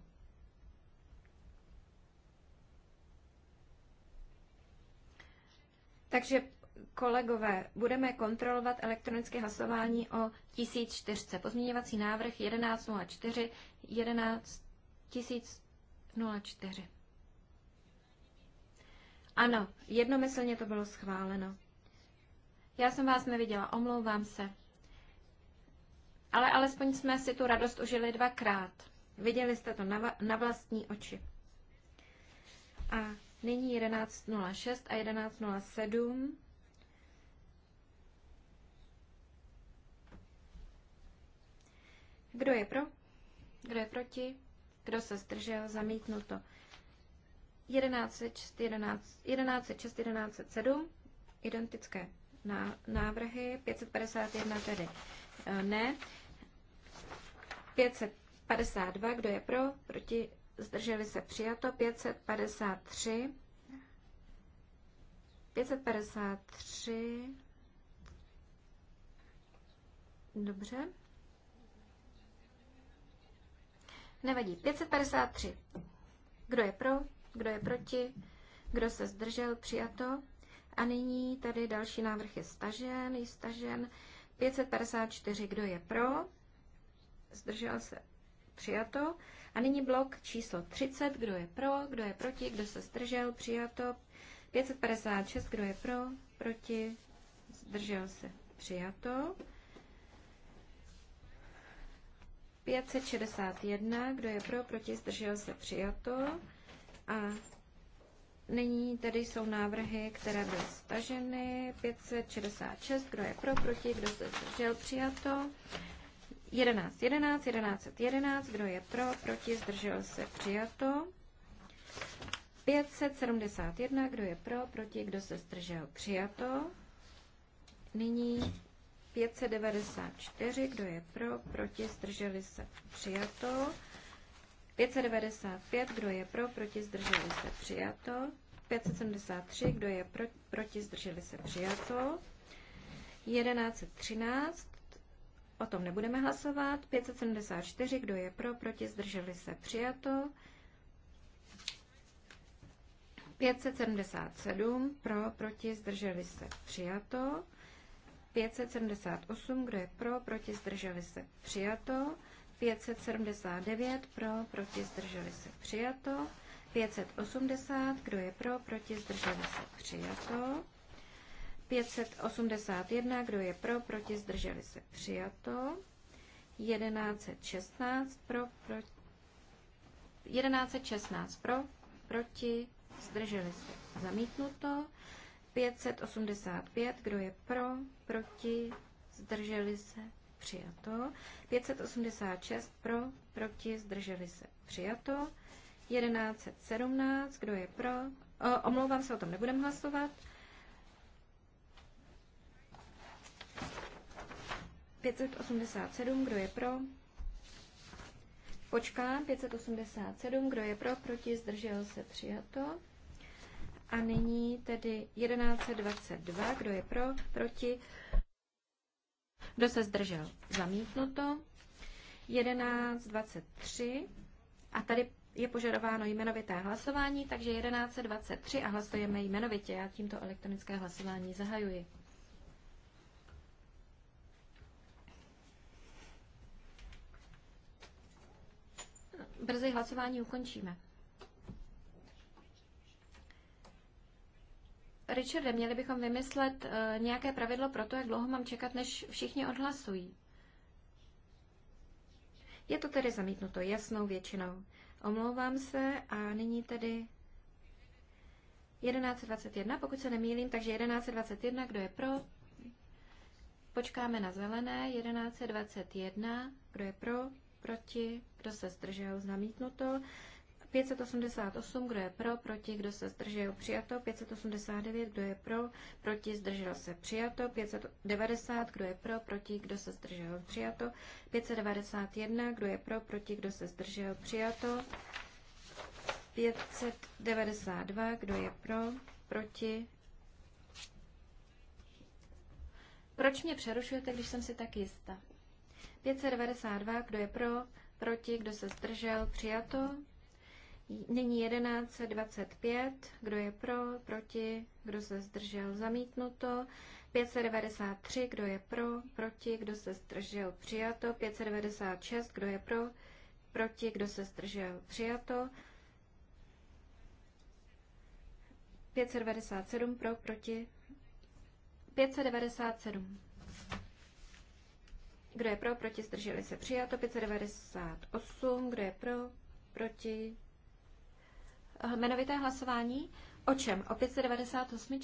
Takže kolegové, budeme kontrolovat elektronické hlasování o 1004. Pozměňovací návrh 1104, 11 000 04. Ano, jednomyslně to bylo schváleno. Já jsem vás neviděla, omlouvám se. Ale alespoň jsme si tu radost užili dvakrát. Viděli jste to na, na vlastní oči. A nyní 11.06 a 11.07. Kdo je pro? Kdo je proti? Kdo se zdržel? Zamítnuto. 1106, 1107, identické návrhy, 551 tedy eh, ne, 552, kdo je pro, proti, zdrželi se přijato, 553, 553, dobře, Nevadí. 553. Kdo je pro? Kdo je proti? Kdo se zdržel? Přijato. A nyní tady další návrh je stažen, je stažen. 554, kdo je pro? Zdržel se? Přijato. A nyní blok číslo 30, kdo je pro, kdo je proti, kdo se zdržel? Přijato. 556, kdo je pro, proti, zdržel se? Přijato. 561, kdo je pro, proti, zdržel se, přijato. A nyní tedy jsou návrhy, které byly staženy. 566, kdo je pro, proti, kdo se zdržel, přijato. 11, 11, 11, 11, kdo je pro, proti, zdržel se, přijato. 571, kdo je pro, proti, kdo se zdržel, přijato. Nyní 594, kdo je pro, proti, zdrželi se, přijato. 595, kdo je pro, proti, zdrželi se, přijato. 573, kdo je pro, proti, zdrželi se, přijato. 1113, o tom nebudeme hlasovat. 574, kdo je pro, proti, zdrželi se, přijato. 577, pro, proti, zdrželi se, přijato. 578, kdo je pro, proti, zdrželi se, přijato. 579 pro, proti, zdrželi se, přijato. 580, kdo je pro, proti, zdrželi se, přijato. 581, kdo je pro, proti, zdrželi se, přijato. 1116 pro, proti, 1116 pro, proti, zdrželi se, zamítnuto. 585, kdo je pro, proti, zdrželi se, přijato. 586 pro, proti, zdrželi se, přijato. 1117, kdo je pro, o, omlouvám se, o tom nebudeme hlasovat. 587, kdo je pro? Počkám, 587, kdo je pro, proti, zdržel se, přijato. A nyní tedy 1122, kdo je pro, proti, kdo se zdržel, zamítnuto. 1123 a tady je požadováno jmenovité hlasování, takže 1123 a hlasujeme jmenovitě. Já tímto elektronické hlasování zahajuji. Brzy hlasování ukončíme. Richarde, měli bychom vymyslet eh, nějaké pravidlo pro to, jak dlouho mám čekat, než všichni odhlasují. Je to tedy zamítnuto jasnou většinou. Omlouvám se a nyní tedy 11.21, pokud se nemýlím, takže 11.21, kdo je pro? Počkáme na zelené, 11.21, kdo je pro, proti, kdo se zdržel, zamítnuto, 588, kdo je pro, proti, kdo se zdržel, přijato. 589, kdo je pro, proti, zdržel se, přijato. 590, kdo je pro, proti, kdo se zdržel, přijato. 591, kdo je pro, proti, kdo se zdržel, přijato. 592, kdo je pro, proti. Proč mě přerušujete, když jsem si tak jistá? 592, kdo je pro, proti, kdo se zdržel, přijato. Nyní 1125, kdo je pro, proti, kdo se zdržel, zamítnuto. 593, kdo je pro, proti, kdo se zdržel, přijato. 596, kdo je pro, proti, kdo se zdržel, přijato. 597 pro, proti. 597. Kdo je pro, proti, zdrželi se, přijato. 598, kdo je pro, proti, Eh, jmenovité hlasování. O čem? O 598.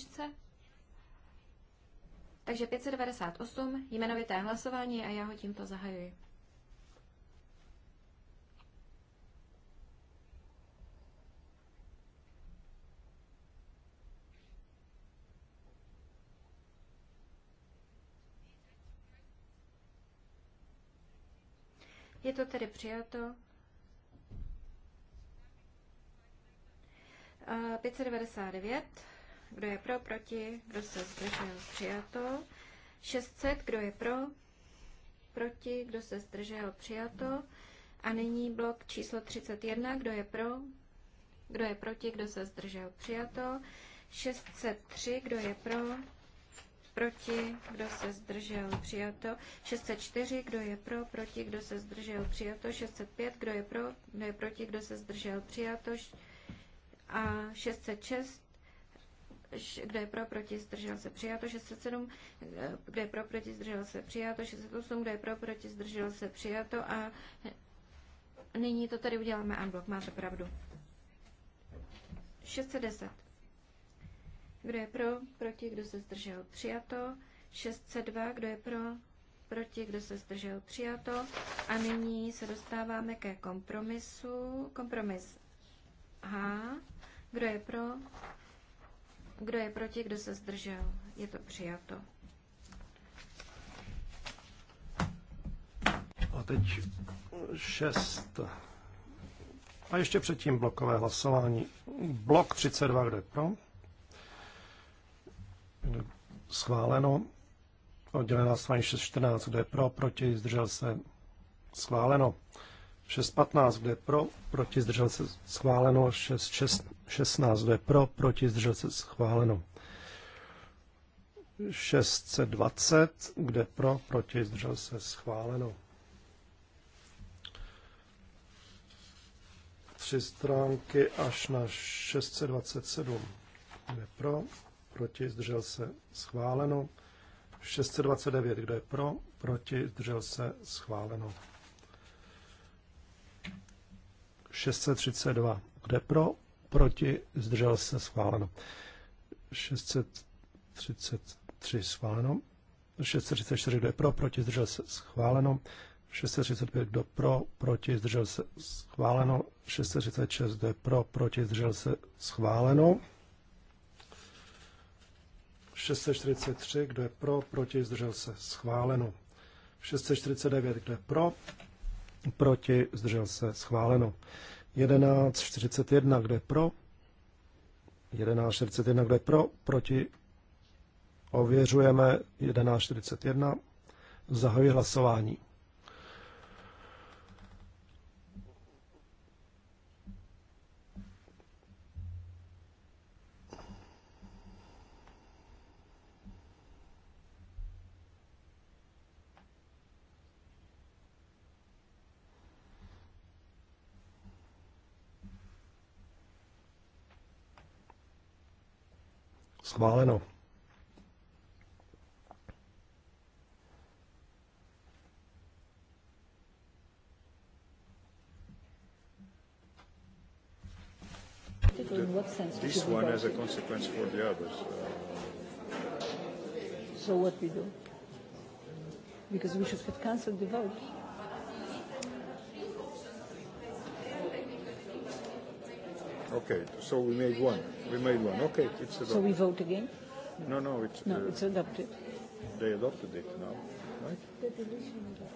Takže 598 jmenovité hlasování a já ho tímto zahajuji. Je to tedy přijato 599, eh, kdo je pro, proti, kdo se zdržel, přijato. 600, kdo je pro, proti, kdo se zdržel, přijato. A nyní blok číslo 31, kdo je pro, kdo je proti, kdo se zdržel, přijato. 603, kdo je pro, proti, kdo se zdržel, přijato. 604, kdo je pro, proti, kdo se zdržel, přijato. 605, kdo je pro, kdo je proti, kdo se zdržel, přijato a 606, kdo je pro, proti, zdržel se, přijato, 607, kdo je pro, proti, zdržel se, přijato, 608, kdo je pro, proti, zdržel se, přijato a nyní to tady uděláme unblock, máte pravdu. 610. Kdo je pro, proti, kdo se zdržel, přijato. 602, kdo je pro, proti, kdo se zdržel, přijato. A nyní se dostáváme ke kompromisu. Kompromis H. Kdo je pro? Kdo je proti? Kdo se zdržel? Je to přijato. A teď šest. A ještě předtím blokové hlasování. Blok 32, je pro? Schváleno. Oddělená hlasování 614, je pro, proti, zdržel se. Schváleno. 6.15, kde pro, proti zdržel se schváleno. 6.16, kde pro, proti zdržel se schváleno. 620, kde pro, proti zdržel se schváleno. Tři stránky až na 627, kde pro, proti zdržel se schváleno. 629, kde pro, proti zdržel se schváleno. 632. Kde pro? Proti? Zdržel se? Schváleno. 633. Schváleno. 634. Kdo je pro? Proti? Zdržel se? Schváleno. 635. Kdo pro? Proti? Zdržel se? Schváleno. 636. Kdo je pro? Proti? Zdržel se? Schváleno. 643. Kdo je pro? Proti? Zdržel se? Schváleno. 649. Kdo je pro? proti, zdržel se, schváleno. 11.41, kde pro, 11.41, kde pro, proti, ověřujeme 11.41, zahajuji hlasování. Schváleno. This one has a consequence for the others. Uh, so what we do? Because we should have cancelled the vote. Okay, so we made one. We made one. Okay, it's adopted. So we vote again? No, no, it's... No, uh, it's adopted. They adopted it now, right? The division is adopted.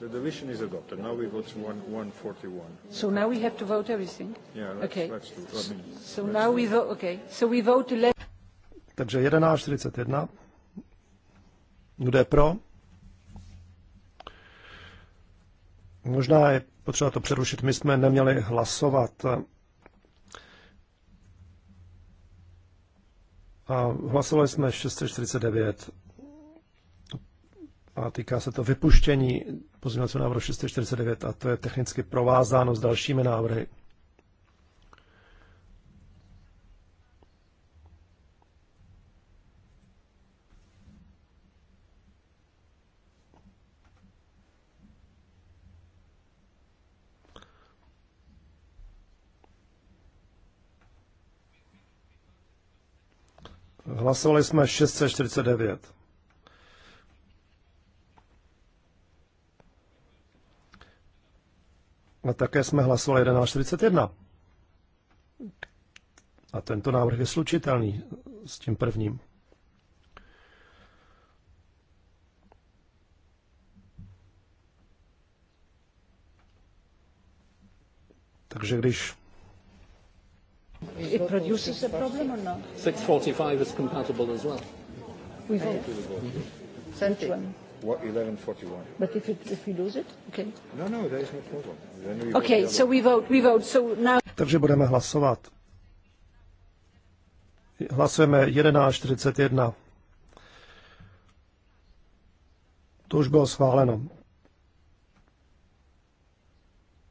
The division is adopted. Now we vote one, 141. So now we have to vote everything? Yeah, let's, okay. let's do it. I mean, so let's now do we vote, okay. So we vote 11. Takže 11.41. Kdo je pro? Možná je potřeba to přerušit. My jsme neměli hlasovat A hlasovali jsme 649 a týká se to vypuštění pozměňovacího návrhu 649 a to je technicky provázáno s dalšími návrhy. Hlasovali jsme 649. A také jsme hlasovali 11.41. A tento návrh je slučitelný s tím prvním. Takže když It produces a problem or not? 645 is compatible as well. With all? Which one? 1141. But if, it, if we lose it, okay. No, no, there is no problem. Then we okay, vote so we vote, we vote. So now... Takže budeme hlasovat. Hlasujeme 11.41. To už bylo schváleno.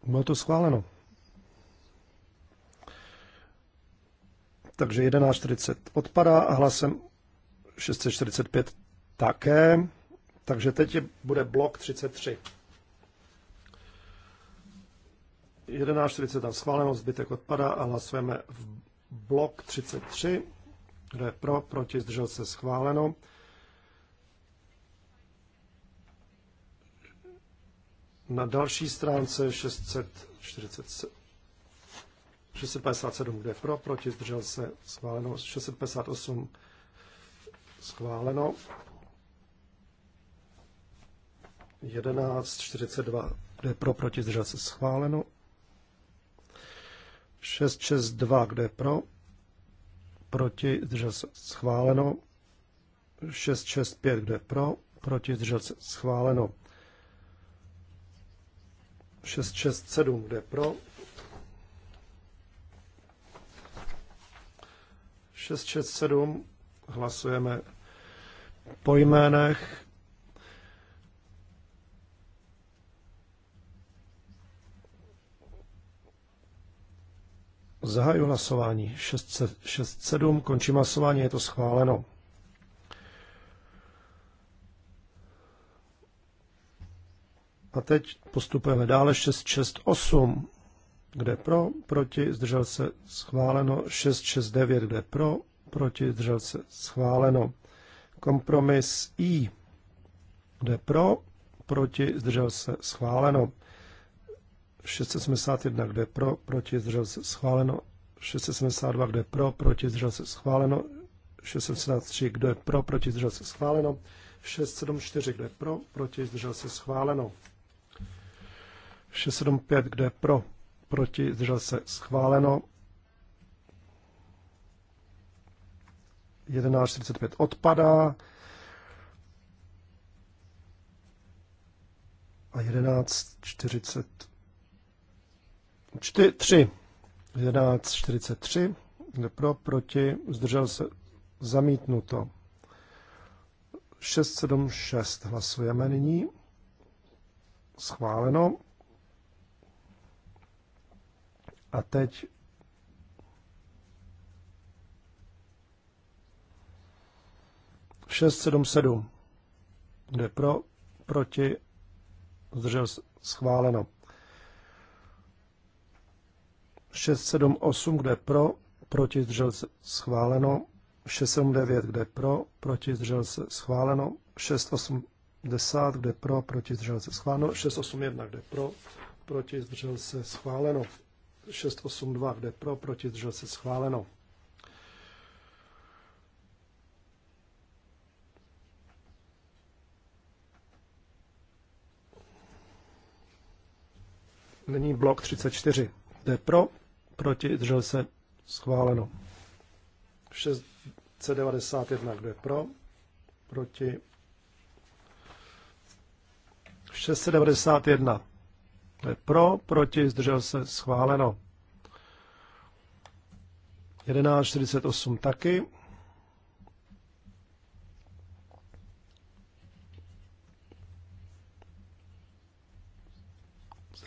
Bylo to schváleno. takže 11.40 odpadá a hlasem 645 také. Takže teď je, bude blok 33. 11.40 tam schváleno, zbytek odpadá a hlasujeme v blok 33. Kdo je pro, proti, zdržel se schváleno. Na další stránce 647 657, kde pro, proti, zdržel se, schváleno. 658, schváleno. 11.42, kde pro, proti, zdržel se, schváleno. 662, kde pro, proti, zdržel se, schváleno. 665, kde pro, proti, zdržel se, schváleno. 667, kde pro, 667 hlasujeme po jménech. Zahaju hlasování 667, končím hlasování, je to schváleno. A teď postupujeme dále 668 kde pro, proti, zdržel se schváleno, 669, kde pro, proti, zdržel se schváleno. Kompromis I, kde pro, proti, zdržel se schváleno. 671, kde pro, proti, zdržel se schváleno. 672, kde pro, proti, zdržel se schváleno. 673, kdo je pro, proti, zdržel se schváleno. 674, kdo je pro, proti, zdržel se schváleno. 675, kdo je pro, proti, zdržel se schváleno. 11.45 odpadá. A 11.43 jde pro, proti, zdržel se zamítnuto. 676 hlasujeme nyní. Schváleno. A teď šest, sedm, sedm. Kde pro, proti, zdržel schváleno. 6, 7, 8, kde pro, proti zdržel se schváleno, 679, kde pro, proti zdržel se schváleno, 680, kde pro, proti zdržel se schváleno, 681, kde pro, proti zdržel se schváleno. 682, kde pro, proti, zdržel se schváleno. Nyní blok 34, jde pro, proti, držel se schváleno. 691, kde pro, proti, 691 to je pro, proti, zdržel se, schváleno. 11.48 taky.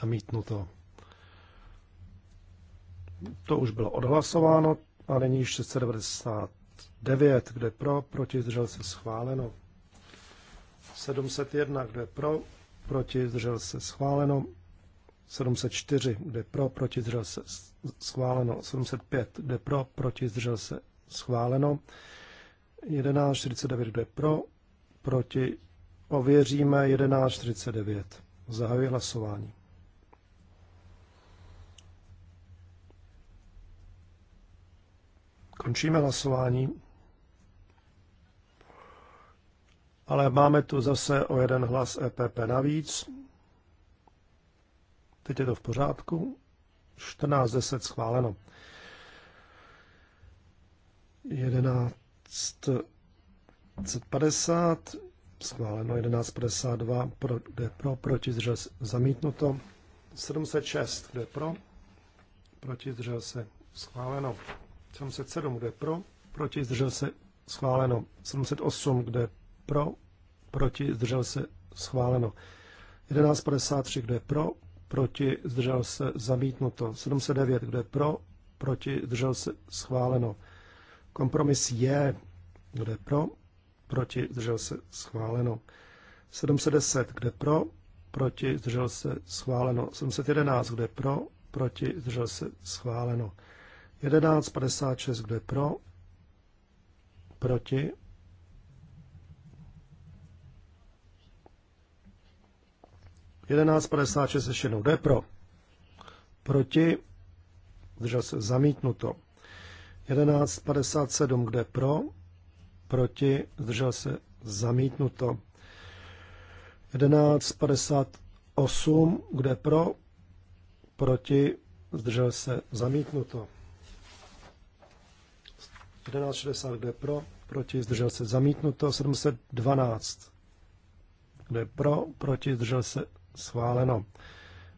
Zamítnuto. To už bylo odhlasováno a nyní 699, kde pro, proti, zdržel se, schváleno. 701, kde pro, proti, zdržel se, schváleno. 704, kde pro, proti, zdržel se, schváleno. 705, kde pro, proti, zdržel se, schváleno. 1149, kde pro, proti, ověříme 11.49. Zahajuji hlasování. Končíme hlasování. Ale máme tu zase o jeden hlas EPP navíc. Teď je to v pořádku. 14.10 schváleno. 11.50 schváleno. 11.52 pro, kde pro, proti zdržel se zamítnuto. 706 kde pro, proti zdržel se schváleno. 707 kde pro, proti zdržel se schváleno. 708 kde pro, proti zdržel se schváleno. 11.53 kde pro, proti, zdržel se, zamítnuto. 709, kdo je pro, proti, zdržel se, schváleno. Kompromis je, kdo je pro, proti, zdržel se, schváleno. 710, kde pro, proti, zdržel se, schváleno. 711, kde pro, proti, zdržel se, schváleno. 1156, kde pro, proti, 11.56 ještě jednou jde pro. Proti. Držel se zamítnuto. 11.57 kde pro. Proti. Zdržel se zamítnuto. 11.58 kde pro. Proti. Zdržel se zamítnuto. 11.60 kde pro. Proti. Zdržel se zamítnuto. 712 kde pro. Proti. Zdržel se schváleno.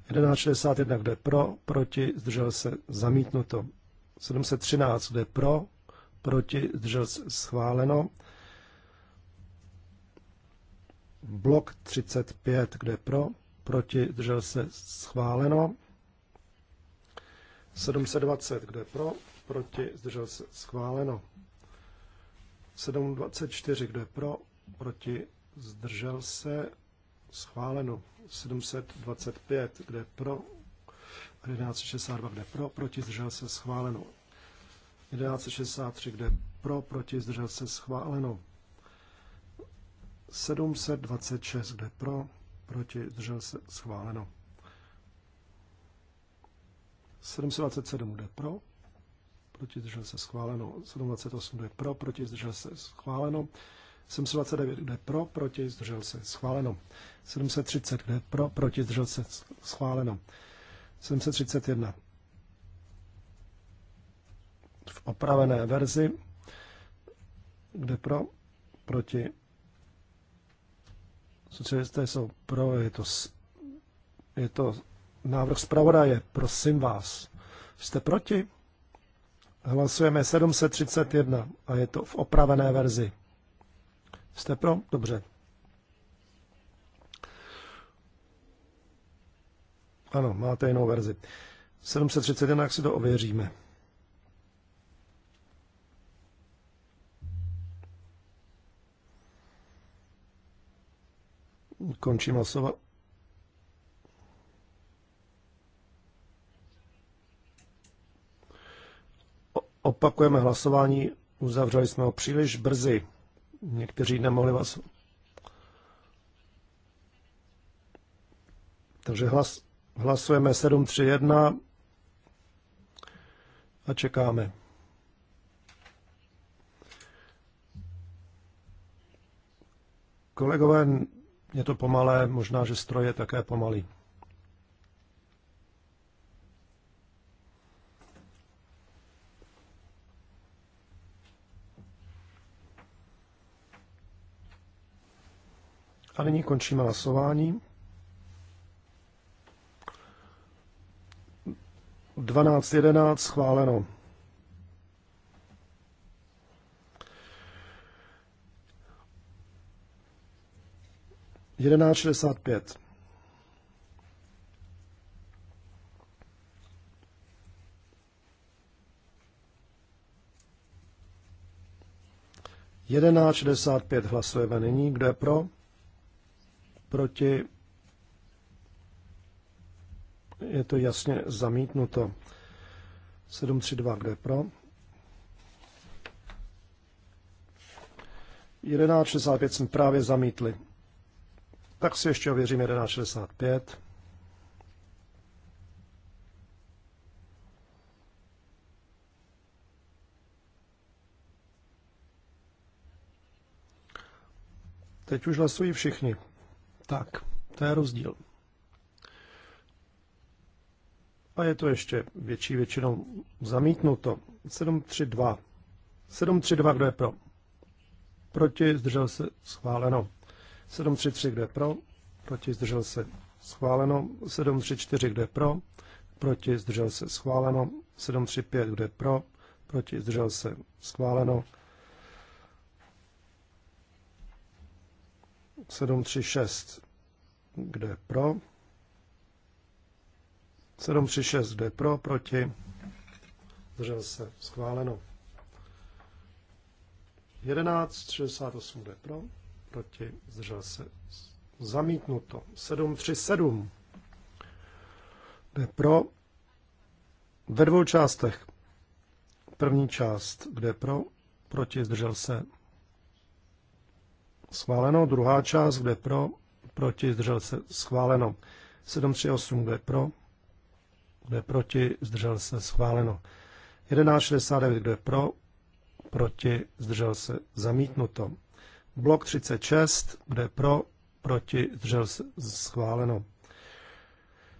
1161, kde pro, proti, zdržel se, zamítnuto. 713, kde pro, proti, zdržel se, schváleno. Blok 35, kde pro, proti, zdržel se, schváleno. 720, kde pro, proti, zdržel se, schváleno. 724, kde pro, proti, zdržel se, schváleno 725, kde pro, 1162, kde pro, proti zdržel se schváleno. 1163, kde pro, proti zdržel se schváleno. 726, kde pro, proti zdržel se schváleno. 727, kde pro, proti zdržel se schváleno. 728, kde pro, proti zdržel se schváleno. 729, kde pro, proti, zdržel se, schváleno. 730, kde pro, proti, zdržel se, schváleno. 731. V opravené verzi, kde pro, proti, socialisté jsou pro, je to, je to návrh zpravodaje, prosím vás. Jste proti? Hlasujeme 731 a je to v opravené verzi. Jste pro? Dobře. Ano, máte jinou verzi. 731, jak si to ověříme. Končím hlasovat. Opakujeme hlasování, uzavřeli jsme ho příliš brzy někteří nemohli vás. Takže hlas, hlasujeme 731 a čekáme. Kolegové, je to pomalé, možná, že stroje také pomalý. A nyní končíme hlasování. 12.11 schváleno. Jedenáct šedesát pět. Jedenáct šedesát pět hlasujeme nyní. Kdo je pro? proti, je to jasně zamítnuto. 732, kde pro? 11.65 jsme právě zamítli. Tak si ještě ověřím 11.65. Teď už hlasují všichni tak, to je rozdíl. A je to ještě větší většinou zamítnuto. 732. 732, kdo je pro? Proti, zdržel se, schváleno. 733, kdo je pro? Proti, zdržel se, schváleno. 734, kdo je pro? Proti, zdržel se, schváleno. 735, kdo je pro? Proti, zdržel se, schváleno. 736, kdo je pro. 736, kdo je pro, proti. Zdržel se, schváleno. 1168, kdo je pro, proti. Zdržel se, zamítnuto. 737, kdo je pro. Ve dvou částech. První část, kde pro, proti, zdržel se, Schváleno. Druhá část, kde pro, proti, zdržel se. Schváleno. 738, kde pro, kde proti, zdržel se. Schváleno. 1169, kde pro, proti, zdržel se. Zamítnuto. Blok 36, kde pro, proti, zdržel se. Schváleno.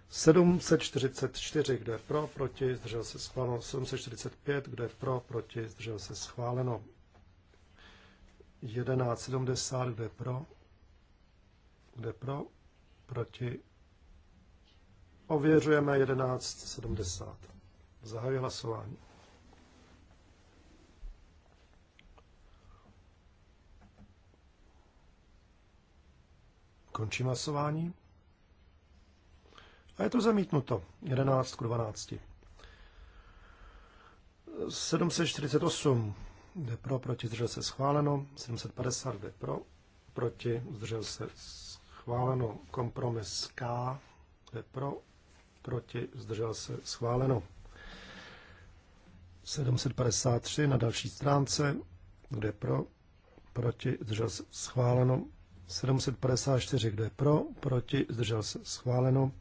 744, kde pro, proti, zdržel se schváleno. 745, kde pro, proti, zdržel se schváleno. 1170, kde pro, kde pro, proti. Ověřujeme 1170. Zahajuji hlasování. Končím hlasování. A je to zamítnuto. 11 k 12. 748 jde pro, proti, zdržel se schváleno, 750 jde pro, proti, zdržel se schváleno, kompromis K jde pro, proti, zdržel se schváleno. 753 na další stránce, kde pro, proti, zdržel se schváleno. 754, kde pro, proti, zdržel se schváleno.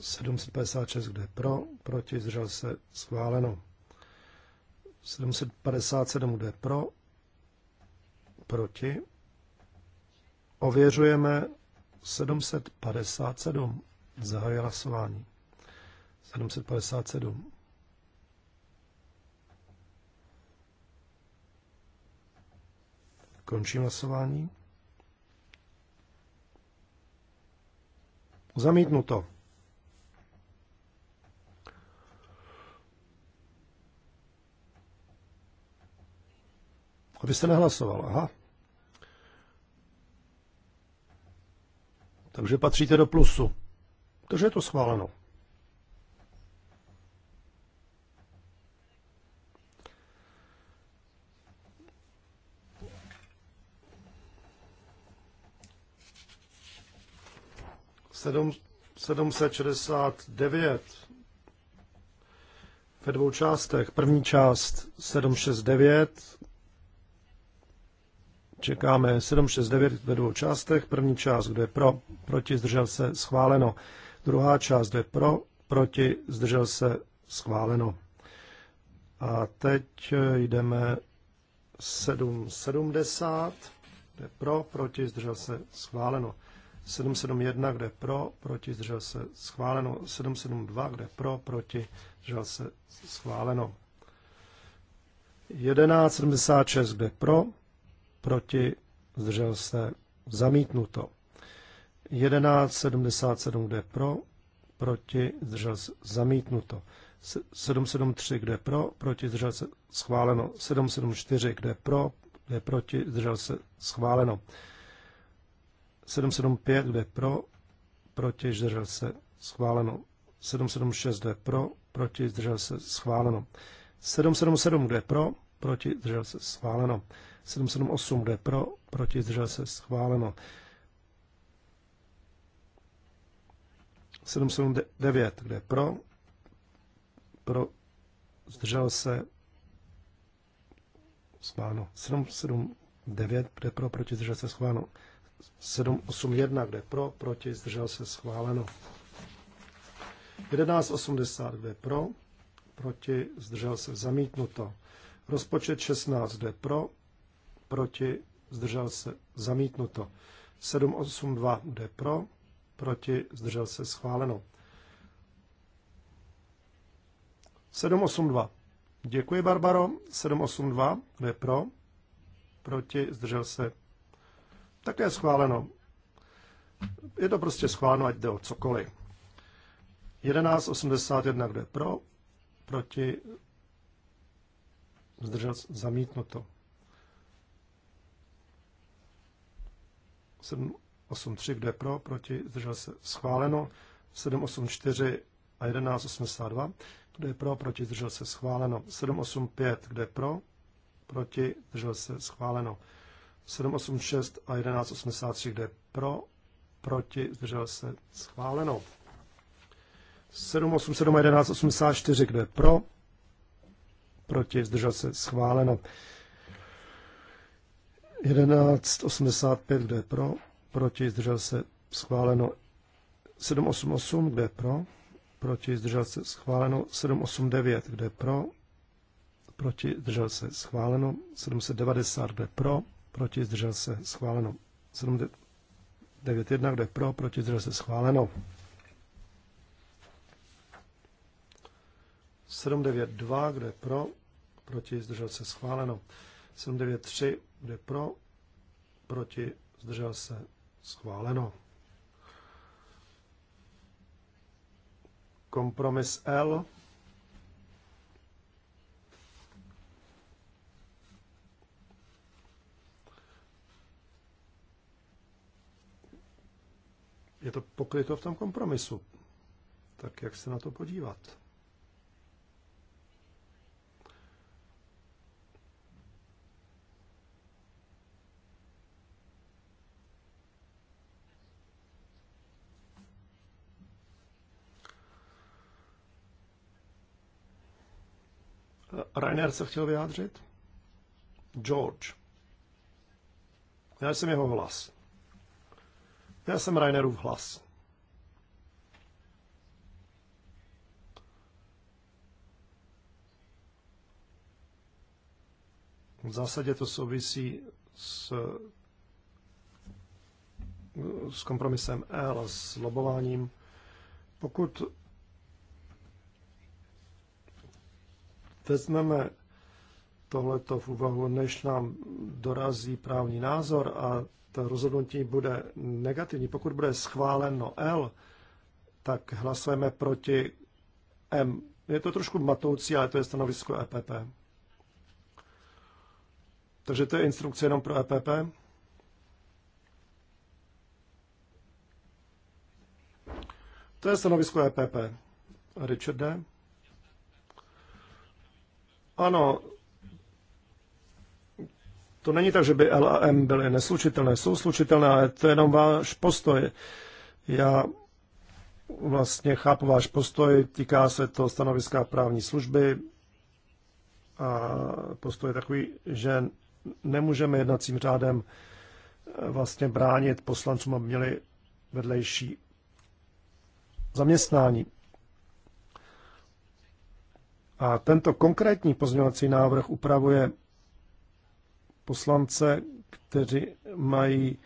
756, kde pro, proti, zdržel se schváleno. 757 jde pro, proti. Ověřujeme 757. Zahajuje hlasování. 757. Končím hlasování. Zamítnuto. Aby se nehlasoval, aha. Takže patříte do plusu. Takže je to schváleno. Sedm, 769 ve dvou částech. První část 769 Čekáme 769 ve dvou částech. První část, kdo je pro, proti, zdržel se, schváleno. Druhá část, kdo je pro, proti, zdržel se, schváleno. A teď eh, jdeme 770, kde je pro, proti, zdržel se, schváleno. 771, kde je pro, proti, zdržel se, schváleno. 772, kde je pro, proti, zdržel se, schváleno. 1176, kde je pro, proti, zdržel se, zamítnuto. 1177, kdo je pro, proti, zdržel se, zamítnuto. 773, kdo je pro, proti, zdržel se, schváleno. 774, kdo je pro, kdo je proti, zdržel se, schváleno. 775, kdo je pro, proti, zdržel se, schváleno. 776, kdo je pro, proti, zdržel se, schváleno. 777, kdo je pro, proti, zdržel se, schváleno. 778, kde pro, proti, zdržel se, schváleno. 779, kde pro, pro, zdržel se, schváleno. 779, kde pro, proti, zdržel se, schváleno. 781, kde pro, proti, zdržel se, schváleno. 1180, kde pro, proti, zdržel se, zamítnuto. Rozpočet 16, kde pro, proti, zdržel se, zamítnuto. 782 bude pro, proti, zdržel se, schváleno. 782. Děkuji, Barbaro. 782 bude pro, proti, zdržel se. Také schváleno. Je to prostě schváleno, ať jde o cokoliv. 1181, bude je pro, proti, zdržel se zamítnuto. 783, kde pro, proti, zdržel se schváleno. 784 a 1182, kde je pro, proti, zdržel se schváleno. 785, kde je pro, proti, zdržel se schváleno. 786 a 1183, kde je pro, proti, zdržel se schváleno. 787 a 1184, kde je pro, proti, zdržel se schváleno. 1185, kde je pro, proti, zdržel se, schváleno 788, kde je pro, proti, zdržel se, schváleno 789, kde je pro, proti, zdržel se, schváleno 790, kde je pro, proti, zdržel se, schváleno 791, kde je pro, proti, zdržel se, schváleno 792, kde je pro, proti, zdržel se, schváleno 793 bude pro, proti, zdržel se, schváleno. Kompromis L. Je to pokryto v tom kompromisu. Tak jak se na to podívat? Rainer se chtěl vyjádřit? George. Já jsem jeho hlas. Já jsem Rainerův hlas. V zásadě to souvisí s, s kompromisem L, s lobováním. Pokud vezmeme tohleto v úvahu, než nám dorazí právní názor a to rozhodnutí bude negativní. Pokud bude schváleno L, tak hlasujeme proti M. Je to trošku matoucí, ale to je stanovisko EPP. Takže to je instrukce jenom pro EPP. To je stanovisko EPP. D. Ano, to není tak, že by L a M byly neslučitelné, jsou slučitelné, ale to je jenom váš postoj. Já vlastně chápu váš postoj, týká se to stanoviska právní služby a postoj je takový, že nemůžeme jednacím řádem eh, vlastně bránit poslancům, aby měli vedlejší zaměstnání. A tento konkrétní pozměňovací návrh upravuje poslance, kteří mají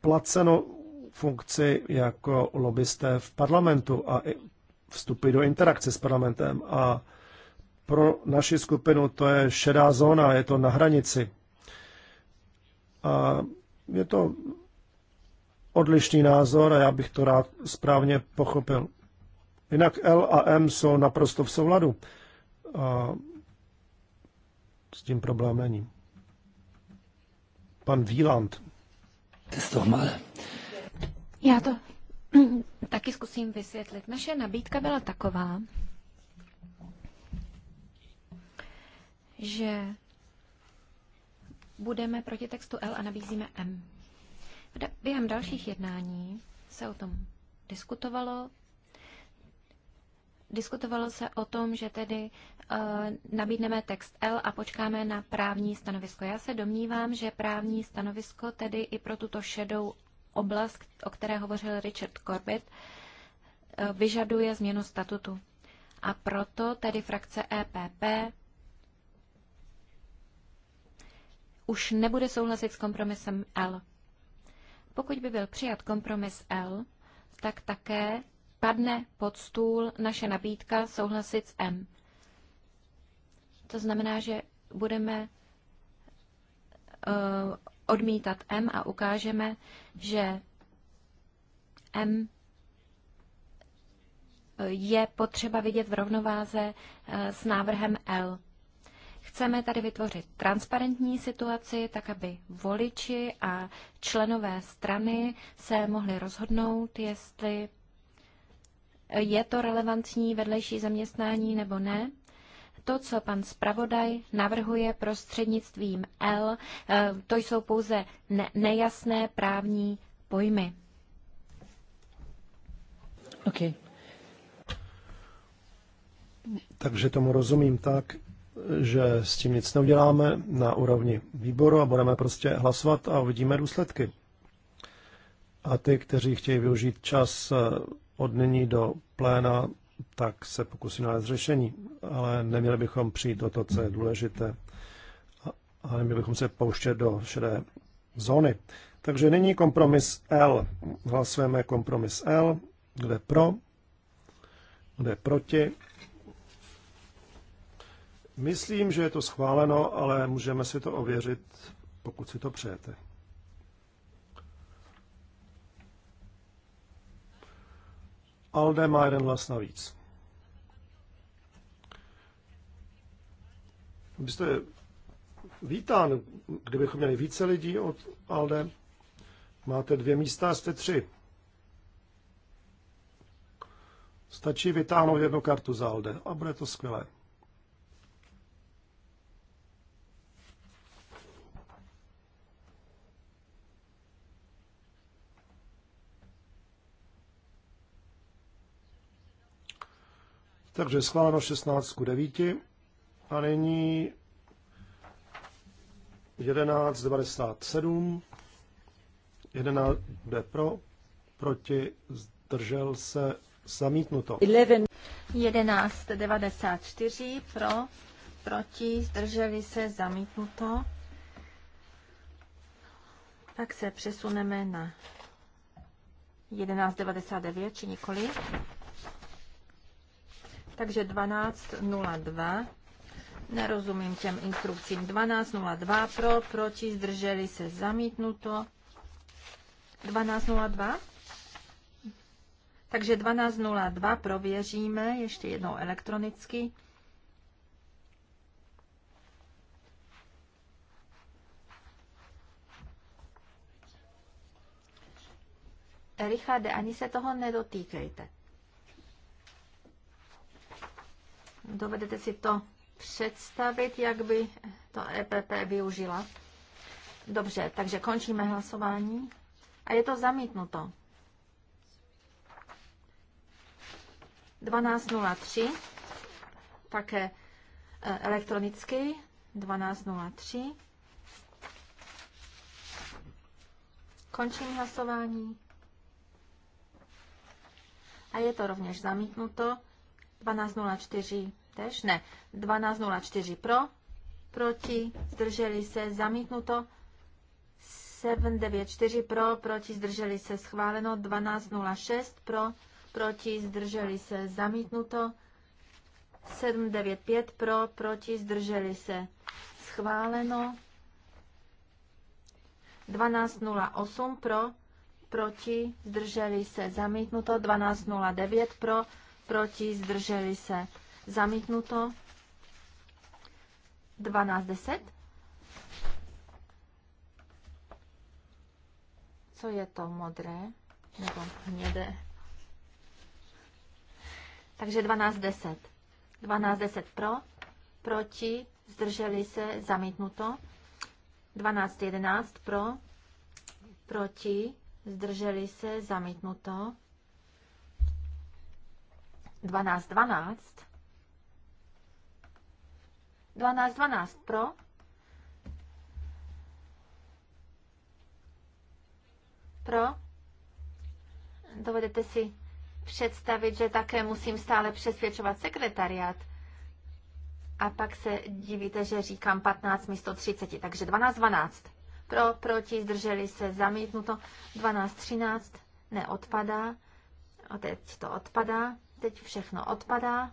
placeno funkci jako lobbysté v parlamentu a vstupy do interakce s parlamentem. A pro naši skupinu to je šedá zóna, je to na hranici. A je to odlišný názor a já bych to rád správně pochopil. Jinak L a M jsou naprosto v souladu. A s tím problém není. Pan Wieland. Já to taky zkusím vysvětlit. Naše nabídka byla taková, že budeme proti textu L a nabízíme M. Během dalších jednání se o tom diskutovalo, Diskutovalo se o tom, že tedy eh, nabídneme text L a počkáme na právní stanovisko. Já se domnívám, že právní stanovisko tedy i pro tuto šedou oblast, o které hovořil Richard Corbett, eh, vyžaduje změnu statutu. A proto tedy frakce EPP už nebude souhlasit s kompromisem L. Pokud by byl přijat kompromis L, tak také padne pod stůl naše nabídka souhlasit s M. To znamená, že budeme eh, odmítat M a ukážeme, že M eh, je potřeba vidět v rovnováze eh, s návrhem L. Chceme tady vytvořit transparentní situaci, tak aby voliči a členové strany se mohli rozhodnout, jestli je to relevantní vedlejší zaměstnání nebo ne. To, co pan zpravodaj navrhuje prostřednictvím L, eh, to jsou pouze ne- nejasné právní pojmy. Okay. Takže tomu rozumím tak, že s tím nic neuděláme na úrovni výboru a budeme prostě hlasovat a uvidíme důsledky. A ty, kteří chtějí využít čas eh, od nyní do pléna, tak se pokusím nalézt řešení, ale neměli bychom přijít o to, co je důležité a neměli bychom se pouštět do šedé zóny. Takže nyní kompromis L. Hlasujeme kompromis L, kde pro, kde proti. Myslím, že je to schváleno, ale můžeme si to ověřit, pokud si to přejete. Alde má jeden hlas navíc. Byste vítán, kdybychom měli více lidí od Alde. Máte dvě místa, jste tři. Stačí vytáhnout jednu kartu za Alde a bude to skvělé. Takže schváleno 16 ku 9. A nyní 11.97. 11 jde pro, proti, zdržel se, zamítnuto. 11.94 pro, proti, zdrželi se, zamítnuto. Tak se přesuneme na 11.99, či nikoli. Takže 12.02. Nerozumím těm instrukcím. 12.02 pro, proti, zdrželi se zamítnuto. 12.02. Takže 12.02 prověříme ještě jednou elektronicky. Richarde, ani se toho nedotýkejte. Dovedete si to představit, jak by to EPP využila? Dobře, takže končíme hlasování a je to zamítnuto. 12.03, také eh, elektronicky 12.03. Končím hlasování. A je to rovněž zamítnuto. 12.04 tež? Ne. 12.04 pro, proti, zdrželi se, zamítnuto. 794 pro, proti, zdrželi se, schváleno. 12.06 pro, proti, zdrželi se, zamítnuto. 795 pro, proti, zdrželi se, schváleno. 12.08 pro, proti, zdrželi se, zamítnuto. 12.09 pro, proti, zdrželi se, zamítnuto. 12.10. Co je to modré? Nebo hnědé? Takže 12.10. 12.10 pro, proti, zdrželi se, zamítnuto. 12.11 pro, proti, zdrželi se, zamítnuto. 12, 12. 12, 12 pro. Pro. Dovedete si představit, že také musím stále přesvědčovat sekretariat. A pak se divíte, že říkám 15 místo 30, takže 12, 12. Pro, proti, zdrželi se, zamítnuto. 12, 13 neodpadá. A teď to odpadá. Teď všechno odpadá.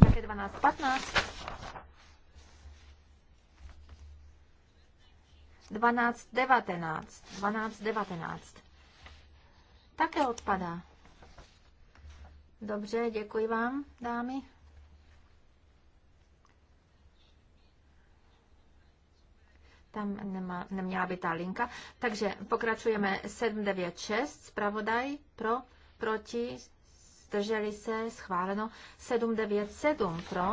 Také 12, 15. 12, 19. 12, 19. Také odpadá. Dobře, děkuji vám, dámy. Tam nemá, neměla by ta linka. Takže pokračujeme 796, zpravodaj pro, proti, zdrželi se, schváleno. 797 pro,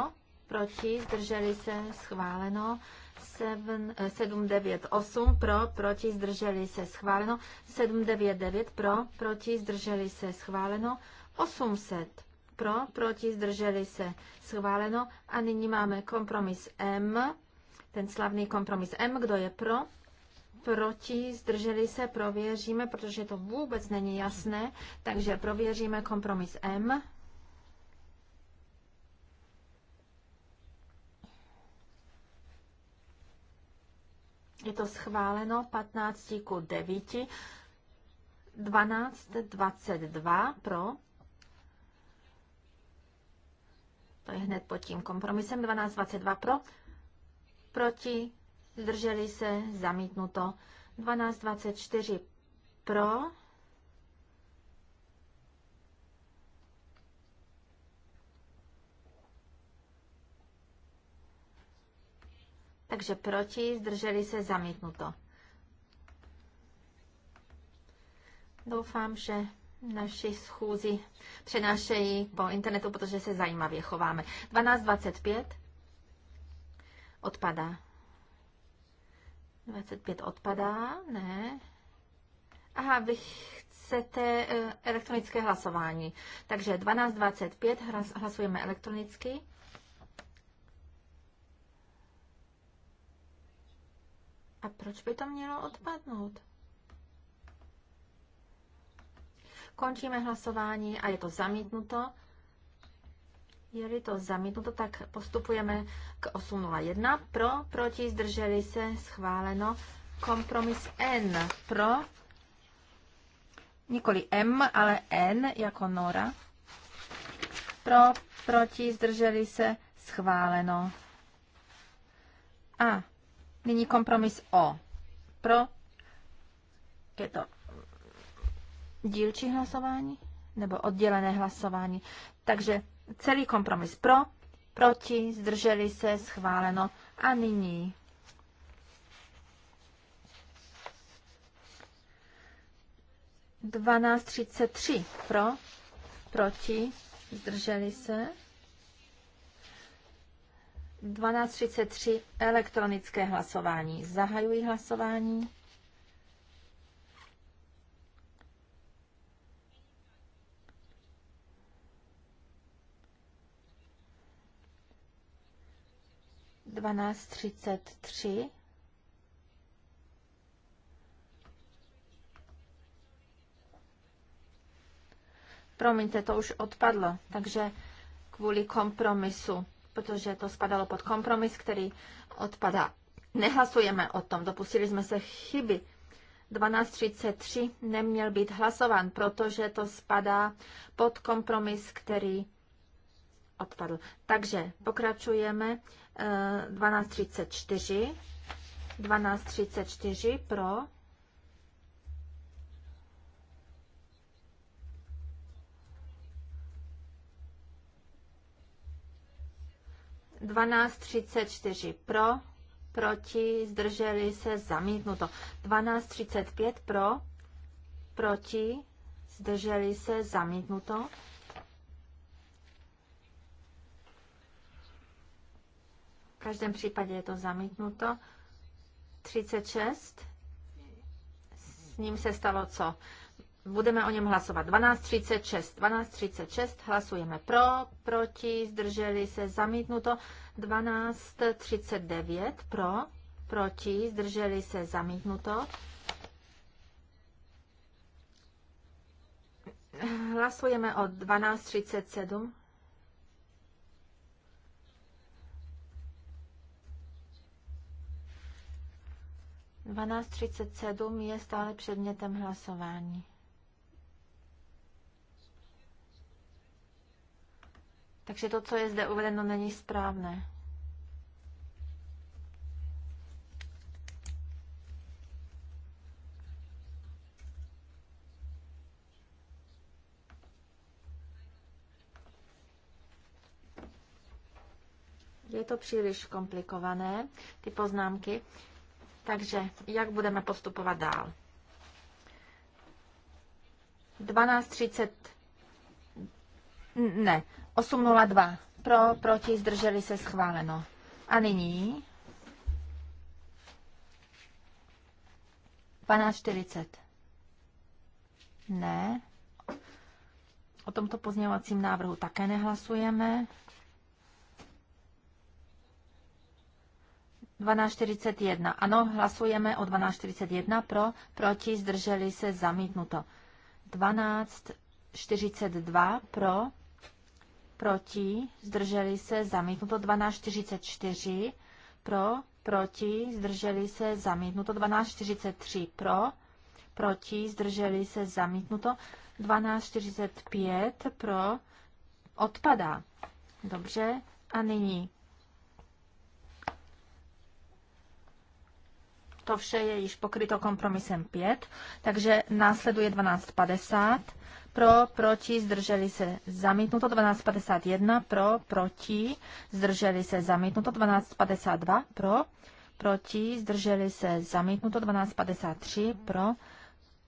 proti, zdrželi se, schváleno. 798 eh, pro, proti, zdrželi se, schváleno. 799 pro, proti, zdrželi se, schváleno. 800 pro, proti, zdrželi se, schváleno. A nyní máme kompromis M, ten slavný kompromis M, kdo je pro, proti, zdrželi se, prověříme, protože to vůbec není jasné, takže prověříme kompromis M. Je to schváleno 15 ku 9, 12, 22 pro. To je hned pod tím kompromisem 12, 22 pro. Proti zdrželi se, zamítnuto. 12.24 pro, takže proti, zdrželi se, zamítnuto. Doufám, že naši schůzi přenášejí po internetu, protože se zajímavě chováme. 12.25 odpadá. 25 odpadá, ne. Aha, vy chcete eh, elektronické hlasování. Takže 12.25 hlasujeme elektronicky. A proč by to mělo odpadnout? Končíme hlasování a je to zamítnuto. Je-li to zamítnuto, tak postupujeme k 8.01. Pro, proti, zdrželi se, schváleno. Kompromis N pro, nikoli M, ale N jako Nora. Pro, proti, zdrželi se, schváleno. A nyní kompromis O. Pro, je to dílčí hlasování nebo oddělené hlasování. Takže Celý kompromis pro, proti, zdrželi se, schváleno. A nyní dvanáct třicet tři pro, proti, zdrželi se. třicet tři elektronické hlasování. Zahajují hlasování. 12.33. Promiňte, to už odpadlo, takže kvůli kompromisu, protože to spadalo pod kompromis, který odpadá. Nehlasujeme o tom, dopustili jsme se chyby. 12.33 neměl být hlasován, protože to spadá pod kompromis, který odpadl. Takže pokračujeme 12.34. Eh, 12.34 pro. Dvanáct třicet čtyři pro, proti, zdrželi se, zamítnuto. Dvanáct třicet pět pro, proti, zdrželi se, zamítnuto. V každém případě je to zamítnuto. 36. S ním se stalo co? Budeme o něm hlasovat. 12.36. 12.36. Hlasujeme pro, proti, zdrželi se, zamítnuto. 12.39. Pro, proti, zdrželi se, zamítnuto. Hlasujeme o 12.37. 12.37 je stále předmětem hlasování. Takže to, co je zde uvedeno, není správné. Je to příliš komplikované, ty poznámky. Takže jak budeme postupovat dál? 12.30, ne, 8.02. Pro, proti, zdrželi se schváleno. A nyní 12.40. Ne. O tomto pozměňovacím návrhu také nehlasujeme. 12.41. Ano, hlasujeme o 12.41 pro, proti, zdrželi se, zamítnuto. 12.42 pro, proti, zdrželi se, zamítnuto. 12.44 pro, proti, zdrželi se, zamítnuto. 12.43 pro, proti, zdrželi se, zamítnuto. 12.45 pro, odpadá. Dobře, a nyní To vše je již pokryto kompromisem 5, takže následuje 1250. Pro, proti, zdrželi se zamítnuto 1251, pro, proti, zdrželi se zamítnuto 1252, pro, proti, zdrželi se zamítnuto 1253, pro,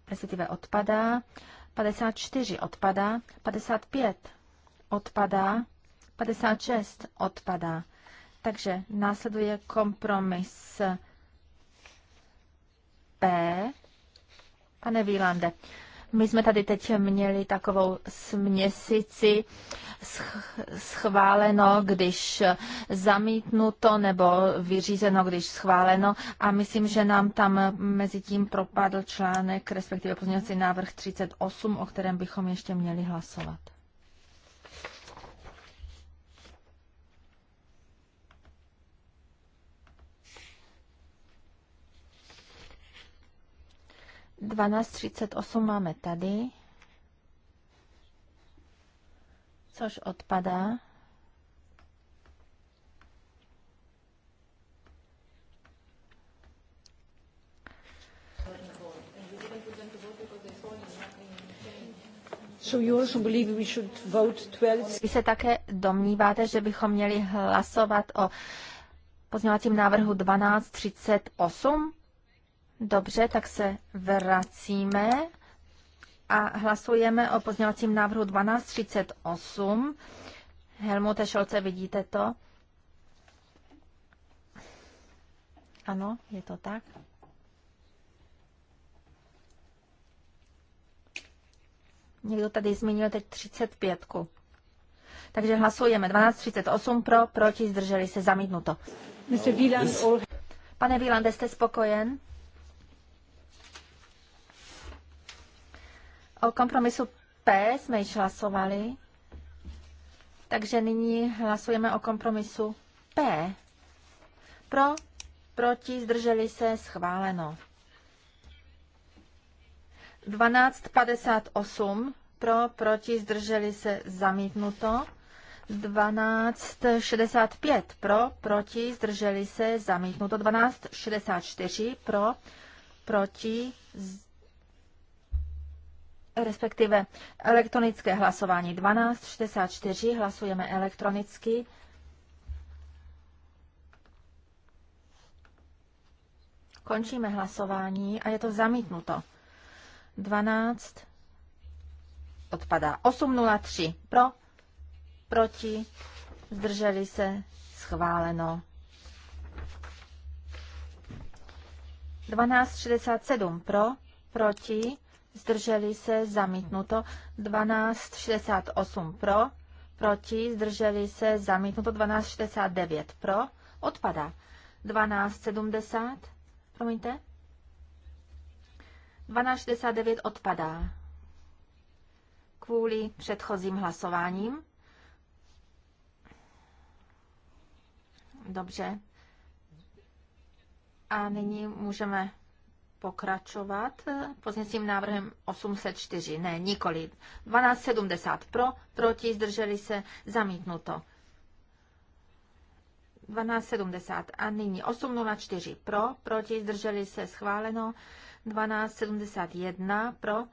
respektive odpadá, 54 odpadá, 55 odpadá, 56 odpadá. Takže následuje kompromis Pane Výlande, my jsme tady teď měli takovou směsici schváleno, když zamítnuto, nebo vyřízeno, když schváleno. A myslím, že nám tam mezi tím propadl článek, respektive pozměňovací návrh 38, o kterém bychom ještě měli hlasovat. 12.38 máme tady, což odpadá. Vy se také domníváte, že bychom měli hlasovat o pozměňovacím návrhu 1238? Dobře, tak se vracíme a hlasujeme o pozměňovacím návrhu 1238. Helmute Šolce, vidíte to? Ano, je to tak. Někdo tady zmínil teď 35. Takže hlasujeme 12.38 pro, proti, zdrželi se, zamítnuto. Pane Výlande, jste spokojen? O kompromisu P jsme již hlasovali, takže nyní hlasujeme o kompromisu P. Pro, proti, zdrželi se, schváleno. 1258 pro, proti, zdrželi se, zamítnuto. 1265 pro, proti, zdrželi se, zamítnuto. 1264 pro, proti, z respektive elektronické hlasování 1264, hlasujeme elektronicky. Končíme hlasování a je to zamítnuto. 12 odpadá. 803 pro, proti, zdrželi se, schváleno. 1267 pro, proti, zdrželi se, zamítnuto 1268 pro, proti, zdrželi se, zamítnuto 1269 pro, odpada 1270, promiňte, 1269 odpadá kvůli předchozím hlasováním. Dobře. A nyní můžeme pokračovat pozněcím návrhem 804. Ne, nikoli. 1270 pro, proti, zdrželi se, zamítnuto. 1270 a nyní 804 pro, proti, zdrželi se, schváleno. 1271 pro,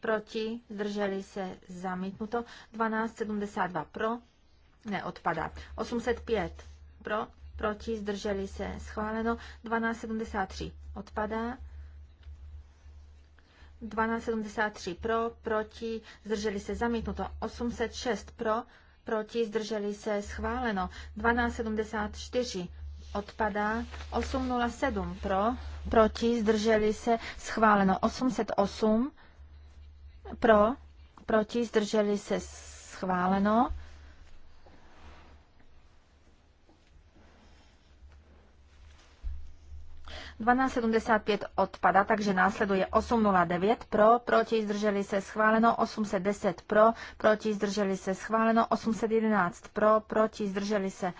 proti, zdrželi se, zamítnuto. 1272 pro, ne, odpadá 805 pro, proti, zdrželi se, schváleno. 1273 odpadá. 1273 pro, proti, zdrželi se, zamítnuto. 806 pro, proti, zdrželi se, schváleno. 1274 odpadá. 807 pro, proti, zdrželi se, schváleno. 808 pro, proti, zdrželi se, schváleno. 1275 odpada, takže následuje 809 pro, proti zdrželi se schváleno, 810 pro, proti zdrželi se schváleno, 811 pro, proti zdrželi se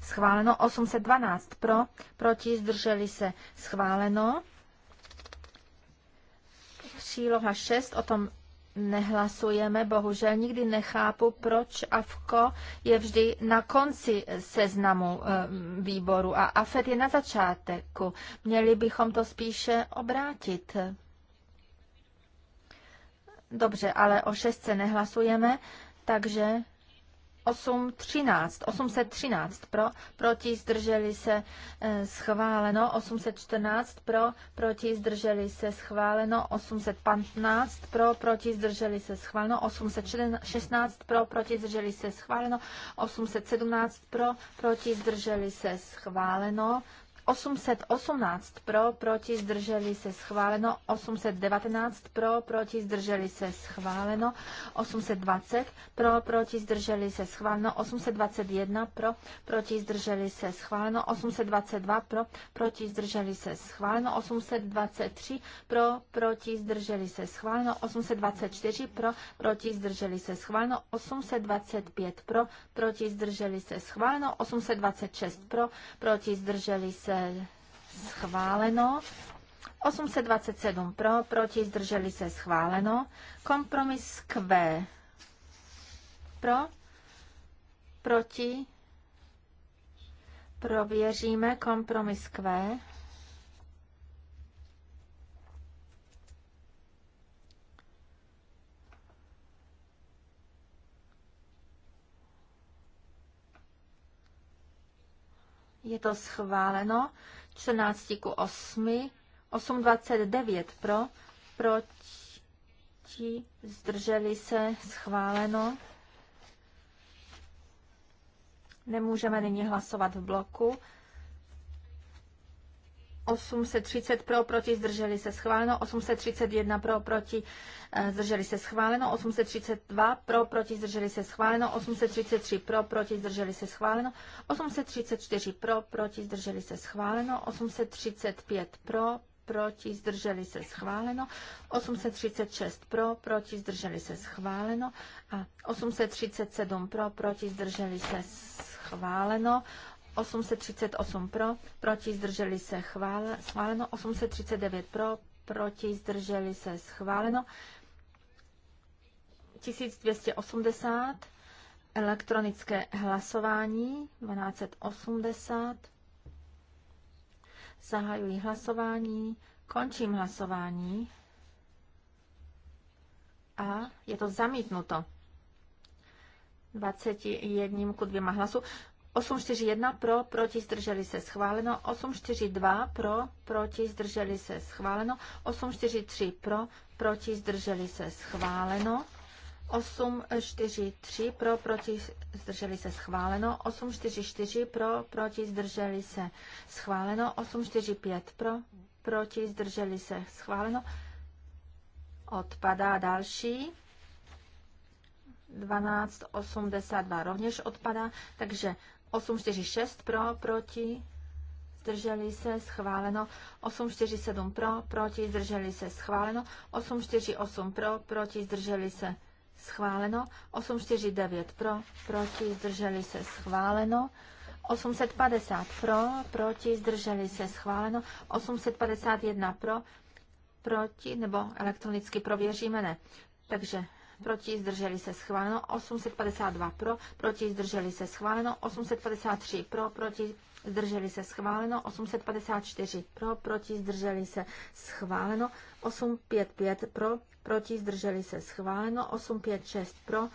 schváleno, 812 pro, proti zdrželi se schváleno. Příloha 6, o tom nehlasujeme, bohužel nikdy nechápu, proč AFKO je vždy na konci seznamu eh, výboru a AFET je na začátku. Měli bychom to spíše obrátit. Dobře, ale o šestce nehlasujeme, takže 813, 813 eh, pro, proti zdrželi se schváleno, 814 pro, proti zdrželi se schváleno, 815 pro, proti zdrželi se schváleno, 816 pro, proti zdrželi se schváleno, 817 pro, proti zdrželi se schváleno, 818 pro, proti, zdrželi se schváleno. 819 pro, proti, zdrželi se schváleno. 820 pro, proti, zdrželi se schváleno. 821 pro, proti, zdrželi se schváleno. 822 pro, proti, zdrželi se schváleno. 823 pro, proti, zdrželi se schváleno. 824 pro, proti, zdrželi se schváleno. 825 pro, proti, zdrželi se schváleno. 826 pro, proti, zdrželi se se schváleno. 827 pro, proti, zdrželi se schváleno. Kompromis Q pro, proti, prověříme kompromis Q. Je to schváleno. 14 ku 8. 8,29 pro. Proti. Zdrželi se. Schváleno. Nemůžeme nyní hlasovat v bloku. 830 pro, proti, zdrželi se schváleno, 831 eh, pro, proti, zdrželi se schváleno, 832 pro, proti, zdrželi se schváleno, 833 pro, proti, zdrželi se schváleno, 834 pro, proti, zdrželi se schváleno, 835 pro, proti, zdrželi se schváleno, 836 pro, proti, zdrželi se schváleno a 837 pro, proti, zdrželi se schváleno, 838 pro, proti zdrželi se chvále, schváleno, 839 pro, proti zdrželi se schváleno, 1280 elektronické hlasování, 1280, zahajuji hlasování, končím hlasování a je to zamítnuto. 21 ku dvěma hlasu. 841 pro, proti, zdrželi se schváleno. 842 pro, proti, zdrželi se schváleno. 843 pro, proti, zdrželi se schváleno. 843 pro, proti, zdrželi se schváleno. 844 pro, proti, zdrželi se schváleno. 845 pro, proti, zdrželi se schváleno. Odpadá další. 1282 rovněž odpadá, takže 846 pro, proti, zdrželi se, schváleno. 847 pro, proti, zdrželi se, schváleno. 848 pro, proti, zdrželi se, schváleno. 849 pro, proti, zdrželi se, schváleno. 850 pro, proti, zdrželi se, schváleno. 851 pro, proti, nebo elektronicky prověříme, ne. Takže proti zdrželi se schváleno 852 pro, proti zdrželi se schváleno 853 pro, proti zdrželi se schváleno 854 pro, proti zdrželi se schváleno 855 pro, proti zdrželi se schváleno 856 pro,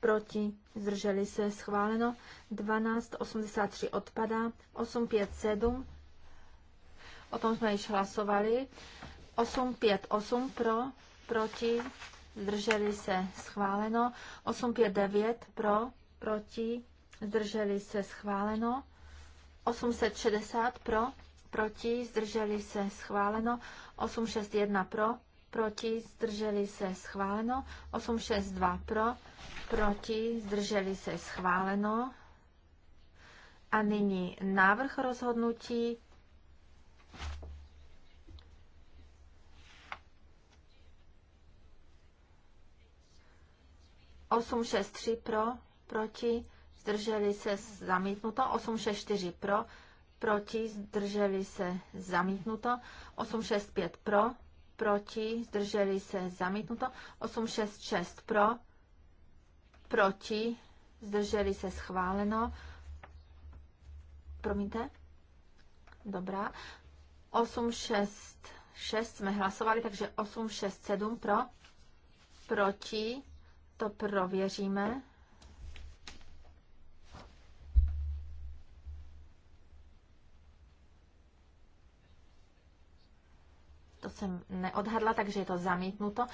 proti zdrželi se schváleno 1283 odpadá 857 o tom jsme již hlasovali 858 pro, proti zdrželi se schváleno, 859 pro, proti, zdrželi se schváleno, 860 pro, proti, zdrželi se schváleno, 861 pro, proti, zdrželi se schváleno, 862 pro, proti, zdrželi se schváleno. A nyní návrh rozhodnutí 863 pro, proti, zdrželi se zamítnuto. 864 pro, proti, zdrželi se zamítnuto. 865 pro, proti, zdrželi se zamítnuto. 866 pro, proti, zdrželi se schváleno. Promiňte. Dobrá. 866 jsme hlasovali, takže 867 pro, proti, to prověříme. To jsem neodhadla, takže je to zamítnuto.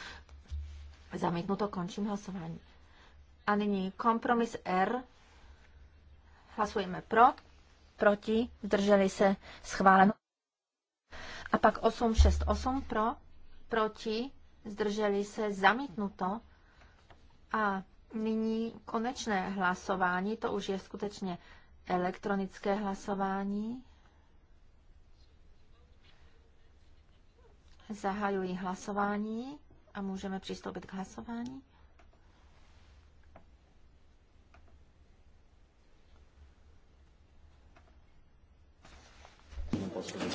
Zamítnuto, končím hlasování. A nyní kompromis R. Hlasujeme pro, proti, zdrželi se, schváleno. A pak 868 pro, proti, zdrželi se, zamítnuto. A nyní konečné hlasování, to už je skutečně elektronické hlasování. Zahajuji hlasování a můžeme přistoupit k hlasování.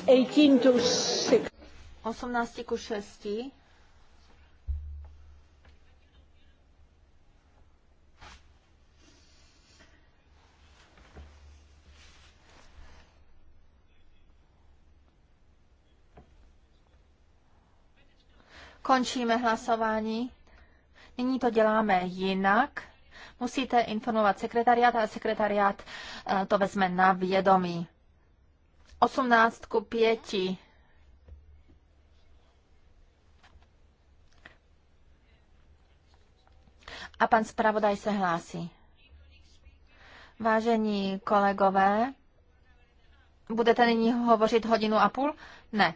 Eighteen to six. Osmnácti ku šesti. Končíme hlasování. Nyní to děláme jinak. Musíte informovat sekretariát a sekretariát eh, to vezme na vědomí. 18 ku 5. A pan zpravodaj se hlásí. Vážení kolegové, budete nyní hovořit hodinu a půl? Ne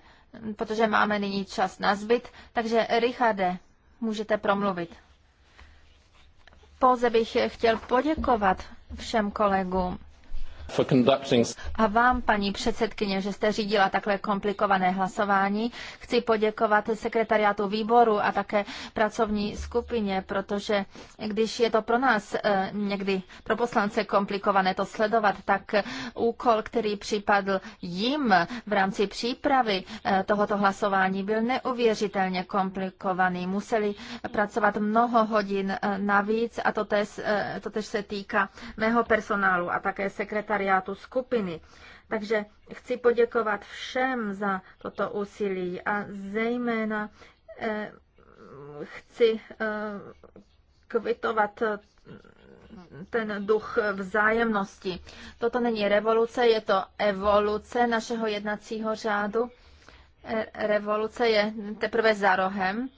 protože máme nyní čas na zbyt. Takže Richarde, můžete promluvit. Pouze bych chtěl poděkovat všem kolegům a vám, paní předsedkyně, že jste řídila takhle komplikované hlasování. Chci poděkovat sekretariátu výboru a také pracovní skupině, protože když je to pro nás eh, někdy, pro poslance komplikované to sledovat, tak úkol, který připadl jim v rámci přípravy eh, tohoto hlasování, byl neuvěřitelně komplikovaný. Museli pracovat mnoho hodin eh, navíc a to tež, se týká mého personálu a také sekretariátu sekretariátu skupiny. Takže chci poděkovat všem za toto úsilí a zejména eh, chci eh, kvitovat eh, ten duch vzájemnosti. Toto není revoluce, je to evoluce našeho jednacího řádu. Revoluce je teprve za rohem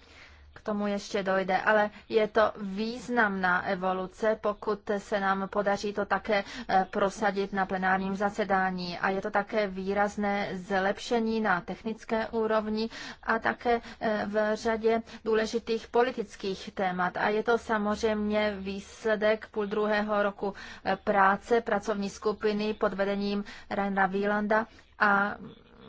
k tomu ještě dojde, ale je to významná evoluce, pokud se nám podaří to také eh, prosadit na plenárním zasedání. A je to také výrazné zlepšení na technické úrovni a také eh, v řadě důležitých politických témat. A je to samozřejmě výsledek půl druhého roku eh, práce pracovní skupiny pod vedením Reina Wielanda a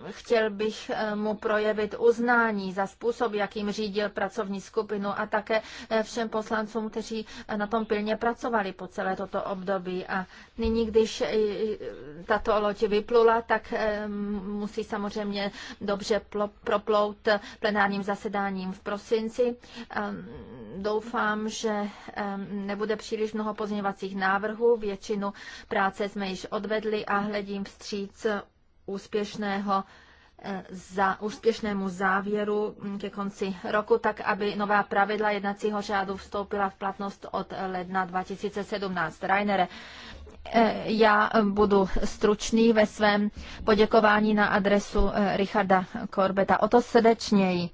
chtěl bych eh, mu projevit uznání za způsob, jakým řídil pracovní skupinu a také eh, všem poslancům, kteří eh, na tom pilně pracovali po celé toto období. A nyní, když tato loď vyplula, tak musí samozřejmě dobře proplout plenárním zasedáním v prosinci. Mm, doufám, že nebude příliš mnoho pozměňovacích návrhů. Většinu práce jsme již odvedli a hledím vstříc úspěšného eh, za úspěšnému závěru hm, ke konci roku, tak aby nová pravidla jednacího řádu vstoupila v platnost od eh, ledna 2017. Rainere, eh, já budu stručný ve svém poděkování na adresu Richarda Korbeta. O to srdečněji.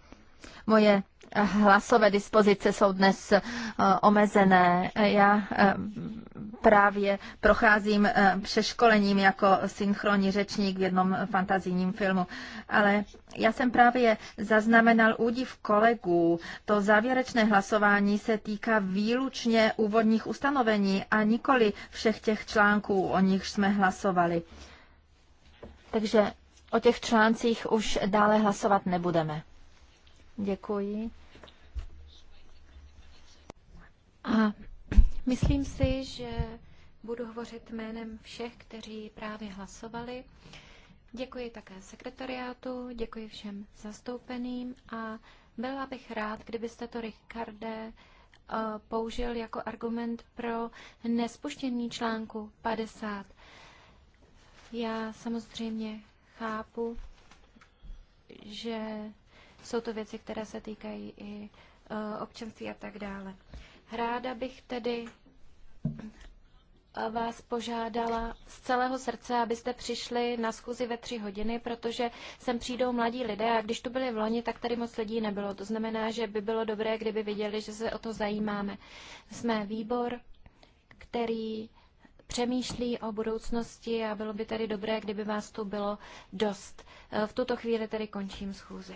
Moje hlasové dispozice jsou dnes eh, omezené. Já eh, právě procházím eh, přeškolením jako synchronní řečník v jednom fantazijním filmu, ale já jsem právě zaznamenal údiv kolegů. To závěrečné hlasování se týká výlučně úvodních ustanovení a nikoli všech těch článků, o nichž jsme hlasovali. Takže o těch článcích už dále hlasovat nebudeme. Děkuji. A myslím si, že budu hovořit jménem všech, kteří právě hlasovali. Děkuji také sekretariátu, děkuji všem zastoupeným a byla bych rád, kdybyste to, Ricarde, eh, použil jako argument pro nespuštění článku 50. Já samozřejmě chápu, že jsou to věci, které se týkají i eh, občanství a tak dále. Ráda bych tedy vás požádala z celého srdce, abyste přišli na schůzi ve tři hodiny, protože sem přijdou mladí lidé a když tu byli v loni, tak tady moc lidí nebylo. To znamená, že by bylo dobré, kdyby viděli, že se o to zajímáme. Jsme výbor, který přemýšlí o budoucnosti a bylo by tady dobré, kdyby vás tu bylo dost. V tuto chvíli tedy končím schůzi.